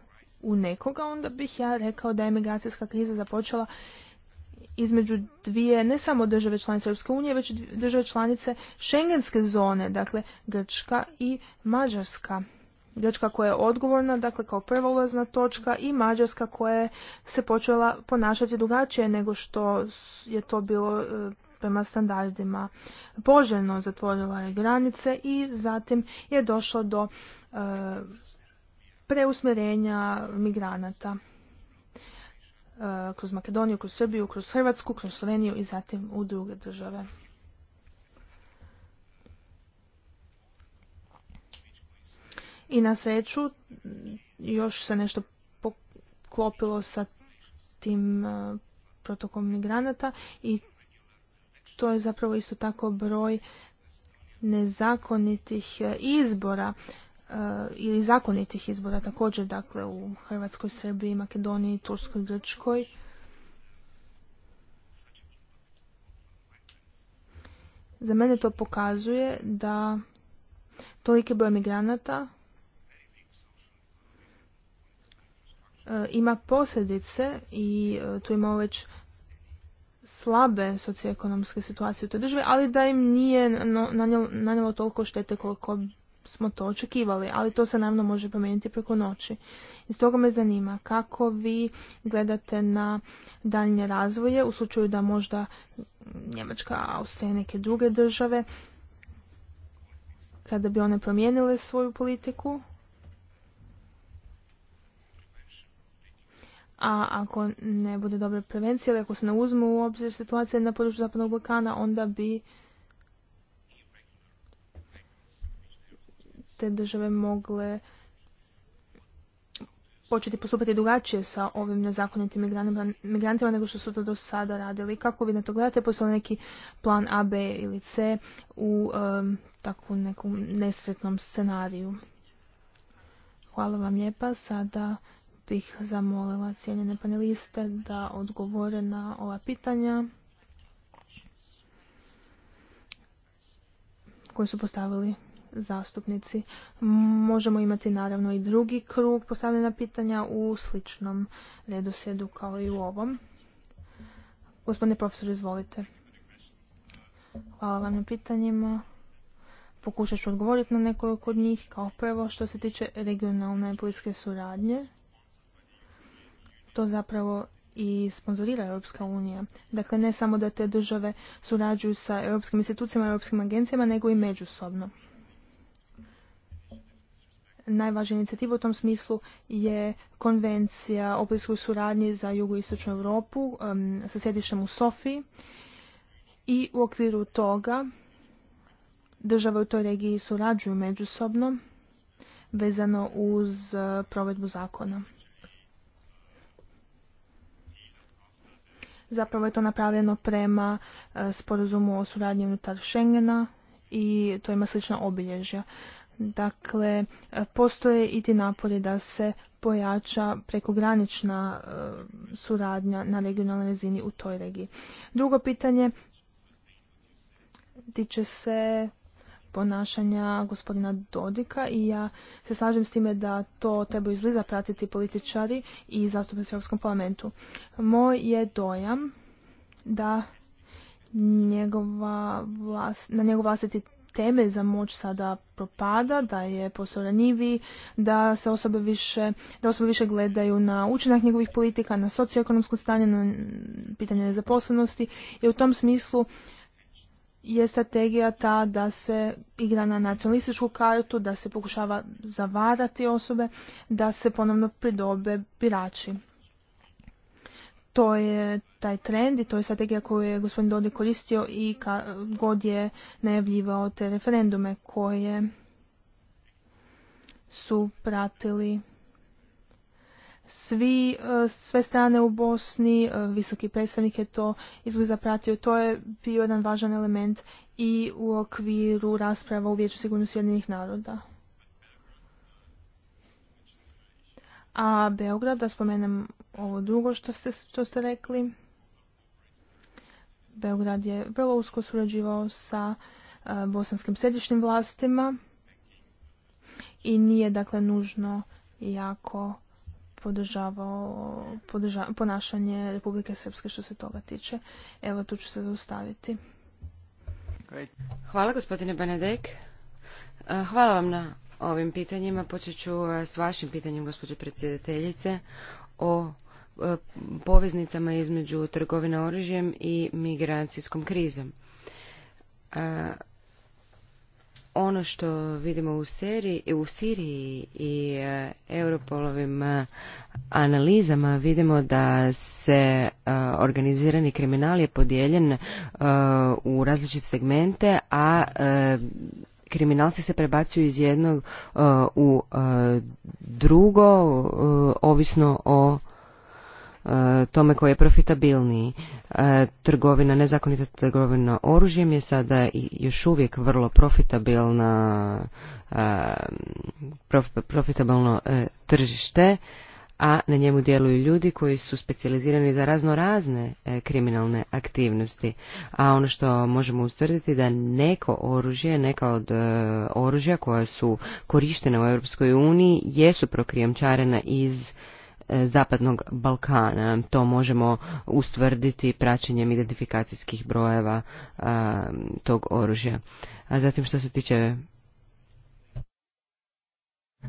u nekoga, onda bih ja rekao da je migracijska kriza započela između dvije, ne samo države članice Europske unije, već države članice Schengenske zone, dakle Grčka i Mađarska. Grčka koja je odgovorna, dakle kao prva ulazna točka i Mađarska koja se počela ponašati drugačije nego što je to bilo e, prema standardima. Poželjno zatvorila je granice i zatim je došlo do e, preusmjerenja migranata e, kroz Makedoniju, kroz Srbiju, kroz Hrvatsku, kroz Sloveniju i zatim u druge države. I na sreću još se nešto poklopilo sa tim e, protokom migranata i to je zapravo isto tako broj nezakonitih e, izbora e, ili zakonitih izbora također dakle u Hrvatskoj, Srbiji, Makedoniji, Turskoj, Grčkoj. Za mene to pokazuje da toliki broj migranata E, ima posljedice i e, tu imamo već slabe socioekonomske situacije u toj državi, ali da im nije nanjelo toliko štete koliko smo to očekivali, ali to se naravno može promijeniti preko noći. I stoga me zanima kako vi gledate na daljnje razvoje u slučaju da možda Njemačka, Austrija i neke druge države kada bi one promijenile svoju politiku a ako ne bude dobre prevencija, ili ako se ne uzmu u obzir situacije na području Zapadnog Balkana, onda bi te države mogle početi postupati drugačije sa ovim nezakonitim migrantima, nego što su to do sada radili. Kako vi na to gledate, postoji neki plan A, B ili C u um, takvom nekom nesretnom scenariju? Hvala vam lijepa. Sada bih zamolila cijenjene paneliste da odgovore na ova pitanja koje su postavili zastupnici. Možemo imati naravno i drugi krug postavljena pitanja u sličnom redosjedu kao i u ovom. Gospodine profesor, izvolite. Hvala vam na pitanjima. Pokušat ću odgovoriti na nekoliko od njih. Kao prvo, što se tiče regionalne poljske suradnje, to zapravo i sponzorira Europska unija. Dakle, ne samo da te države surađuju sa europskim institucijama, i europskim agencijama, nego i međusobno. Najvažnija inicijativa u tom smislu je konvencija o bliskoj suradnji za jugoistočnu Europu sa sjedištem u Sofiji i u okviru toga države u toj regiji surađuju međusobno vezano uz eh, provedbu zakona. Zapravo je to napravljeno prema e, sporazumu o suradnji unutar Schengena i to ima slična obilježja. Dakle, e, postoje i ti napori da se pojača prekogranična e, suradnja na regionalnoj razini u toj regiji. Drugo pitanje tiče se ponašanja gospodina Dodika i ja se slažem s time da to treba izbliza pratiti političari i zastupnici u Europskom parlamentu. Moj je dojam da njegova vlast, na njegov vlastiti temelj za moć sada propada, da je posoranjiviji, da se osobe više, da osobe više gledaju na učinak njegovih politika, na socioekonomsko stanje, na pitanje nezaposlenosti i u tom smislu je strategija ta da se igra na nacionalističku kartu, da se pokušava zavarati osobe, da se ponovno pridobe birači. To je taj trend i to je strategija koju je gospodin Dodi koristio i god je najavljivao te referendume koje su pratili svi, e, sve strane u Bosni, e, visoki predstavnik je to izgled pratio, To je bio jedan važan element i u okviru rasprava u Vijeću sigurnosti jedinih naroda. A Beograd, da spomenem ovo drugo što ste, što ste rekli. Beograd je vrlo usko surađivao sa e, bosanskim središnjim vlastima i nije dakle nužno jako podržavao ponašanje Republike Srpske što se toga tiče. Evo tu ću se zaustaviti. Hvala gospodine Benedek. E, hvala vam na ovim pitanjima. Počet ću e, s vašim pitanjem gospođe predsjedateljice o e, poveznicama između trgovina oružjem i migracijskom krizom ono što vidimo u, seriji, u Siriji i e, Europolovim e, analizama vidimo da se e, organizirani kriminal je podijeljen u različite segmente, a kriminalci se prebacuju iz jednog u drugo, ovisno o E, tome koji je profitabilniji. E, trgovina, nezakonita trgovina oružjem je sada još uvijek vrlo profitabilna, e, profitabilno tržište, a na njemu djeluju ljudi koji su specijalizirani za razno razne kriminalne aktivnosti. A ono što možemo ustvrditi da neko oružje, neka od oružja koja su korištena u Europskoj uniji jesu prokrijemčarena iz E, Zapadnog Balkana. To možemo ustvrditi praćenjem identifikacijskih brojeva e, tog oružja. A zatim što se tiče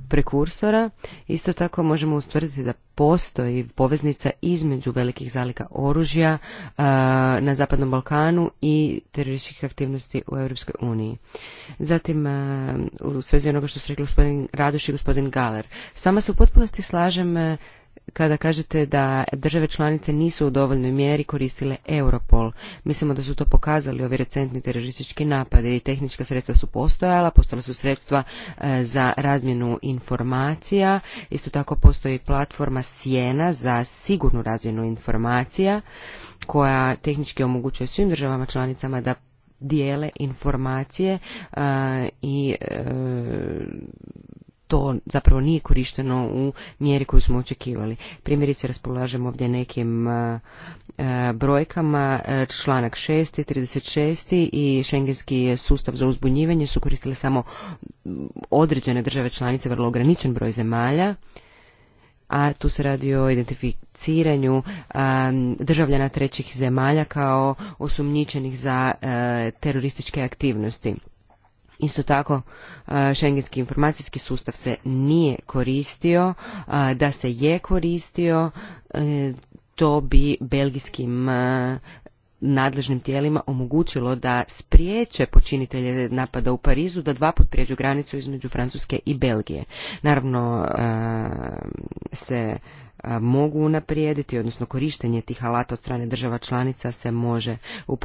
prekursora, isto tako možemo ustvrditi da postoji poveznica između velikih zalika oružja e, na Zapadnom Balkanu i terorističkih aktivnosti u Europskoj uniji. Zatim, u svezi onoga što su rekli gospodin Radoš i gospodin Galer, s vama se u potpunosti slažem kada kažete da države članice nisu u dovoljnoj mjeri koristile Europol. Mislimo da su to pokazali ovi recentni teroristički napade i tehnička sredstva su postojala, postala su sredstva e, za razmjenu informacija, isto tako postoji platforma Sijena za sigurnu razmjenu informacija koja tehnički omogućuje svim državama članicama da dijele informacije e, i e, to zapravo nije korišteno u mjeri koju smo očekivali. Primjerice raspolažemo ovdje nekim e, e, brojkama, e, članak 6. 36. i šengenski sustav za uzbunjivanje su koristile samo određene države članice, vrlo ograničen broj zemalja, a tu se radi o identificiranju državljana trećih zemalja kao osumnjičenih za terorističke aktivnosti. Isto tako, šengenski e, informacijski sustav se nije koristio, e, da se je koristio, e, to bi belgijskim nadležnim tijelima omogućilo da spriječe počinitelje napada u Parizu da dva put prijeđu granicu između Francuske i Belgije. Naravno se mogu unaprijediti, odnosno korištenje tih alata od strane država članica se može u,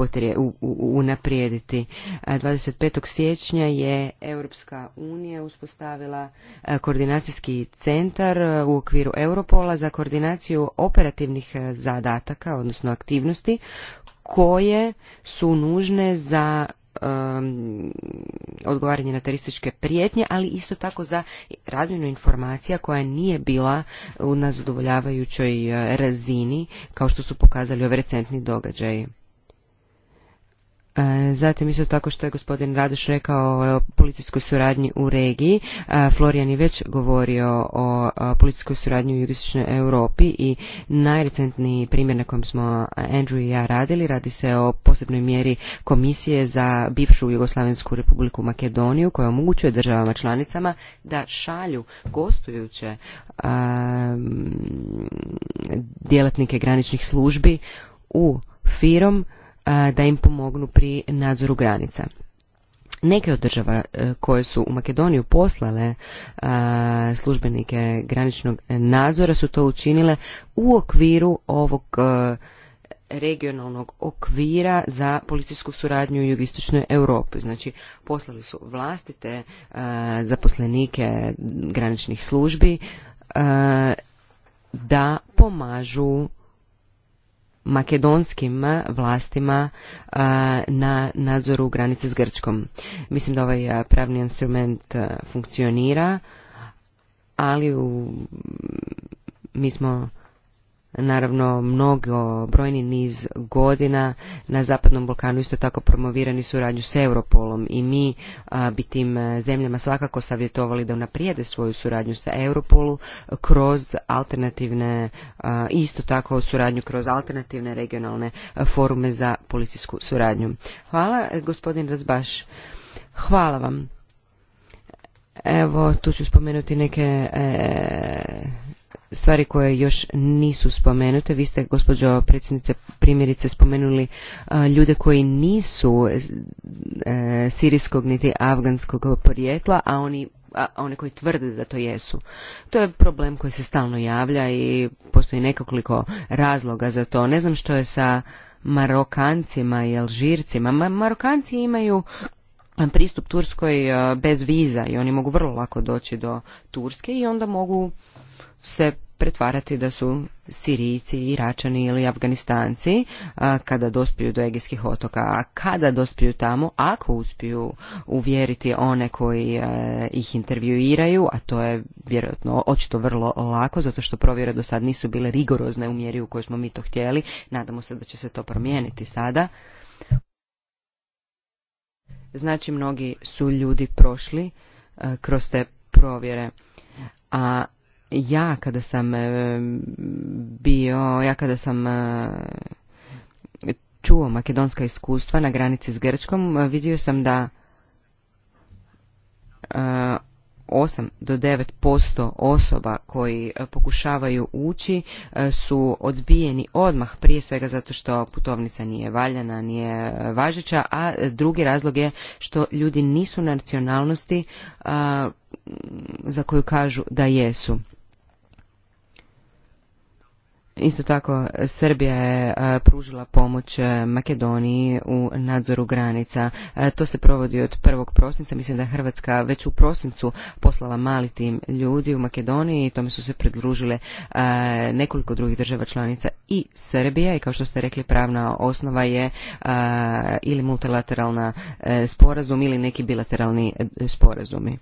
unaprijediti. 25. siječnja je Europska unija uspostavila koordinacijski centar u okviru Europola za koordinaciju operativnih zadataka, odnosno aktivnosti koje su nužne za Um, odgovaranje na terorističke prijetnje, ali isto tako za razmjenu informacija koja nije bila na zadovoljavajućoj uh, razini kao što su pokazali ove recentni događaji. E, zatim isto tako što je gospodin Radoš rekao o policijskoj suradnji u regiji. Florian je već govorio o policijskoj suradnji u jugoistočnoj Europi i najrecentniji primjer na kojem smo Andrew i ja radili, radi se o posebnoj mjeri komisije za bivšu Jugoslavensku republiku Makedoniju koja omogućuje državama članicama da šalju gostujuće djelatnike graničnih službi u firom da im pomognu pri nadzoru granica. Neke od država e, koje su u Makedoniju poslale e, službenike graničnog nadzora su to učinile u okviru ovog e, regionalnog okvira za policijsku suradnju u jugistočnoj Europi. Znači, poslali su vlastite zaposlenike graničnih službi da pomažu makedonskim eh, vlastima eh, na nadzoru granice s Grčkom. Mislim da ovaj eh, pravni instrument funkcionira, ali u, mi smo naravno mnogo brojni niz godina na Zapadnom Balkanu isto tako promovirani suradnju s Europolom i mi a, bi tim e, zemljama svakako savjetovali da unaprijede svoju suradnju sa Europolu kroz alternativne isto tako suradnju kroz alternativne regionalne forume za policijsku suradnju. Hvala e, gospodin Razbaš. Hvala vam. Evo tu ću spomenuti neke e, stvari koje još nisu spomenute. Vi ste, gospođo predsjednice, primjerice spomenuli e, ljude koji nisu e, sirijskog niti afganskog porijekla, a oni a one koji tvrde da to jesu. To je problem koji se stalno javlja i postoji nekoliko razloga za to. Ne znam što je sa Marokancima i Alžircima. Marokanci imaju pristup Turskoj e, bez viza i oni mogu vrlo lako doći do Turske i onda mogu se pretvarati da su Sirijci, Iračani ili Afganistanci kada dospiju do Egijskih otoka. A kada dospiju tamo, ako uspiju uvjeriti one koji e, ih intervjuiraju, a to je vjerojatno očito vrlo lako, zato što provjere do sad nisu bile rigorozne u mjeri u kojoj smo mi to htjeli, nadamo se da će se to promijeniti sada. Znači, mnogi su ljudi prošli e, kroz te provjere. A ja kada sam e, bio, ja kada sam e, čuo makedonska iskustva na granici s Grčkom, e, vidio sam da 8 do 9 posto osoba koji pokušavaju ući su odbijeni odmah prije svega zato što putovnica nije valjana, nije važeća, a drugi razlog je što ljudi nisu nacionalnosti za koju kažu da jesu. Isto tako, Srbija je e, pružila pomoć e, Makedoniji u nadzoru granica. E, to se provodi od 1. prosinca. Mislim da je Hrvatska već u prosincu poslala mali tim ljudi u Makedoniji i tome su se pridružile nekoliko drugih država članica i Srbija. I kao što ste rekli, pravna osnova je ili multilateralna sporazum ili neki bilateralni sporazumi.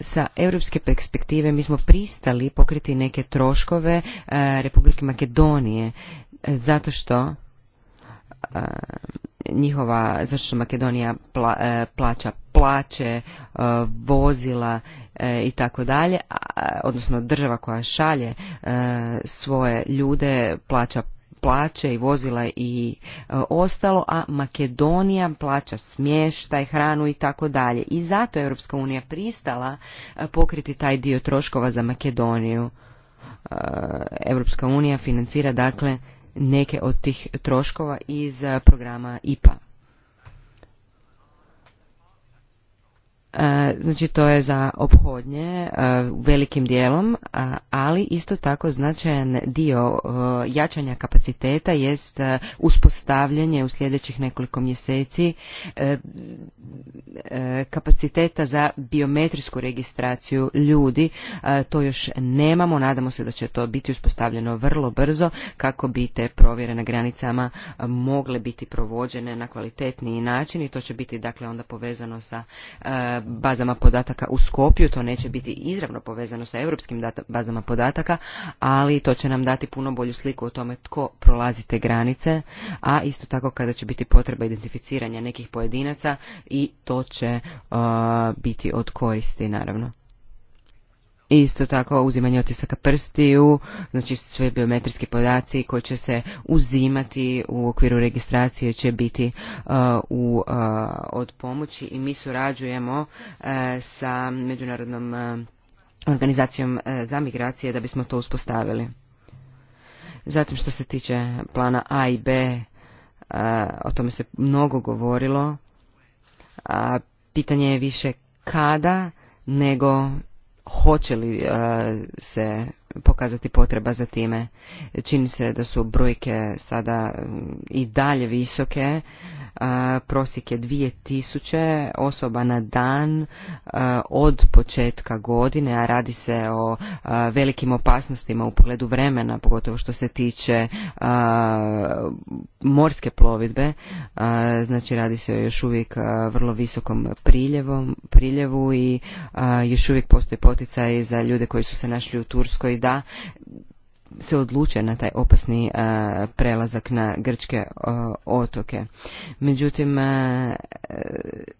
Sa europske perspektive mi smo pristali pokriti neke troškove Republike Republike Makedonije e, zato što e, njihova zato što Makedonija e, plaća plaće, vozila i tako dalje, odnosno država koja šalje svoje ljude plaća plaće i vozila i ostalo, a Makedonija plaća smještaj, hranu i tako dalje. I zato je Europska unija pristala pokriti taj dio troškova za Makedoniju. Europska eh, unija financira dakle neke od tih troškova iz eh, programa IPA. E, znači to je za obhodnje e, velikim dijelom, ali isto tako značajan dio e, jačanja kapaciteta jest uspostavljanje u sljedećih nekoliko mjeseci kapaciteta za biometrijsku registraciju ljudi. To još nemamo, nadamo se da će to biti uspostavljeno vrlo brzo kako bi te provjere na granicama mogle biti provođene na kvalitetniji način i to će biti dakle onda povezano sa bazama podataka u Skopju, to neće biti izravno povezano sa europskim bazama podataka, ali to će nam dati puno bolju sliku o tome tko prolazi te granice, a isto tako kada će biti potreba identificiranja nekih pojedinaca i to će uh, biti od koristi naravno. Isto tako uzimanje otisaka prstiju, znači sve biometrijski podaci koji će se uzimati u okviru registracije će biti uh, u, uh, od pomoći i mi surađujemo uh, sa Međunarodnom organizacijom za migracije da bismo to uspostavili. Zatim što se tiče plana A i B, o tome se mnogo govorilo. Pitanje je više kada nego hoće li eh, se pokazati potreba za time. Čini se da su brojke sada mm, i dalje visoke. Prosjek je 2000 osoba na dan od početka godine, a radi se o velikim opasnostima u pogledu vremena, pogotovo što se tiče morske plovidbe. Znači radi se o još uvijek vrlo visokom priljevom, priljevu i još uvijek postoji poticaj za ljude koji su se našli u Turskoj da se odluče na taj opasni e, prelazak na grčke e, otoke. Međutim, e,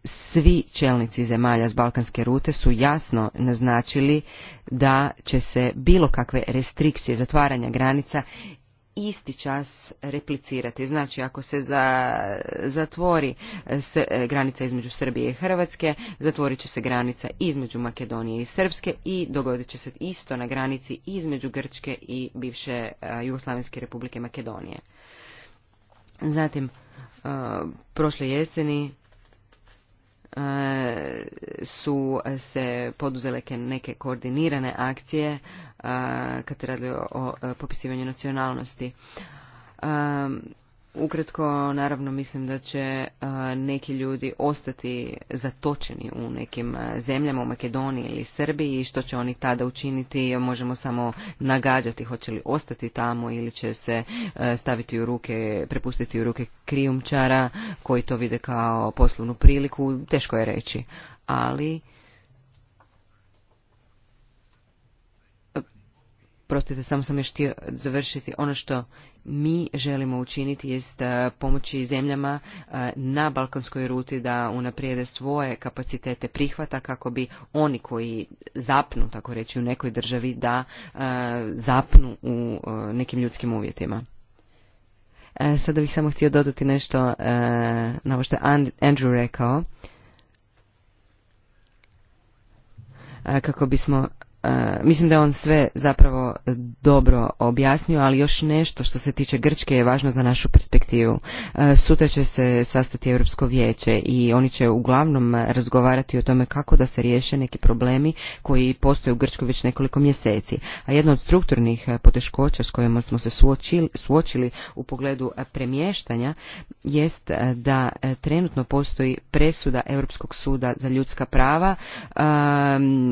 svi čelnici zemalja s balkanske rute su jasno naznačili da će se bilo kakve restrikcije zatvaranja granica isti čas replicirati. Znači, ako se zatvori e, s, e, granica između Srbije i Hrvatske, zatvorit će se granica između Makedonije i Srpske i dogodit će se isto na granici između Grčke i bivše e, Jugoslavenske republike Makedonije. Zatim, prošle jeseni su se poduzele neke koordinirane akcije kad se radi o popisivanju nacionalnosti. Ukratko, naravno, mislim da će e, neki ljudi ostati zatočeni u nekim e, zemljama, u Makedoniji ili Srbiji i što će oni tada učiniti, možemo samo nagađati hoće li ostati tamo ili će se e, staviti u ruke, prepustiti u ruke krijumčara koji to vide kao poslovnu priliku, teško je reći, ali Prostite, samo sam još htio završiti. Ono što mi želimo učiniti jest e, pomoći zemljama e, na balkanskoj ruti da unaprijede svoje kapacitete prihvata kako bi oni koji zapnu, tako reći, u nekoj državi da e, zapnu u nekim ljudskim uvjetima. Sada bih samo htio dodati nešto na ovo što je Andrew rekao. Kako bismo E, mislim da je on sve zapravo dobro objasnio, ali još nešto što se tiče Grčke je važno za našu perspektivu. E, sutra će se sastati Europsko vijeće i oni će uglavnom razgovarati o tome kako da se riješe neki problemi koji postoje u Grčkoj već nekoliko mjeseci. A jedna od strukturnih e, poteškoća s kojima smo se suočili, suočili u pogledu premještanja jest da trenutno postoji presuda Europskog suda za ljudska prava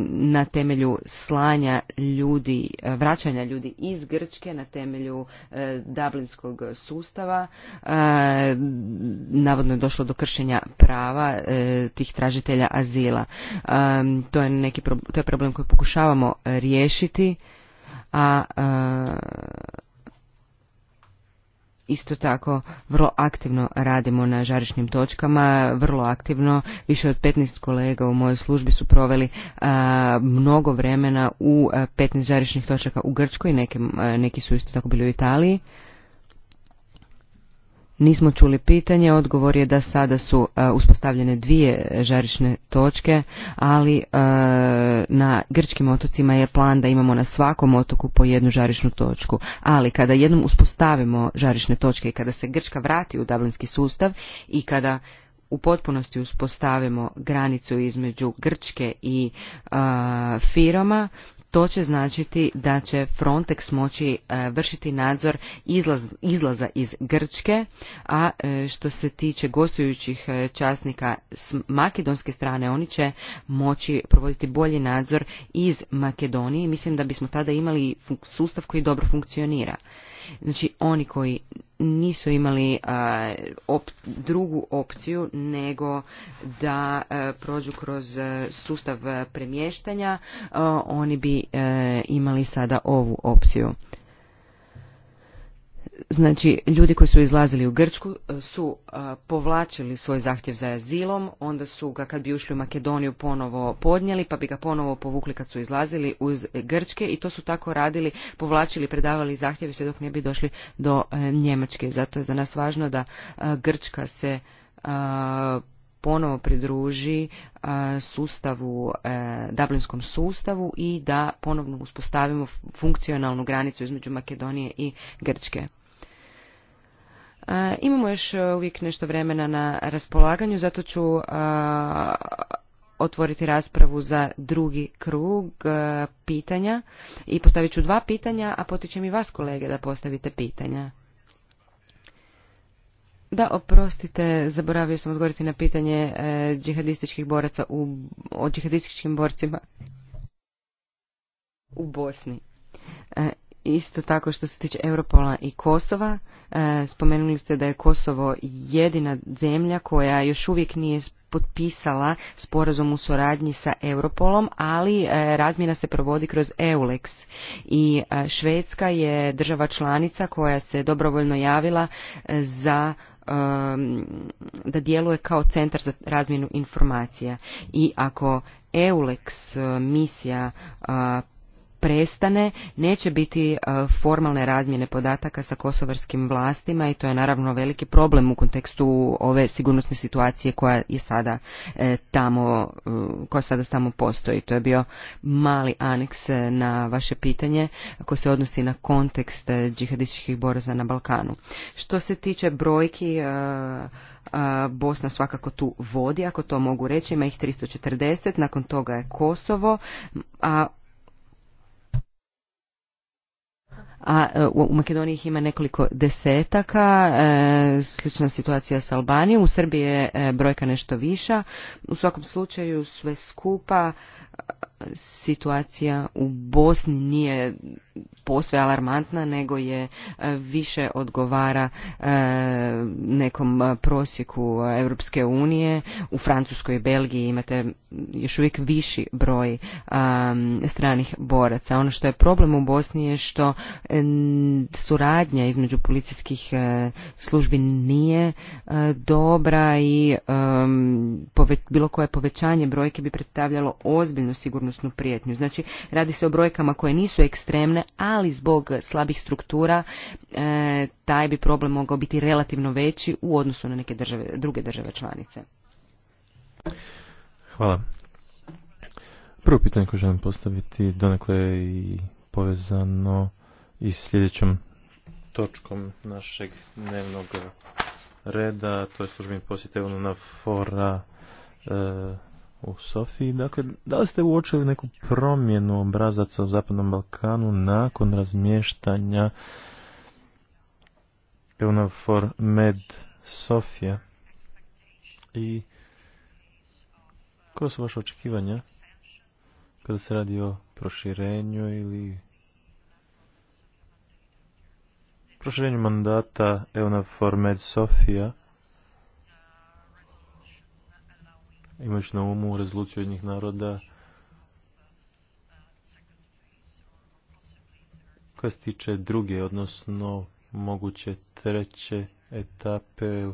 na temelju slanja ljudi, e, vraćanja ljudi iz Grčke na temelju e, Dublinskog sustava. E, navodno je došlo do kršenja prava tih tražitelja azila. To je, neki, to je problem koji pokušavamo riješiti, a Isto tako vrlo aktivno radimo na žarišnim točkama, vrlo aktivno, više od 15 kolega u mojoj službi su proveli mnogo vremena u a, 15 žarišnih točaka u Grčkoj, neke, neki su isto tako bili u Italiji. Nismo čuli pitanje, odgovor je da sada su e, uspostavljene dvije žarišne točke, ali e, na grčkim otocima je plan da imamo na svakom otoku po jednu žarišnu točku. Ali kada jednom uspostavimo žarišne točke i kada se Grčka vrati u Dublinski sustav i kada u potpunosti uspostavimo granicu između Grčke i uh, Firoma, to će značiti da će Frontex moći e, vršiti nadzor izlaza iz Grčke, a e, što se tiče gostujućih e, časnika s makedonske strane, oni će moći provoditi bolji nadzor iz Makedonije. Mislim da bismo tada imali sustav koji dobro funkcionira. Znači oni koji nisu imali drugu opciju nego da e, prođu kroz e, sustav e, premještanja, oni bi imali sada ovu opciju. Znači, ljudi koji su izlazili u Grčku e, su e, povlačili svoj zahtjev za azilom, onda su ga kad bi ušli u Makedoniju ponovo podnijeli, pa bi ga ponovo povukli kad su izlazili uz Grčke i to su tako radili, povlačili, predavali zahtjeve sve dok ne bi došli do e, Njemačke. Zato je za nas važno da Grčka se ponovo pridruži sustavu, Dublinskom sustavu i da ponovno uspostavimo funkcionalnu granicu između Makedonije i Grčke. Imamo još e, uvijek nešto vremena na raspolaganju, zato ću e, otvoriti raspravu za drugi krug e, pitanja i postavit ću dva pitanja, a potičem i vas kolege da postavite pitanja. Da, oprostite, zaboravio sam odgovoriti na pitanje džihadističkih boraca u, o džihadističkim borcima u Bosni. Isto tako što se tiče Europola i Kosova, e, spomenuli ste da je Kosovo jedina zemlja koja još uvijek nije potpisala sporazum u suradnji sa Europolom, ali e, razmjena se provodi kroz EULEX i e, Švedska je država članica koja se dobrovoljno javila za da djeluje kao centar za razmjenu informacija i ako EULEX misija prestane, neće biti e, formalne razmjene podataka sa kosovarskim vlastima i to je naravno veliki problem u kontekstu ove sigurnosne situacije koja je sada e, tamo, e, koja sada samo postoji. To je bio mali aneks na vaše pitanje ako se odnosi na kontekst džihadističkih borza na Balkanu. Što se tiče brojki, Bosna svakako tu vodi, ako to mogu reći, ima ih 340, nakon toga je Kosovo, a a e, u Makedoniji ih ima nekoliko desetaka, e, slična situacija s Albanijom, u Srbiji je e, brojka nešto viša, u svakom slučaju sve skupa situacija u Bosni nije posve alarmantna, nego je e, više odgovara e, nekom e, prosjeku Europske unije. U Francuskoj i Belgiji imate još uvijek viši broj stranih boraca. Ono što je problem u Bosni je što suradnja između policijskih službi nije dobra i bilo koje povećanje brojke bi predstavljalo ozbiljnu sigurnosnu prijetnju. Znači, radi se o brojkama koje nisu ekstremne, ali zbog slabih struktura e, taj bi problem mogao biti relativno veći u odnosu na neke druge države članice. Hvala. Prvo pitanje koje želim postaviti donekle i povezano i s sljedećom točkom našeg dnevnog reda, to je službeni posjet na Fora e, u Sofiji. Dakle, da li ste uočili neku promjenu obrazaca u Zapadnom Balkanu nakon razmještanja eunavfor Med Sofija i koja su vaše očekivanja kada se radi o proširenju ili proširenju mandata EUNAFOR Med Sofija imajući na umu rezoluciju jednih naroda koja se tiče druge, odnosno moguće treće etape e,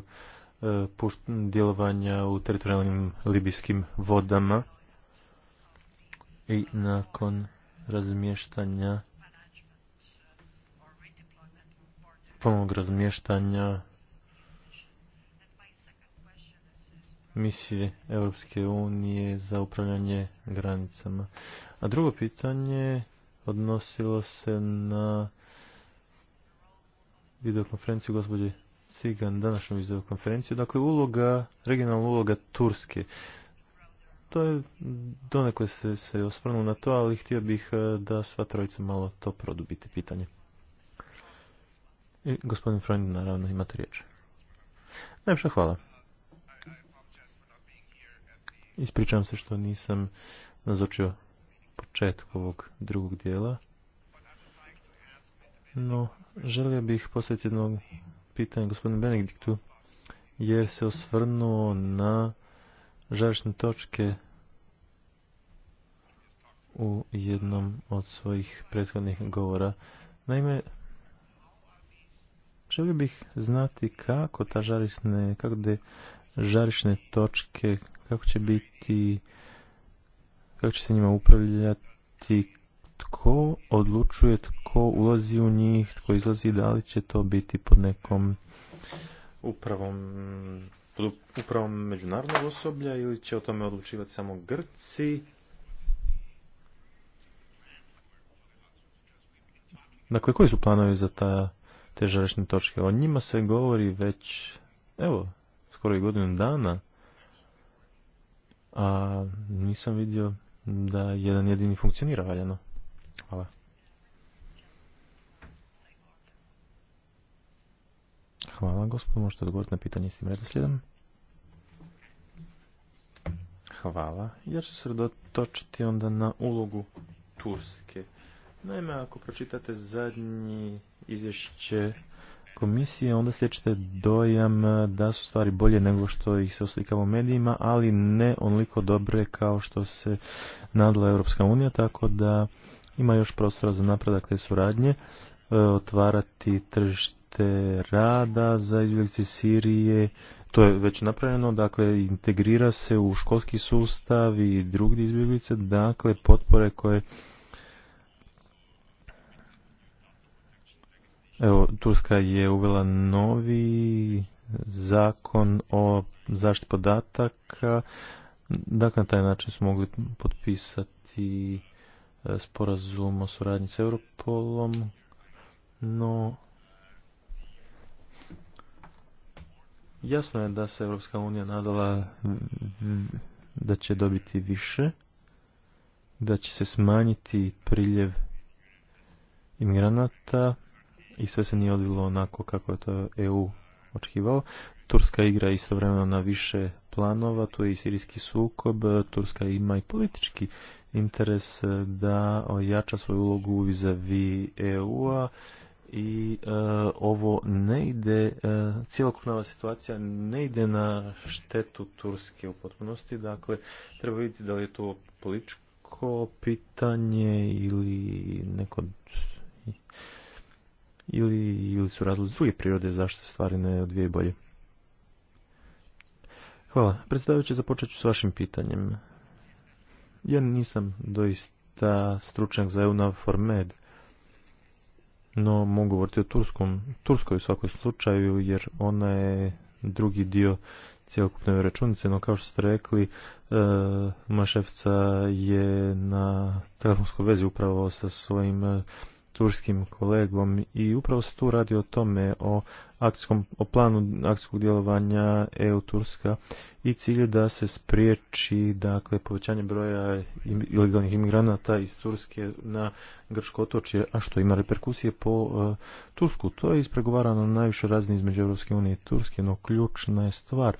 djelovanja u teritorijalnim libijskim vodama i nakon razmještanja ponovnog razmještanja misije Europske unije za upravljanje granicama. A drugo pitanje odnosilo se na videokonferenciju gospođe Cigan, današnju videokonferenciju. Dakle, uloga, regionalna uloga Turske. To je, donekle ste se osvrnuli na to, ali htio bih e, da sva trojica malo to produbite pitanje. I gospodin Freund, naravno, imate riječ. Najpša hvala. Ispričavam se što nisam nazočio početak ovog drugog dijela. No, želio bih postaviti jedno pitanje gospodinu Benediktu, jer se osvrnuo na žarišne točke u jednom od svojih prethodnih govora. Naime, želio bih znati kako ta žarišne, kako de žarišne točke kako će biti, kako će se njima upravljati, tko odlučuje, tko ulazi u njih, tko izlazi, da li će to biti pod nekom upravom, pod upravom međunarodnog osoblja ili će o tome odlučivati samo Grci. Dakle, koji su planovi za ta, te žarišne točke? O njima se govori već, evo, skoro i godinu dana a nisam vidio da jedan jedini funkcionira valjano. Hvala. Hvala, gospod. Možete odgovoriti na pitanje s tim redoslijedom. Hvala. Ja ću se dotočiti onda na ulogu Turske. Naime, ako pročitate zadnji izvješće komisije, onda stječete dojam e, da su stvari bolje nego što ih se oslikava u medijima, ali ne onoliko dobre kao što se nadala Europska unija, tako da ima još prostora za napredak te suradnje, e, otvarati tržište rada za izbjeglice Sirije, to je već napravljeno, dakle integrira se u školski sustav i drugi izbjeglice, dakle potpore koje Evo, Turska je uvela novi zakon o zaštiti podataka. Dakle, na taj način su mogli potpisati e, sporazum o suradnji s Europolom, no jasno je da se Europska unija nadala da će dobiti više, da će se smanjiti priljev imigranata, i sve se nije odvilo onako kako je to EU očekivao. Turska igra istovremeno na više planova, tu je i sirijski sukob, Turska ima i politički interes e, da ojača svoju ulogu vizavi EU-a i e, ovo ne ide, e, ova situacija ne ide na štetu Turske u potpunosti, dakle treba vidjeti da li je to političko pitanje ili neko ili, ili su razlozi druge prirode zašto stvari ne dvije bolje? Hvala. Predstavljajući započet ću s vašim pitanjem. Ja nisam doista stručnjak za EUNAVFOR MED, no mogu govoriti o Turskom, Turskoj u svakom slučaju, jer ona je drugi dio cijelokupne računice, no kao što ste rekli, e, Maševca je na telefonskoj vezi upravo sa svojim e, turskim kolegom i upravo se tu radi o tome, o, akcijskom, o planu akcijskog djelovanja EU Turska i cilje da se spriječi dakle, povećanje broja ilegalnih imigranata iz Turske na Grčko otočje, a što ima reperkusije po e, Tursku. To je ispregovarano na najviše razini između Europske unije i Turske, no ključna je stvar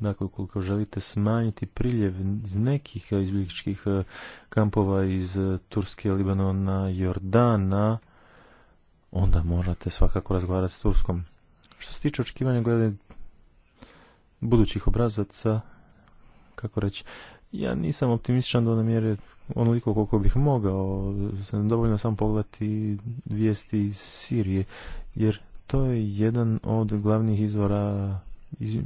Dakle, ukoliko želite smanjiti priljev iz nekih izbjegličkih e, kampova iz e, Turske, Libanona, Jordana, onda morate svakako razgovarati s Turskom. Što se tiče očekivanja glede budućih obrazaca, kako reći, ja nisam optimističan do mjere onoliko koliko bih mogao, dovoljno sam pogledati vijesti iz Sirije, jer to je jedan od glavnih izvora iz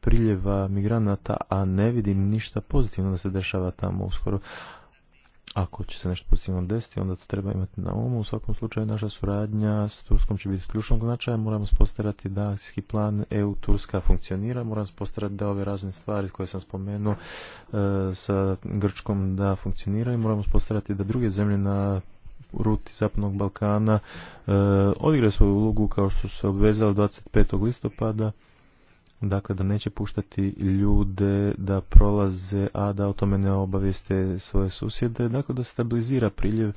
priljeva migranata, a ne vidim ništa pozitivno da se dešava tamo uskoro. Ako će se nešto pozitivno desiti, onda to treba imati na umu. U svakom slučaju naša suradnja s Turskom će biti ključnog značaja. Moramo spostarati da akcijski plan EU-Turska funkcionira. Moramo spostarati da ove razne stvari koje sam spomenuo e, sa Grčkom da funkcioniraju. Moramo spostarati da druge zemlje na ruti Zapadnog Balkana e, odigraju svoju ulogu kao što se obvezalo 25. listopada dakle da neće puštati ljude da prolaze, a da o tome ne obavijeste svoje susjede, dakle da stabilizira priljev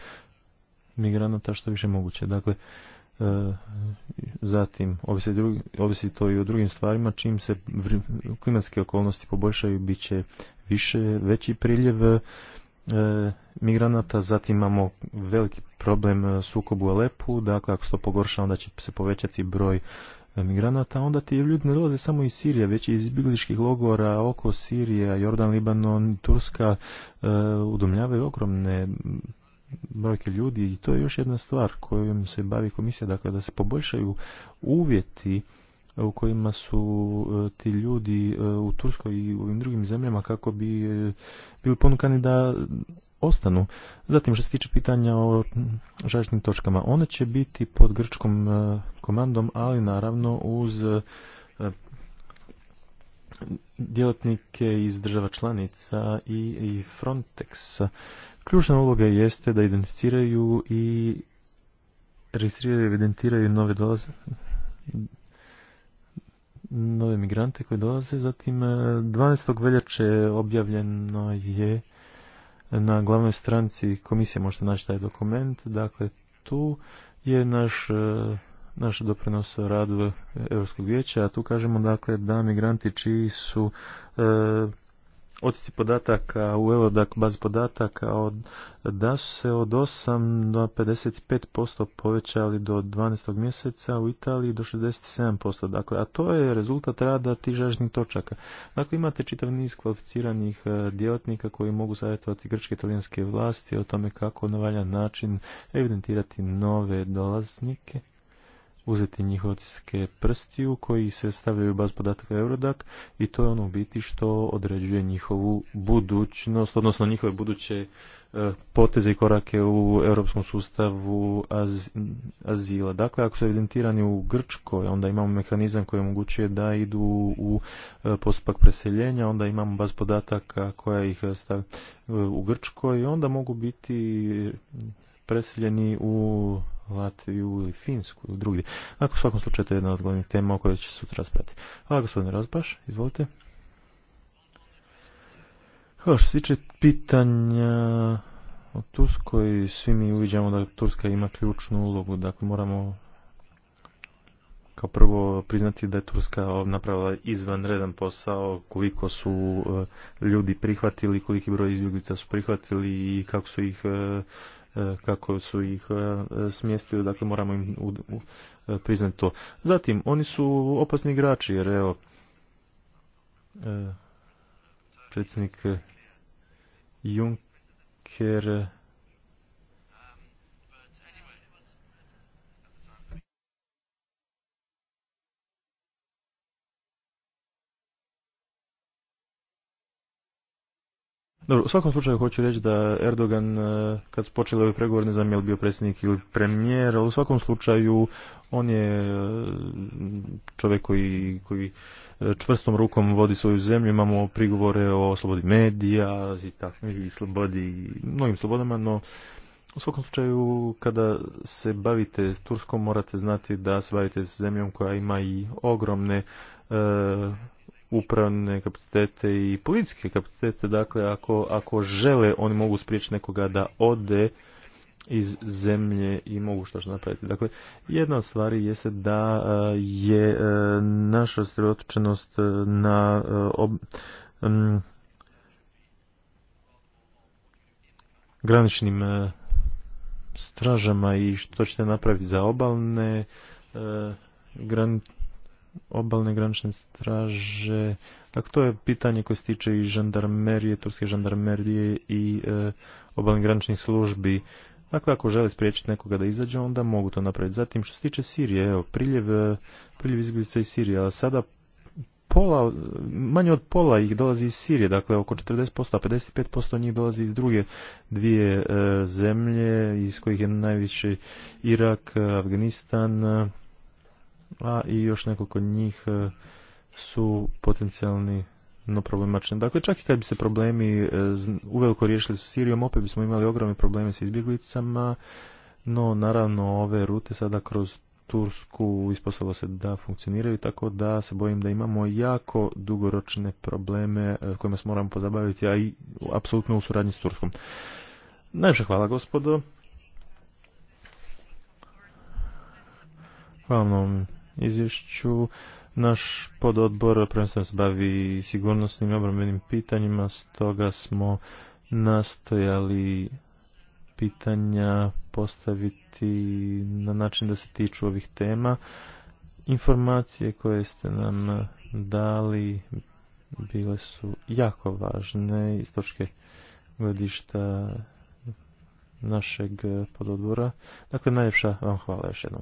migranata što više moguće. Dakle, e, zatim, ovisi, drugi, to i o drugim stvarima, čim se klimatske okolnosti poboljšaju, bit će više, veći priljev e, migranata, zatim imamo veliki problem e, sukobu u Alepu, dakle ako se to pogorša onda će se povećati broj migranata, onda ti ljudi ne dolaze samo iz Sirije, već iz izbjegličkih logora oko Sirije, Jordan, Libanon, Turska, e, udomljavaju ogromne brojke ljudi i to je još jedna stvar kojom se bavi komisija, dakle da se poboljšaju uvjeti u kojima su e, ti ljudi e, u Turskoj i u ovim drugim zemljama kako bi e, bili ponukani da ostanu. Zatim što se tiče pitanja o žaličnim točkama, one će biti pod grčkom komandom, ali naravno uz e, djelatnike iz država članica i, i Frontexa. Ključna uloga jeste da identificiraju i registriraju i evidentiraju nove dolaze nove migrante koji dolaze. Zatim 12. E, veljače objavljeno je na glavnoj stranci komisije možete naći taj dokument. Dakle, tu je naš e, naš doprinos radu Europskog vijeća, a tu kažemo dakle da migranti čiji su e, podataka u Eurodac bazi podataka od, da su se od 8 do 55% povećali do 12. mjeseca u Italiji do 67%. Dakle, a to je rezultat rada tih žažnih točaka. Dakle, imate čitav niz kvalificiranih e, djelatnika koji mogu savjetovati grčke italijanske vlasti o tome kako na valjan način evidentirati nove dolaznike uzeti njihovske prsti prstiju koji se stavljaju u baz podataka Eurodac i to je ono u biti što određuje njihovu budućnost, odnosno njihove buduće e, poteze i korake u europskom sustavu azila. Dakle, ako su evidentirani u Grčkoj, onda imamo mehanizam koji omogućuje da idu u e, postupak preseljenja, onda imamo baz podataka koja ih stavlja e, u Grčkoj i onda mogu biti preseljeni u Latviju ili Finsku ili drugdje. Ako u svakom slučaju to je jedna od glavnih tema o kojoj će sutra raspraviti. Hvala gospodine Razbaš, izvolite. Hvala što se tiče pitanja o Turskoj, svi mi uviđamo da Turska ima ključnu ulogu, dakle moramo kao prvo priznati da je Turska napravila izvanredan posao, koliko su e, ljudi prihvatili, koliki broj izbjeglica su prihvatili i kako su ih e, E, kako su ih e, smjestili, dakle moramo im e, priznati to. Zatim, oni su opasni igrači, jer evo, predsjednik Juncker Dobro, u svakom slučaju hoću reći da Erdogan, e, kad su počeli ove pregovore, ne znam je li bio predsjednik ili premijer, ali u svakom slučaju on je e, čovjek koji, koji e, čvrstom rukom vodi svoju zemlju, imamo prigovore o slobodi medija i, tako, i slobodi, mnogim slobodama, no u svakom slučaju kada se bavite s Turskom morate znati da se bavite s zemljom koja ima i ogromne upravne kapacitete i policijske kapacitete. Dakle, ako, ako žele, oni mogu spriječiti nekoga da ode iz zemlje i mogu što što napraviti. Dakle, jedna od stvari jeste da e, je e, naša sredotočenost e, na graničnim stražama i što ćete napraviti za obalne granične obalne granične straže. Dakle, to je pitanje koje se tiče i žandarmerije, turske žandarmerije i e, obalne graničnih službi. Dakle, ako žele spriječiti nekoga da izađe, onda mogu to napraviti. Zatim, što se tiče Sirije, evo, priljev, e, priljev izbjeglica iz Sirije, ali sada pola, manje od pola ih dolazi iz Sirije, dakle oko 40%, a 55% njih dolazi iz druge dvije e, zemlje, iz kojih je najviše Irak, e, Afganistan, a i još nekoliko njih e, su potencijalni no problemačni. Dakle, čak i kad bi se problemi e, uveliko riješili sa Sirijom, opet bismo imali ogromne probleme sa izbjeglicama, no naravno ove rute sada kroz Tursku ispostavilo se da funkcioniraju, tako da se bojim da imamo jako dugoročne probleme e, kojima se moramo pozabaviti, a i apsolutno u suradnji s Turskom. Najviše hvala gospodo. Hvala vam izvješću. Naš pododbor prvenstveno se bavi sigurnosnim i obrambenim pitanjima, stoga smo nastojali pitanja postaviti na način da se tiču ovih tema. Informacije koje ste nam dali bile su jako važne iz točke gledišta našeg pododbora. Dakle, najljepša vam hvala još jednom.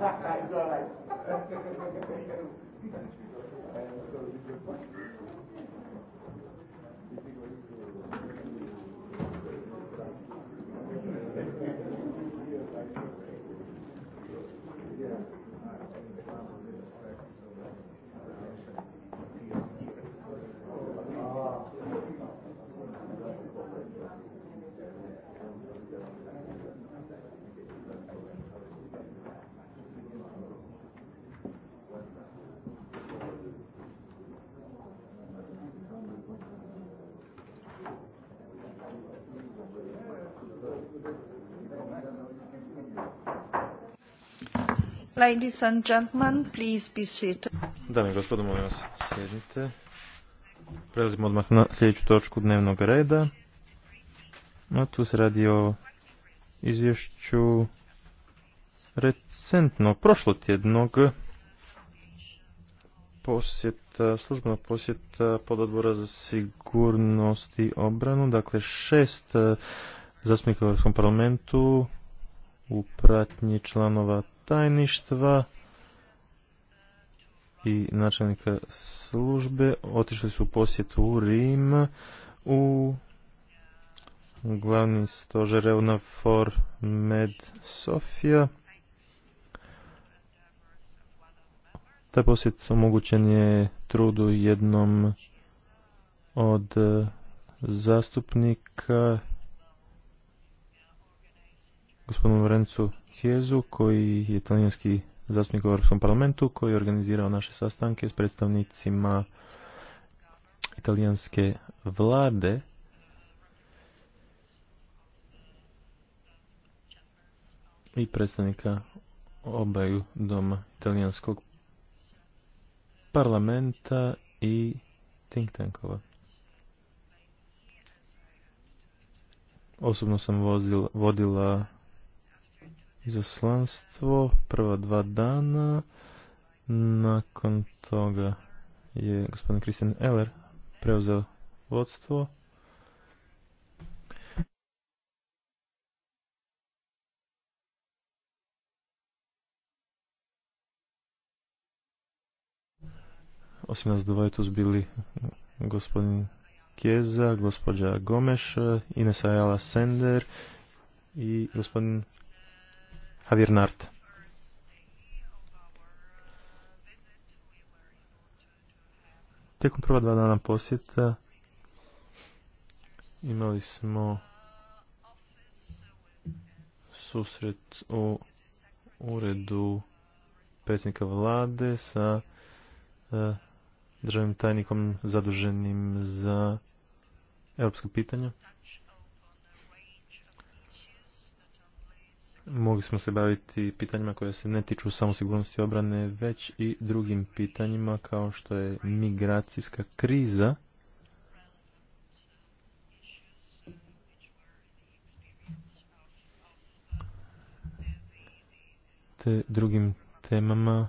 It's all Ladies and gentlemen, please be Dame i molim vas, Prelazimo odmah na sljedeću točku dnevnog reda. No, tu se radi o izvješću recentno, prošlotjednog posjeta, službenog posjeta pod za sigurnost i obranu. Dakle, šest eh, zastupnika u Europskom parlamentu u pratnji članova tajništva i načelnika službe otišli su u posjetu u Rim u glavni stožer For Med Sofia. Taj posjet omogućen je trudu jednom od e, zastupnika gospodinu Vrencu Markezu koji je italijanski zastupnik u Europskom parlamentu koji je organizirao naše sastanke s predstavnicima italijanske vlade i predstavnika obaju doma italijanskog parlamenta i think tankova. Osobno sam vozila, vodila izoslanstvo prva dva dana. Nakon toga je gospodin Christian Eller preuzeo vodstvo. Osim nas dvoje tu zbili gospodin Kjeza, gospođa Gomeš, Inesa Jala Sender i gospodin Javier Nart. Tijekom prva dva dana posjeta imali smo susret u uredu predsjednika vlade sa e, državnim tajnikom zaduženim za europska pitanja. mogli smo se baviti pitanjima koje se ne tiču samo sigurnosti obrane, već i drugim pitanjima kao što je migracijska kriza. Te drugim temama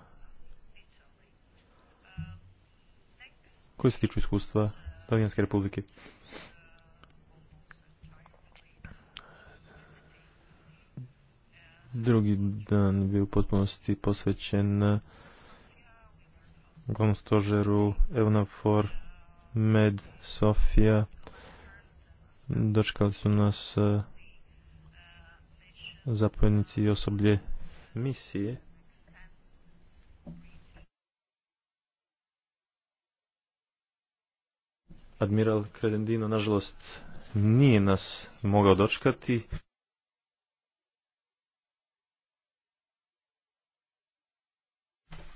koje se tiču iskustva Talijanske republike. drugi dan bio u potpunosti posvećen glavnom stožeru Evnafor Med Sofia dočekali su nas e, zapojnici i osoblje misije Admiral Credendino nažalost nije nas mogao dočekati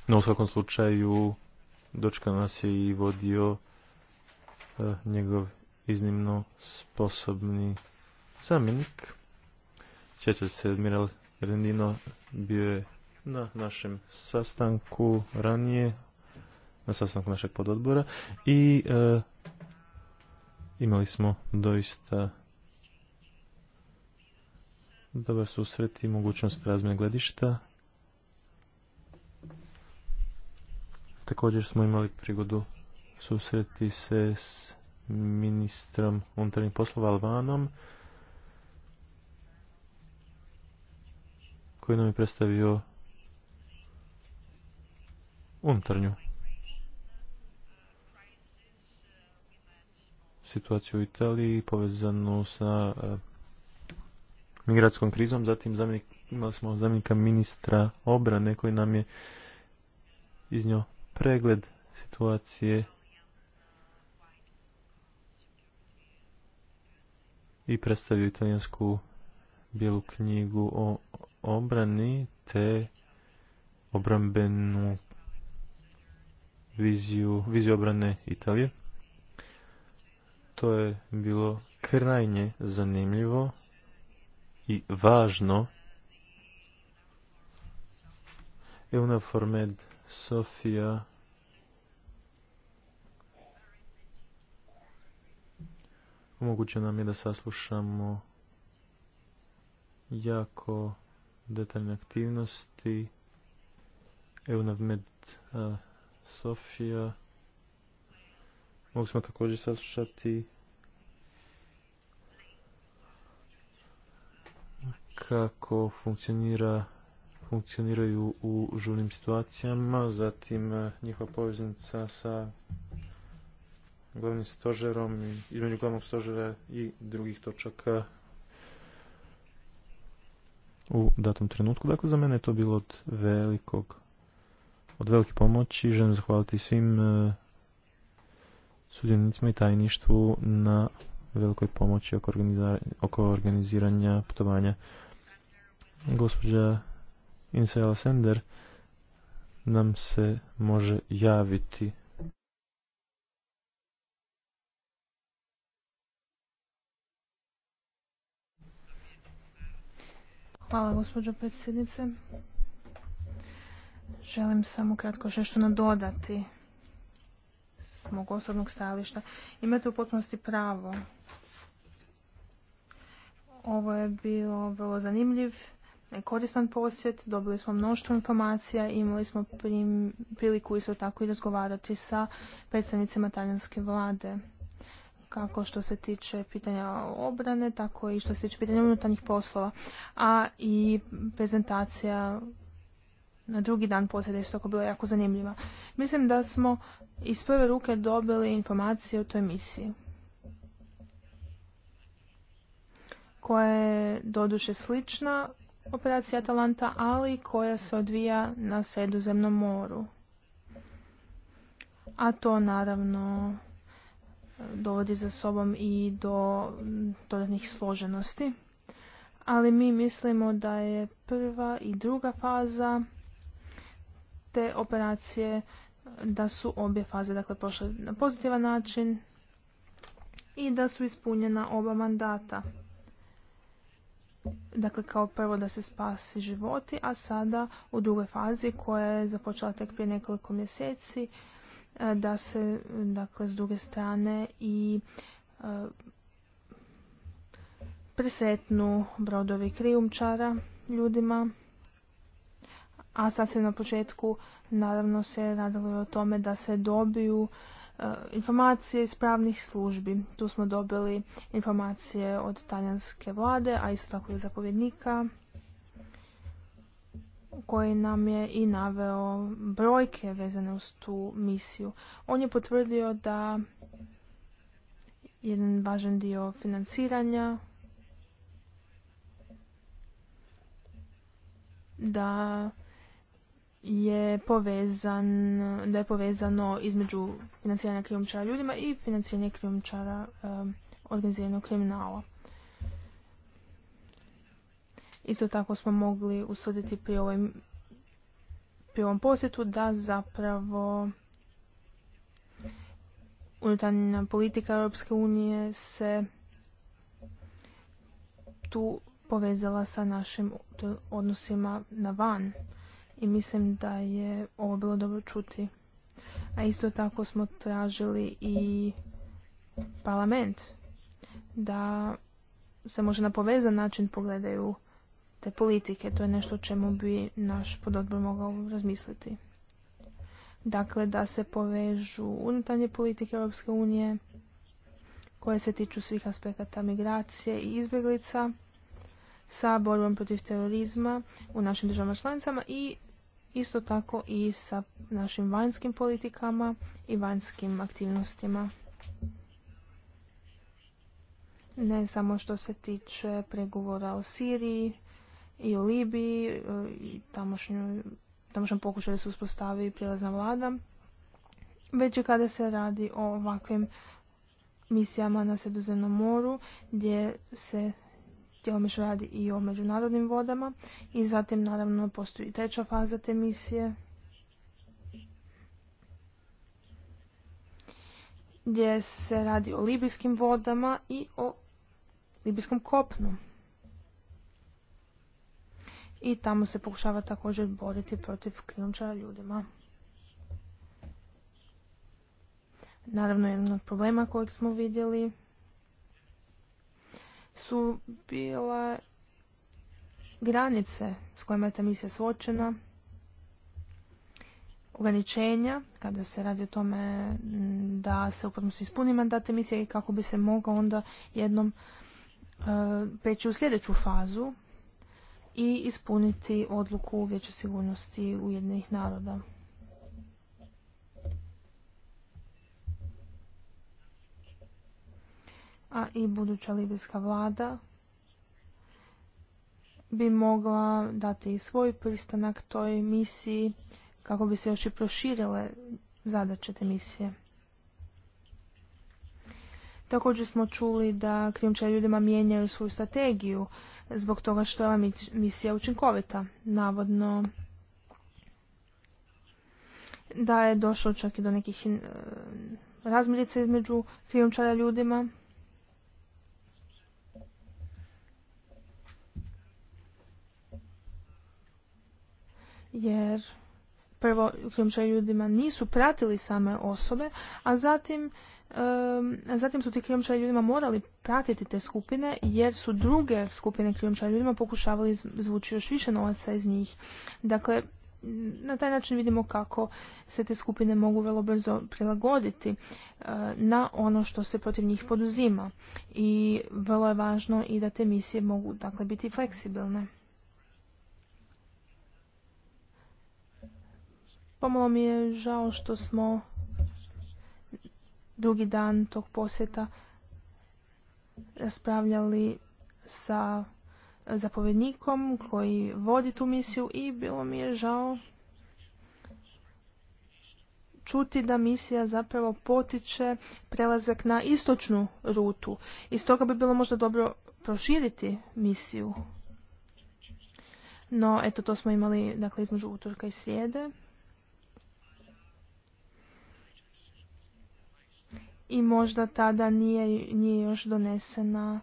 No u svakom slučaju dočka nas je i vodio e, njegov iznimno sposobni zamjenik. Sjećate se, admiral Rendino bio je na našem sastanku ranije, na sastanku našeg pododbora i e, imali smo doista dobar susret i mogućnost razmjene gledišta Također smo imali prigodu susreti se s ministrom unutarnjih poslova Albanom koji nam je predstavio unutarnju situaciju u Italiji povezanu sa e, migratskom krizom. Zatim imali smo zamjenika ministra obrane koji nam je iznio pregled situacije i predstavio italijansku bijelu knjigu o obrani te obrambenu viziju, viziju obrane Italije. To je bilo krajnje zanimljivo i važno. format Sofija omoguće nam je da saslušamo jako detaljne aktivnosti med Sofija Mogli smo također saslušati kako funkcionira funkcioniraju u žurnim situacijama, zatim eh, njihova poveznica sa glavnim stožerom, između glavnog stožera i drugih točaka u datom trenutku. Dakle, za mene je to bilo od velikog, od velike pomoći. Želim zahvaliti svim sudjenicima eh, sudionicima i tajništvu na velikoj pomoći oko, oko organiziranja putovanja. Gospođa Insel Sender nam se može javiti. Hvala gospođo predsjednice. Želim samo kratko što nadodati s mog osobnog stajališta. Imate u potpunosti pravo. Ovo je bilo vrlo zanimljiv koristan posjet, dobili smo mnoštvo informacija i imali smo priliku isto tako i razgovarati sa predstavnicima talijanske vlade kako što se tiče pitanja obrane, tako i što se tiče pitanja unutarnjih poslova, a i prezentacija na drugi dan posjeda isto tako bila jako zanimljiva. Mislim da smo iz prve ruke dobili informacije o toj misiji. koja je doduše slična operacija Atalanta, ali koja se odvija na Sredozemnom moru. A to naravno dovodi za sobom i do dodatnih složenosti. Ali mi mislimo da je prva i druga faza te operacije da su obje faze dakle prošle na pozitivan način i da su ispunjena oba mandata. Dakle, kao prvo da se spasi životi, a sada u drugoj fazi koja je započela tek prije nekoliko mjeseci, e, da se, dakle, s druge strane i e, presretnu brodovi krijumčara ljudima. A sad se na početku naravno se radilo o tome da se dobiju E, informacije iz pravnih službi. Tu smo dobili informacije od talijanske vlade, a isto tako i zapovjednika koji nam je i naveo brojke vezane uz tu misiju. On je potvrdio da jedan važan dio financiranja da je povezan, da je povezano između financiranja krijumčara ljudima i financiranja krijumčara organiziranog kriminala. Isto tako smo mogli usuditi pri ovom, pri ovom posjetu da zapravo unutarnja politika Europske unije se tu povezala sa našim odnosima na van i mislim da je ovo bilo dobro čuti. A isto tako smo tražili i parlament da se može na povezan način pogledaju te politike. To je nešto o čemu bi naš pododbor mogao razmisliti. Dakle, da se povežu unutarnje politike Europske unije koje se tiču svih aspekata migracije i izbjeglica sa borbom protiv terorizma u našim državama članicama i isto tako i sa našim vanjskim politikama i vanjskim aktivnostima. Ne samo što se tiče pregovora o Siriji i o Libiji, e, i tamošnjom pokušaju da se uspostavi prijelazna vlada, već i kada se radi o ovakvim misijama na Sredozemnom moru gdje se djelomično radi i o međunarodnim vodama i zatim naravno postoji treća faza te misije gdje se radi o libijskim vodama i o libijskom kopnu. I tamo se pokušava također boriti protiv krijumčara ljudima. Naravno, jedan od problema kojeg smo vidjeli su bila granice s kojima je ta misija suočena, ograničenja kada se radi o tome mm, da se upravo se ispuni mandat misije i kako bi se mogao onda jednom e, preći u sljedeću fazu i ispuniti odluku Vijeća sigurnosti Ujedinjenih naroda. a i buduća libijska vlada bi mogla dati i svoj pristanak toj misiji kako bi se još i proširile zadaće te misije. Također smo čuli da krijumčari ljudima mijenjaju svoju strategiju zbog toga što je ova misija učinkovita. Navodno da je došlo čak i do nekih eh, razmirica između krijumčara ljudima jer prvo krijumčari ljudima nisu pratili same osobe, a zatim, zatim su ti krijumčari ljudima morali pratiti te skupine jer su druge skupine krijomčari ljudima pokušavali zvući još više novaca iz njih. Dakle, na taj način vidimo kako se te skupine mogu vrlo brzo prilagoditi eh, na ono što se protiv njih poduzima. I vrlo je važno i da te misije mogu dakle biti fleksibilne. Pomalo mi je žao što smo drugi dan tog posjeta raspravljali sa zapovjednikom koji vodi tu misiju i bilo mi je žao čuti da misija zapravo potiče prelazak na istočnu rutu. I stoga bi bilo možda dobro proširiti misiju. No, eto, to smo imali dakle, između utorka i srijede. i možda tada nije, nije još donesena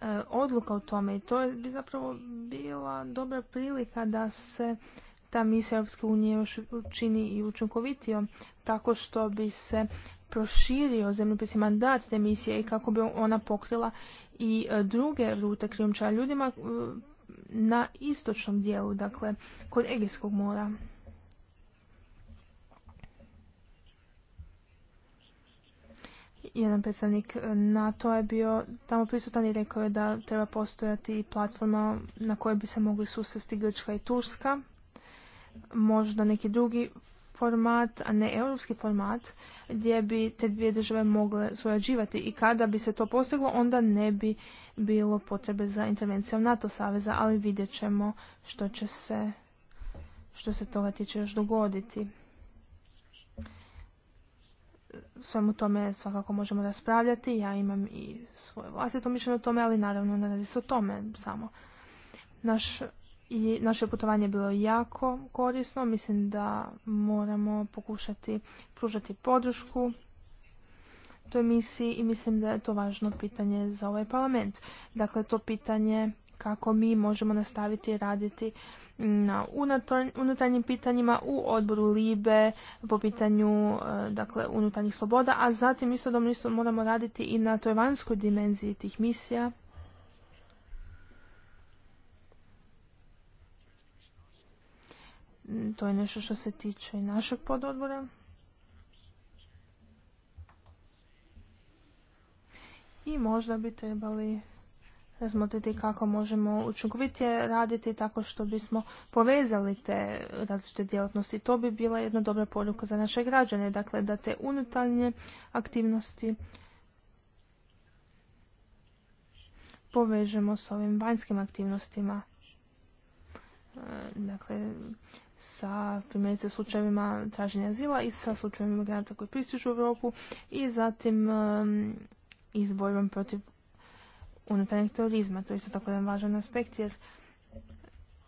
e, odluka o tome i to bi zapravo bila dobra prilika da se ta misija Europske unije još učini i učinkovitijom tako što bi se proširio zemljopisni mandat te misije i kako bi ona pokrila i e, druge rute krijumčara ljudima e, na istočnom dijelu, dakle kod Egijskog mora. jedan predstavnik nato je bio tamo prisutan i rekao je da treba postojati platforma na kojoj bi se mogli susresti Grčka i Turska, možda neki drugi format, a ne europski format, gdje bi te dvije države mogle surađivati i kada bi se to postiglo, onda ne bi bilo potrebe za intervencijom NATO saveza, ali vidjet ćemo što će se, što se toga tiče još dogoditi svemu tome svakako možemo raspravljati. Ja imam i svoje vlastito mišljenje o tome, ali naravno ne radi se o tome samo. Naš, i naše putovanje je bilo jako korisno. Mislim da moramo pokušati pružati podršku toj misiji i mislim da je to važno pitanje za ovaj parlament. Dakle, to pitanje kako mi možemo nastaviti raditi na unutarnjim pitanjima u odboru Libe po pitanju e, dakle, unutarnjih sloboda, a zatim istodobno isto moramo raditi i na toj vanjskoj dimenziji tih misija. Mm, to je nešto što se tiče i našeg pododbora. I možda bi trebali razmotriti kako možemo učinkovitije raditi tako što bismo povezali te različite djelatnosti. To bi bila jedna dobra poruka za naše građane, dakle da te unutarnje aktivnosti povežemo s ovim vanjskim aktivnostima. E, dakle, sa primjerice slučajevima traženja zila i sa slučajevima migranata koji pristižu u Europu i zatim i protiv unutarnjeg terorizma. To je isto tako jedan važan aspekt jer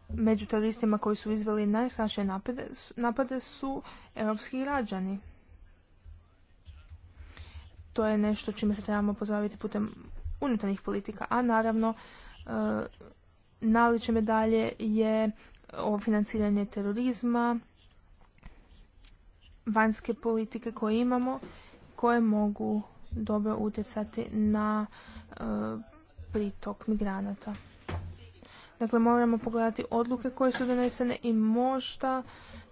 među teroristima koji su izveli najstrašnije napade, su europski građani. To je nešto čime se trebamo pozabaviti putem unutarnjih politika. A naravno, e, naliče medalje je ovo financiranje terorizma, vanjske politike koje imamo, koje mogu dobro utjecati na e, pritok migranata. Dakle, moramo pogledati odluke koje su donesene i možda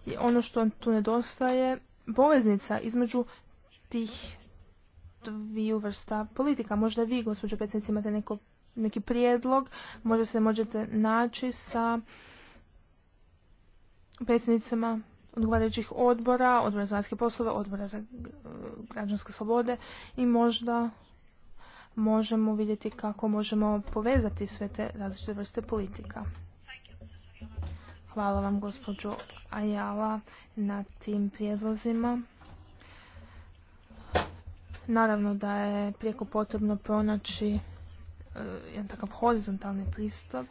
je ono što tu nedostaje poveznica između tih dviju vrsta politika. Možda vi, gospođo predsjednici, imate neko, neki prijedlog, možda se možete naći sa predsjednicama odgovarajućih odbora, odbora za vanjske poslove, odbora za e, građanske slobode i možda možemo vidjeti kako možemo povezati sve te različite vrste politika. Hvala vam gospođo Ajala na tim prijedlozima. Naravno da je prijeko potrebno pronaći e, jedan takav horizontalni pristup,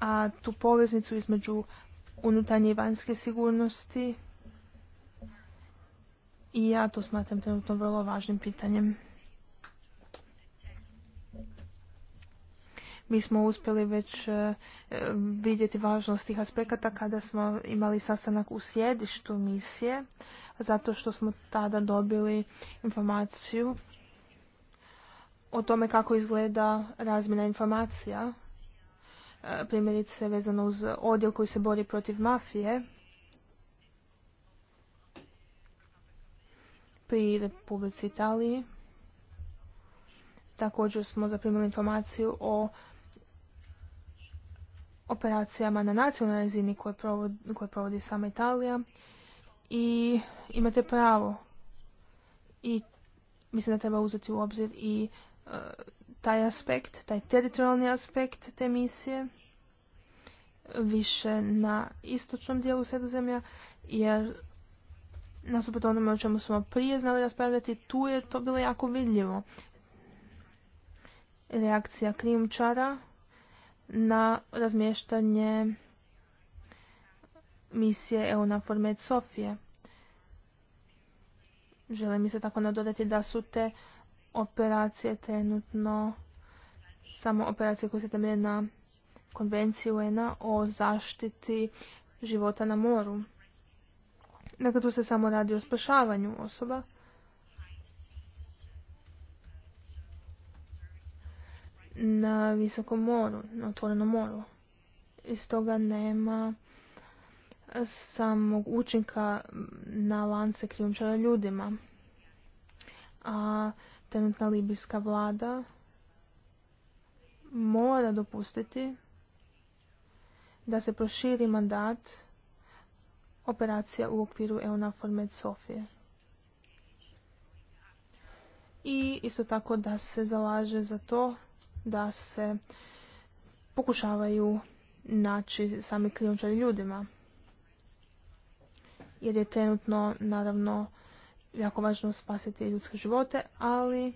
a tu poveznicu između unutarnje i vanjske sigurnosti i ja to smatram trenutno vrlo važnim pitanjem. mi smo uspjeli već e, e, vidjeti važnost tih aspekata kada smo imali sastanak u sjedištu misije, zato što smo tada dobili informaciju o tome kako izgleda razmjena informacija, e, primjerice vezano uz odjel koji se bori protiv mafije pri Republici Italiji. Također smo zaprimili informaciju o operacijama na nacionalnoj razini koje provodi, sama Italija i imate pravo i mislim da treba uzeti u obzir i e, taj aspekt, taj teritorijalni aspekt te misije više na istočnom dijelu sredozemlja jer nasuprot onome o čemu smo prije znali raspravljati tu je to bilo jako vidljivo reakcija krijumčara na razmještanje misije EUNAFOR Med Sofije. Želim se tako nadodati da su te operacije trenutno samo operacije koje se temelje na konvenciju un o zaštiti života na moru. Dakle, tu se samo radi o spašavanju osoba na visokom moru, na otvorenom moru. I toga nema samog učinka na lance krijumčara ljudima. A trenutna libijska vlada mora dopustiti da se proširi mandat operacija u okviru EUNA Med Sofije. I isto tako da se zalaže za to da se pokušavaju naći sami krijumčari ljudima. Jer je trenutno, naravno, jako važno spasiti ljudske živote, ali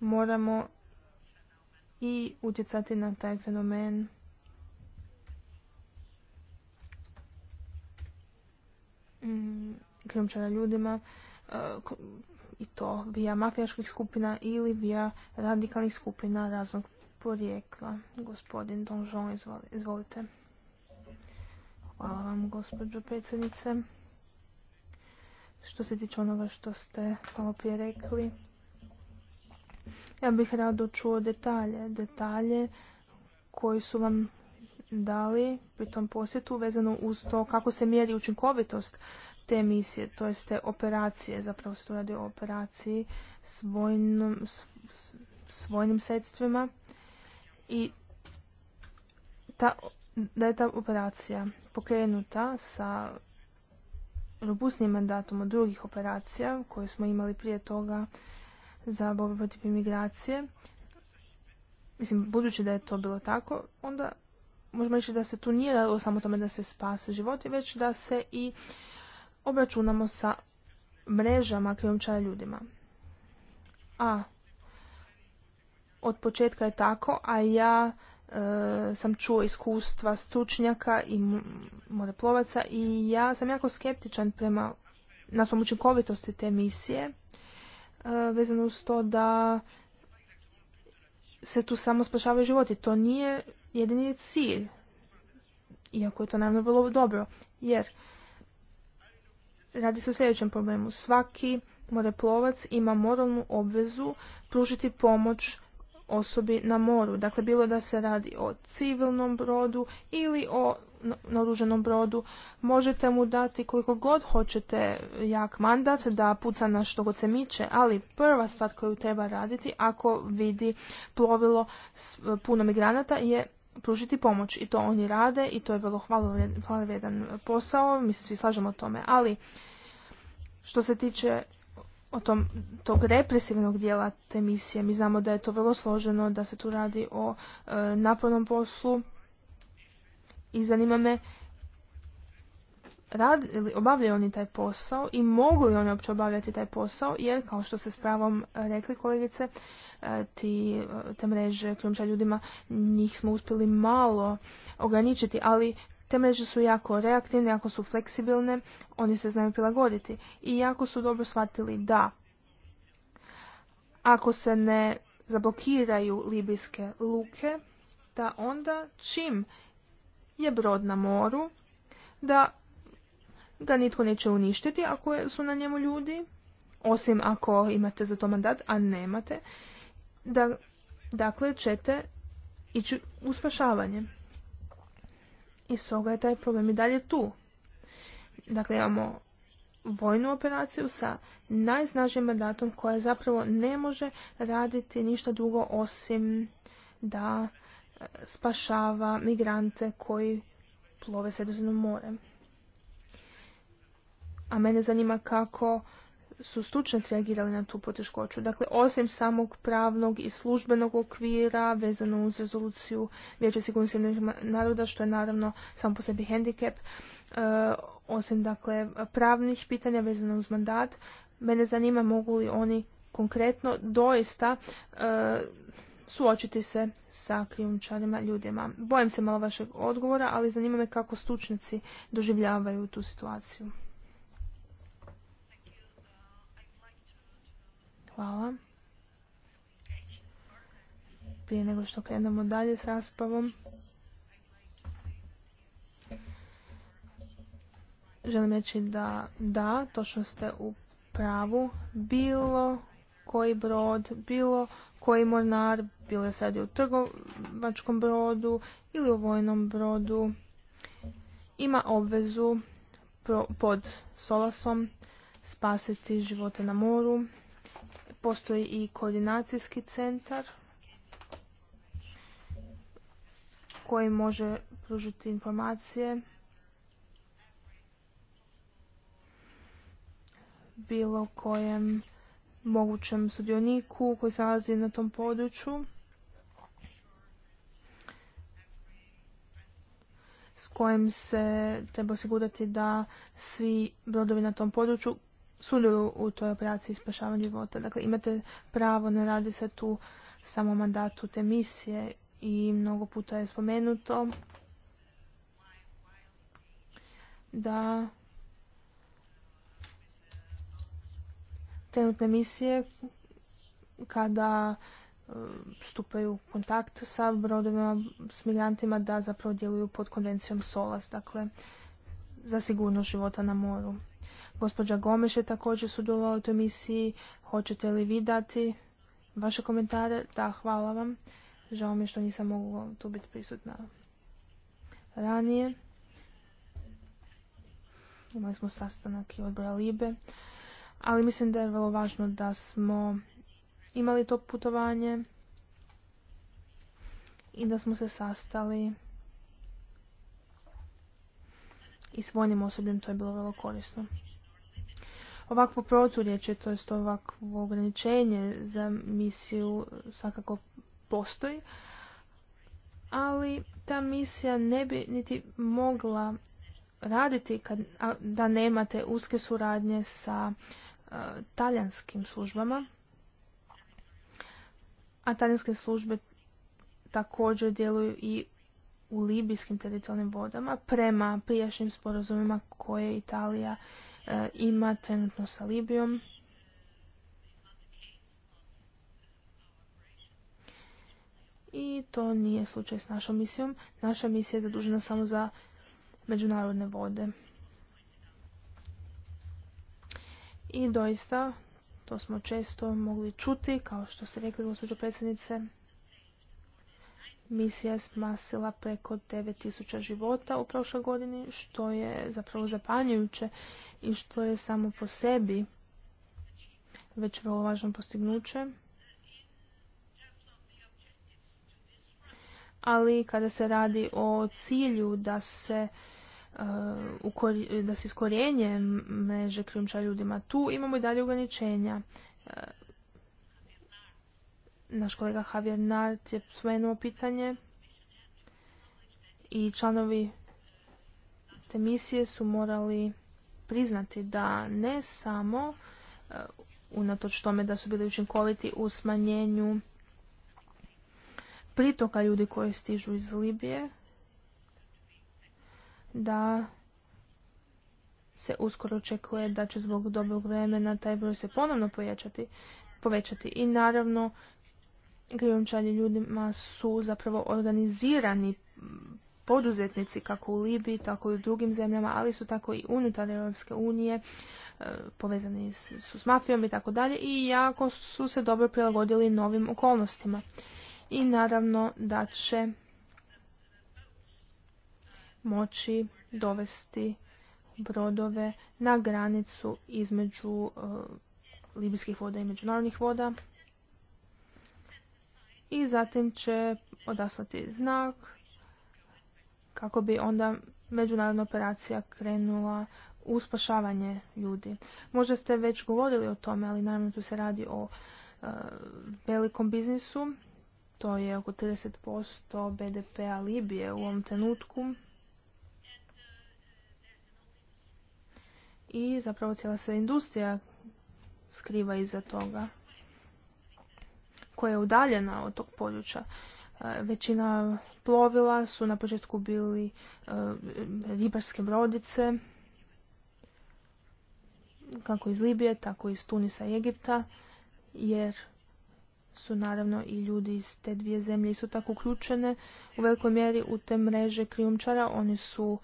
moramo i utjecati na taj fenomen. Mm, krijumčara ljudima e, i to via mafijaških skupina ili via radikalnih skupina raznog porijekla. Gospodin Donžon, izvolite. Hvala vam, gospođo predsjednice. Što se tiče onoga što ste malo prije rekli, ja bih rado čuo detalje, detalje koji su vam dali pri tom posjetu vezano uz to kako se mjeri učinkovitost te misije, to jest te operacije, zapravo se tu radi o operaciji s vojnim sredstvima i ta, da je ta operacija pokrenuta sa robustnim mandatom od drugih operacija koje smo imali prije toga za borbu protiv imigracije. Mislim, budući da je to bilo tako, onda možemo reći da se tu nije radilo samo tome da se spase životi, već da se i obračunamo sa mrežama krijumčara ljudima. A od početka je tako, a ja e, sam čuo iskustva stručnjaka i moreplovaca i ja sam jako skeptičan prema naspom učinkovitosti te misije e, vezano uz to da se tu samo spašavaju životi. To nije jedini cilj, iako je to naravno vrlo dobro, jer radi se o sljedećem problemu. Svaki moreplovac ima moralnu obvezu pružiti pomoć osobi na moru. Dakle, bilo da se radi o civilnom brodu ili o naruženom brodu, možete mu dati koliko god hoćete jak mandat da puca na što god se miče, ali prva stvar koju treba raditi ako vidi plovilo s puno migranata je pružiti pomoć. I to oni rade i to je vrlo hvala vrijedan posao, mi se svi slažemo o tome. Ali što se tiče o tom, tog represivnog dijela te misije, mi znamo da je to vrlo složeno, da se tu radi o e, napornom poslu i zanima me rad, obavljaju oni taj posao i mogu li oni uopće obavljati taj posao, jer kao što se s pravom e, rekli kolegice, E, ti, e, te mreže ključa ljudima, njih smo uspjeli malo ograničiti, ali te mreže su jako reaktivne, jako su fleksibilne, oni se znaju prilagoditi i jako su dobro shvatili da ako se ne zablokiraju libijske luke, da onda čim je brod na moru, da ga nitko neće uništiti ako su na njemu ljudi, osim ako imate za to mandat, a nemate da dakle ćete ići u spašavanje. I toga je taj problem i dalje tu. Dakle, imamo vojnu operaciju sa najsnažnijim mandatom koja zapravo ne može raditi ništa drugo osim da e, spašava migrante koji plove sredozemno morem. A mene zanima kako su stručnjaci reagirali na tu poteškoću. Dakle, osim samog pravnog i službenog okvira vezano uz rezoluciju Vijeća sigurnosti naroda, što je naravno sam po sebi hendikep, e, osim dakle pravnih pitanja vezano uz mandat, mene zanima mogu li oni konkretno doista e, suočiti se sa krijumčarima ljudima. Bojem se malo vašeg odgovora, ali zanima me kako stručnjaci doživljavaju tu situaciju. Hvala. Prije nego što krenemo dalje s raspravom, želim reći da da, točno ste u pravu, bilo koji brod, bilo koji mornar, bilo je sad u trgovačkom brodu ili u vojnom brodu, ima obvezu pod solasom spasiti živote na moru Postoji i koordinacijski centar koji može pružiti informacije bilo kojem mogućem sudioniku koji se nalazi na tom području s kojim se treba osigurati da svi brodovi na tom području sudjeluju u toj operaciji spašavanja života. Dakle, imate pravo, ne radi se tu samo mandatu te misije i mnogo puta je spomenuto da trenutne misije kada e, stupaju u kontakt sa brodovima s migrantima da zapravo djeluju pod konvencijom SOLAS, dakle za sigurnost života na moru. Gospođa Gomeš je također sudjelovala u toj emisiji. Hoćete li vi dati vaše komentare? Da, hvala vam. Žao mi je što nisam mogla tu biti prisutna ranije. Imali smo sastanak i odbora Libe. Ali mislim da je vrlo važno da smo imali to putovanje i da smo se sastali i s vojnim osobljem to je bilo vrlo korisno. Ovakvo proturječe, to jest ovakvo ograničenje za misiju svakako postoji, ali ta misija ne bi niti mogla raditi kad, da nemate uske suradnje sa e, talijanskim službama. A talijanske službe također djeluju i u libijskim teritorijalnim vodama prema prijašnjim sporazumima koje Italija E, ima trenutno sa Libijom. I to nije slučaj s našom misijom. Naša misija je zadužena samo za međunarodne vode. I doista, to smo često mogli čuti, kao što ste rekli, gospođo predsjednice, Misija je smasila preko 9000 života u prošloj godini, što je zapravo zapanjujuće i što je samo po sebi već vrlo važno postignuće. Ali kada se radi o cilju da se uh, da se iskorjenje mreže krijumča ljudima. Tu imamo i dalje ograničenja. Uh, naš kolega Javier Nart je spomenuo pitanje i članovi te misije su morali priznati da ne samo e, unatoč tome da su bili učinkoviti u smanjenju pritoka ljudi koji stižu iz Libije, da se uskoro očekuje da će zbog dobrog vremena taj broj se ponovno povećati povećati. I naravno krijumčari ljudima su zapravo organizirani poduzetnici kako u Libiji, tako i u drugim zemljama, ali su tako i unutar Europske unije e, povezani su s mafijom i tako dalje i jako su se dobro prilagodili novim okolnostima. I naravno da će moći dovesti brodove na granicu između e, libijskih voda i međunarodnih voda i zatim će odaslati znak kako bi onda međunarodna operacija krenula u spašavanje ljudi. Možda ste već govorili o tome, ali naravno tu se radi o e, velikom biznisu. To je oko 30% BDP-a Libije u ovom trenutku. I zapravo cijela se industrija skriva iza toga koja je udaljena od tog područja. E, većina plovila su na početku bili e, ribarske brodice, kako iz Libije, tako iz Tunisa i Egipta, jer su naravno i ljudi iz te dvije zemlje isto tako uključene u velikoj mjeri u te mreže krijumčara. Oni su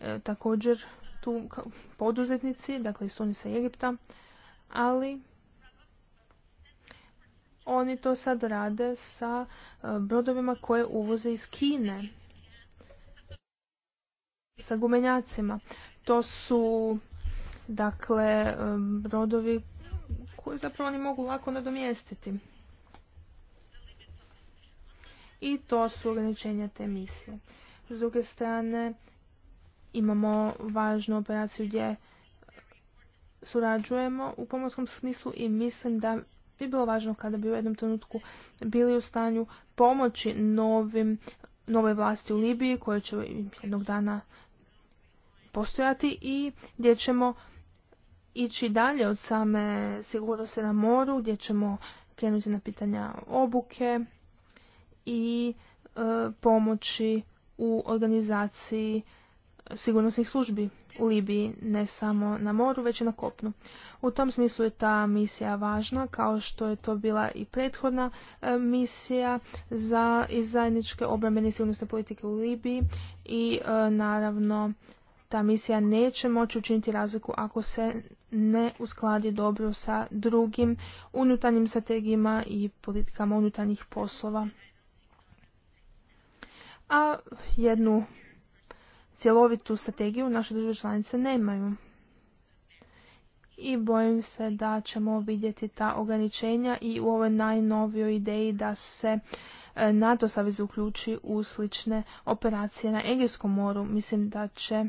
e, također tu poduzetnici, dakle iz Tunisa i Egipta, ali oni to sad rade sa e, brodovima koje uvoze iz Kine, sa gumenjacima. To su dakle e, brodovi koje zapravo oni mogu lako nadomjestiti. I to su ograničenja te misije. S druge strane imamo važnu operaciju gdje surađujemo u pomorskom smislu i mislim da bi bilo važno kada bi u jednom trenutku bili u stanju pomoći novim, novoj vlasti u Libiji koje će jednog dana postojati i gdje ćemo ići dalje od same sigurnosti na moru, gdje ćemo krenuti na pitanja obuke i e, pomoći u organizaciji sigurnosnih službi u Libiji, ne samo na moru, već i na kopnu. U tom smislu je ta misija važna, kao što je to bila i prethodna e, misija za iz zajedničke obrambene i sigurnosne politike u Libiji i e, naravno ta misija neće moći učiniti razliku ako se ne uskladi dobro sa drugim unutarnjim strategijama i politikama unutarnjih poslova. A jednu cjelovitu strategiju naše države članice nemaju. I bojim se da ćemo vidjeti ta ograničenja i u ovoj najnovijoj ideji da se e, NATO savez uključi u slične operacije na Egejskom moru. Mislim da će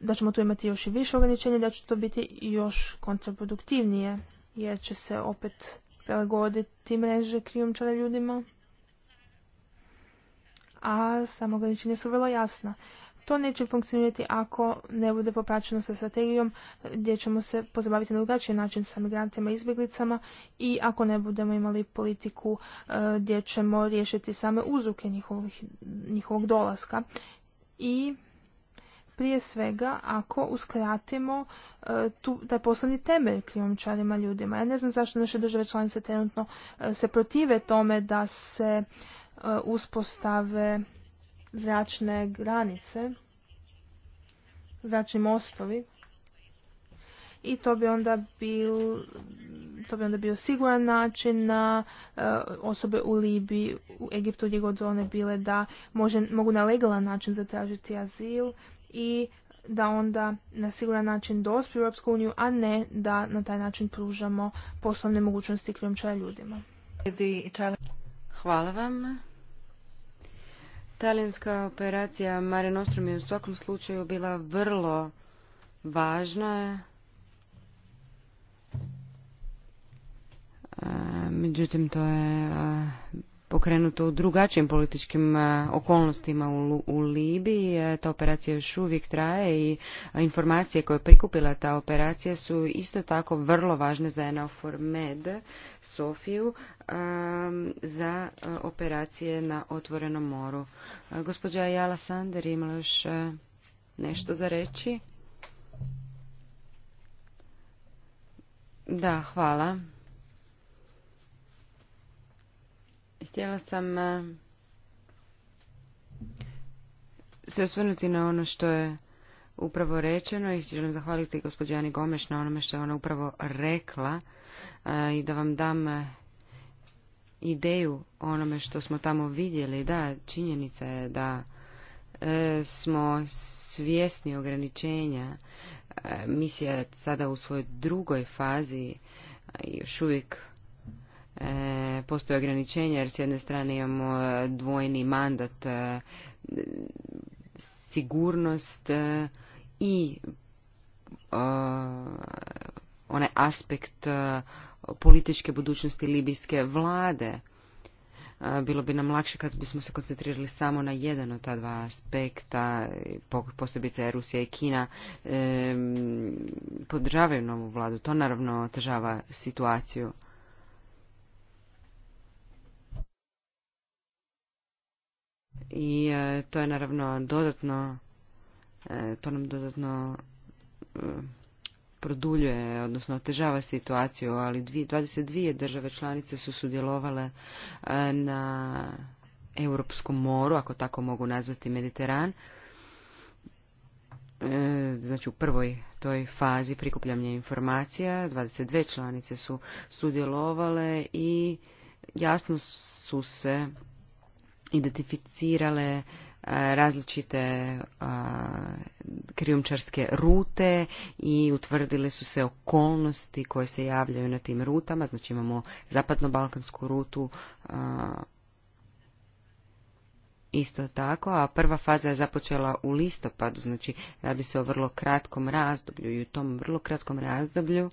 da ćemo tu imati još i više ograničenja, da će to biti još kontraproduktivnije, jer će se opet prilagoditi mreže krijumčara ljudima a samo su vrlo jasna. To neće funkcionirati ako ne bude popraćeno sa strategijom gdje ćemo se pozabaviti na drugačiji način sa migrantima i izbjeglicama i ako ne budemo imali politiku e, gdje ćemo riješiti same uzroke njihovog dolaska. I prije svega ako uskratimo e, tu, taj poslovni temelj krijumčarima ljudima. Ja ne znam zašto naše države članice trenutno e, se protive tome da se E, uspostave zračne granice, zračni mostovi. I to bi onda to bi onda bio siguran način na e, osobe u Libiji, u Egiptu gdje god one bile da može, mogu na legalan način zatražiti azil i da onda na siguran način dospiju u Europsku uniju, a ne da na taj način pružamo poslovne mogućnosti krijomčaja ljudima. Hvala vam. Talijanska operacija Mare Nostrum je u svakom slučaju bila vrlo važna. E, međutim, to je e, pokrenuto u drugačijim političkim e, okolnostima u, u Libiji. E, ta operacija još uvijek traje i e, informacije koje je prikupila ta operacija su isto tako vrlo važne za for Med, Sofiju, za operacije na otvorenom moru. Gospođa Jala Sander imala još nešto za reći? Da, hvala. Htjela sam e, se osvrnuti na ono što je upravo rečeno i želim zahvaliti gospođani Gomeš na onome što je ona upravo rekla e, i da vam dam e, ideju onome što smo tamo vidjeli. Da, činjenica je da smo svjesni ograničenja. Misija sada u svojoj drugoj fazi još uvijek E, postoje ograničenja jer s jedne strane imamo e, dvojni mandat e, sigurnost i onaj aspekt političke budućnosti libijske vlade bilo bi nam lakše kad bismo se koncentrirali samo na jedan od ta dva aspekta, posebice Rusija i Kina podržavaju novu vladu. To naravno otežava situaciju. i e, to je naravno dodatno e, to nam dodatno e, produljuje, odnosno otežava situaciju, ali 22 države članice su sudjelovale na Europskom moru, ako tako mogu nazvati Mediteran, znači u prvoj toj fazi prikupljanja informacija, 22 članice su sudjelovale i jasno su se identificirale eh, različite eh, krijumčarske rute i utvrdile su se okolnosti koje se javljaju na tim rutama. Znači imamo zapadno-balkansku rutu eh, isto tako, a prva faza je započela u listopadu, znači radi se o vrlo kratkom razdoblju i u tom vrlo kratkom razdoblju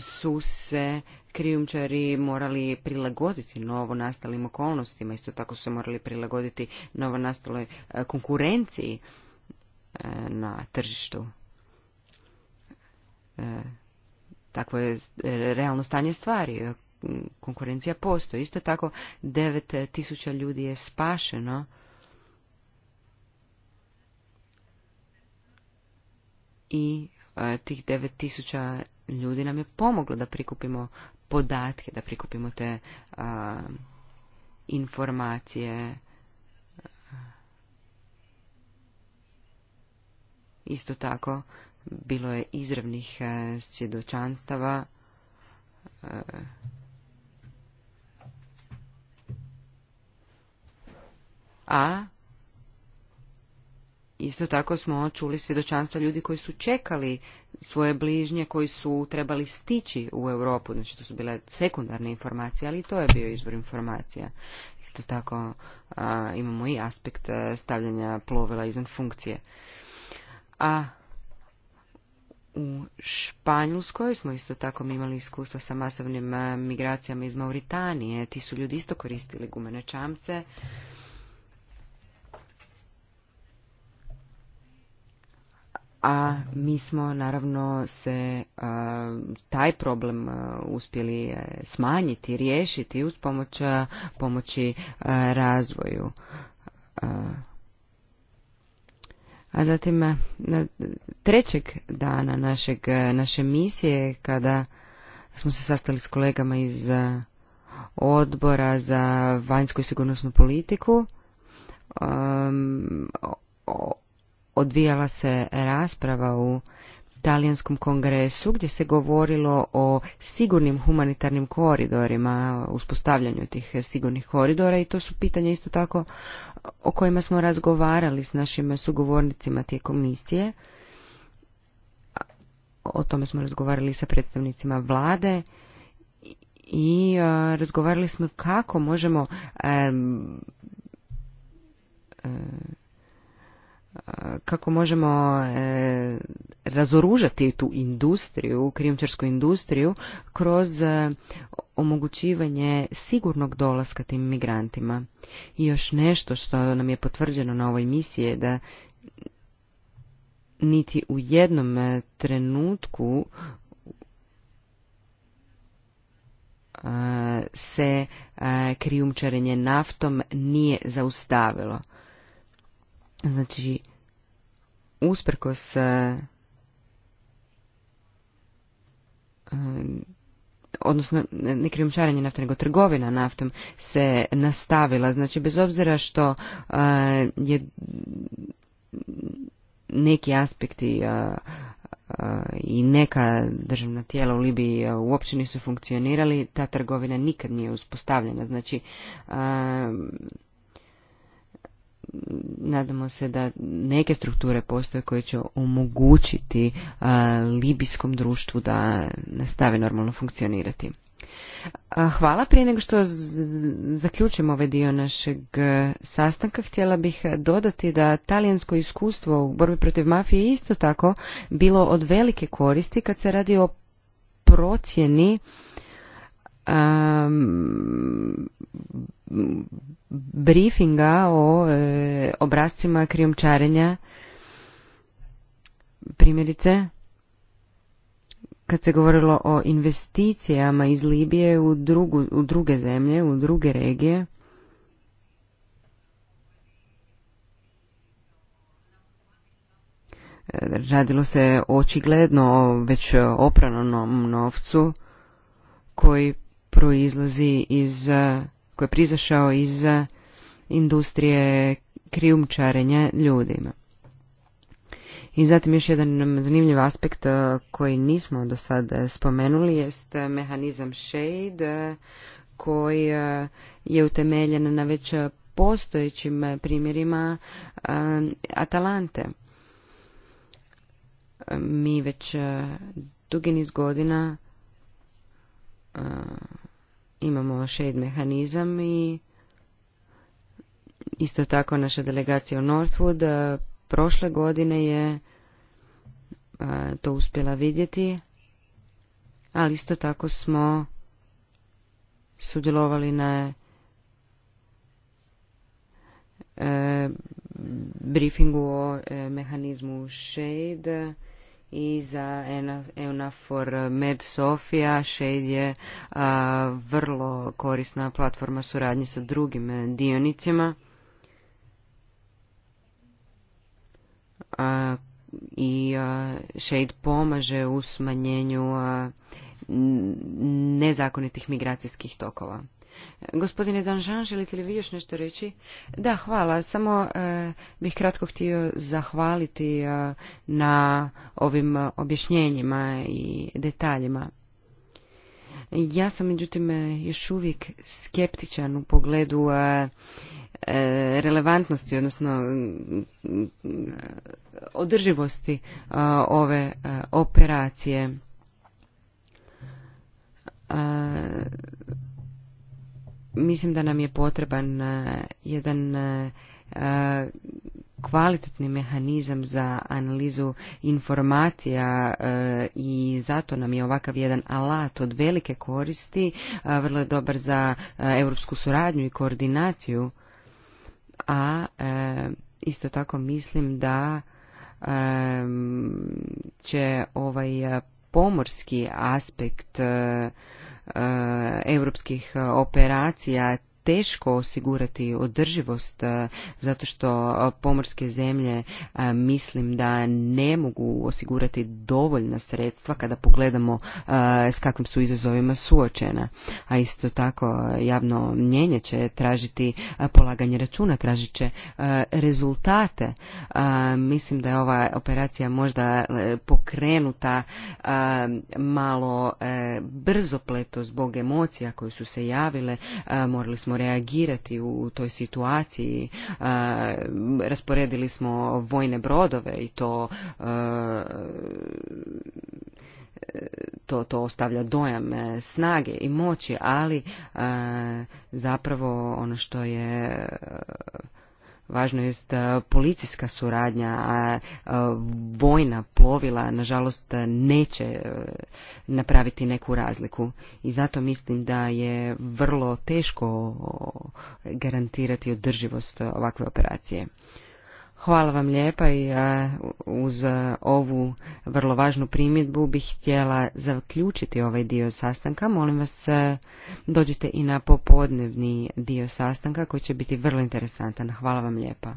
su se krijumčari morali prilagoditi novo nastalim okolnostima, isto tako su morali prilagoditi novo nastaloj e, konkurenciji e, na tržištu. E, takvo je realno stanje stvari. Konkurencija postoji. Isto tako, 9000 ljudi je spašeno. I E, tih 9000 ljudi nam je pomoglo da prikupimo podatke, da prikupimo te informacije. Isto tako, bilo je izravnih e, sjedočanstava. E, a Isto tako smo čuli svjedočanstva ljudi koji su čekali svoje bližnje, koji su trebali stići u Europu, znači to su bile sekundarne informacije, ali i to je bio izvor informacija. Isto tako imamo i aspekt stavljanja plovila izvan funkcije. A u Španjolskoj smo isto tako imali iskustvo sa masovnim migracijama iz Mauritanije, ti su ljudi isto koristili gumene čamce. a mi smo naravno se taj problem uspjeli a, e, smanjiti, riješiti uz pomoć pomoći e, razvoju. A zatim e, na trećeg dana našeg, naše misije kada smo se sastali s kolegama iz odbora za vanjsku i sigurnosnu politiku, um, odvijala se rasprava u talijanskom kongresu gdje se govorilo o sigurnim humanitarnim koridorima, uspostavljanju tih sigurnih koridora i to su pitanja isto tako o kojima smo razgovarali s našim sugovornicima tijekom misije. O tome smo razgovarali sa predstavnicima vlade i e, razgovarali smo kako možemo e, kako možemo e, razoružati tu industriju, krijumčarsku industriju, kroz e, omogućivanje sigurnog dolaska tim migrantima. I još nešto što nam je potvrđeno na ovoj misiji je da niti u jednom e, trenutku se krijumčarenje naftom nije zaustavilo. Znači, usprkos e, e, odnosno ne krijumčarenje nafte, nego trgovina naftom se nastavila. Znači, bez obzira što e, je neki aspekti i neka državna tijela u Libiji uopće nisu funkcionirali, ta trgovina nikad nije uspostavljena. Znači, nadamo se da neke strukture postoje koje će omogućiti libijskom društvu da nastave normalno funkcionirati. hvala. Prije nego što zaključim ovaj dio našeg e, sastanka, htjela bih dodati da talijansko iskustvo u borbi protiv mafije isto tako bilo od velike koristi kad se radi o procjeni um, briefinga o e, obrazcima krijumčarenja primjerice kad se govorilo o investicijama iz Libije u, drugu, u druge zemlje, u druge regije. Radilo se očigledno o već opranom novcu koji proizlazi iz, eh, koji je prizašao iz eh, industrije krijumčarenja ljudima. I zatim još jedan zanimljiv aspekt eh, koji nismo do sada spomenuli jest mehanizam SHADE koji je utemeljen na već postojećim primjerima Atalante. Mi već dugi niz godina imamo shade mehanizam i isto tako naša delegacija u Northwood prošle godine je to uspjela vidjeti, ali isto tako smo sudjelovali na e, briefingu o e, mehanizmu shade i za EUNAFOR Med Sofia Shade je vrlo korisna platforma suradnje sa drugim dionicima i a, Shade pomaže u smanjenju nezakonitih migracijskih tokova. Gospodine Danžan, želite li vi još nešto reći? Da, hvala. Samo e, bih kratko htio zahvaliti e, na ovim objašnjenjima i detaljima. Ja sam, međutim, još uvijek skeptičan u pogledu e, relevantnosti, odnosno održivosti ove operacije mislim da nam je potreban e, jedan e, e, kvalitetni mehanizam za analizu informacija i zato nam je ovakav jedan alat od velike koristi, vrlo je dobar za europsku suradnju i koordinaciju, a isto tako mislim da će ovaj pomorski aspekt Eh, europskih operacija teško osigurati održivost e, zato što e, pomorske zemlje e, mislim da ne mogu osigurati dovoljna sredstva kada pogledamo s kakvim su izazovima suočena. A isto tako javno mnjenje će tražiti polaganje računa, tražit će rezultate. Mislim da je ova operacija možda pokrenuta malo brzopleto zbog emocija koje su se javile. Morali smo reagirati u toj situaciji. E, rasporedili smo vojne brodove i to e, to, to ostavlja dojam e, snage i moći, ali zapravo ono što je Važno je e, policijska suradnja, a e, vojna plovila nažalost e, neće napraviti neku razliku. I zato mislim da je vrlo teško garantirati održivost ovakve operacije. Hvala vam lijepa i e, uz e, ovu vrlo važnu primjedbu bih htjela zaključiti ovaj dio sastanka. Molim vas e, dođite i na popodnevni dio sastanka koji će biti vrlo interesantan. Hvala vam lijepa.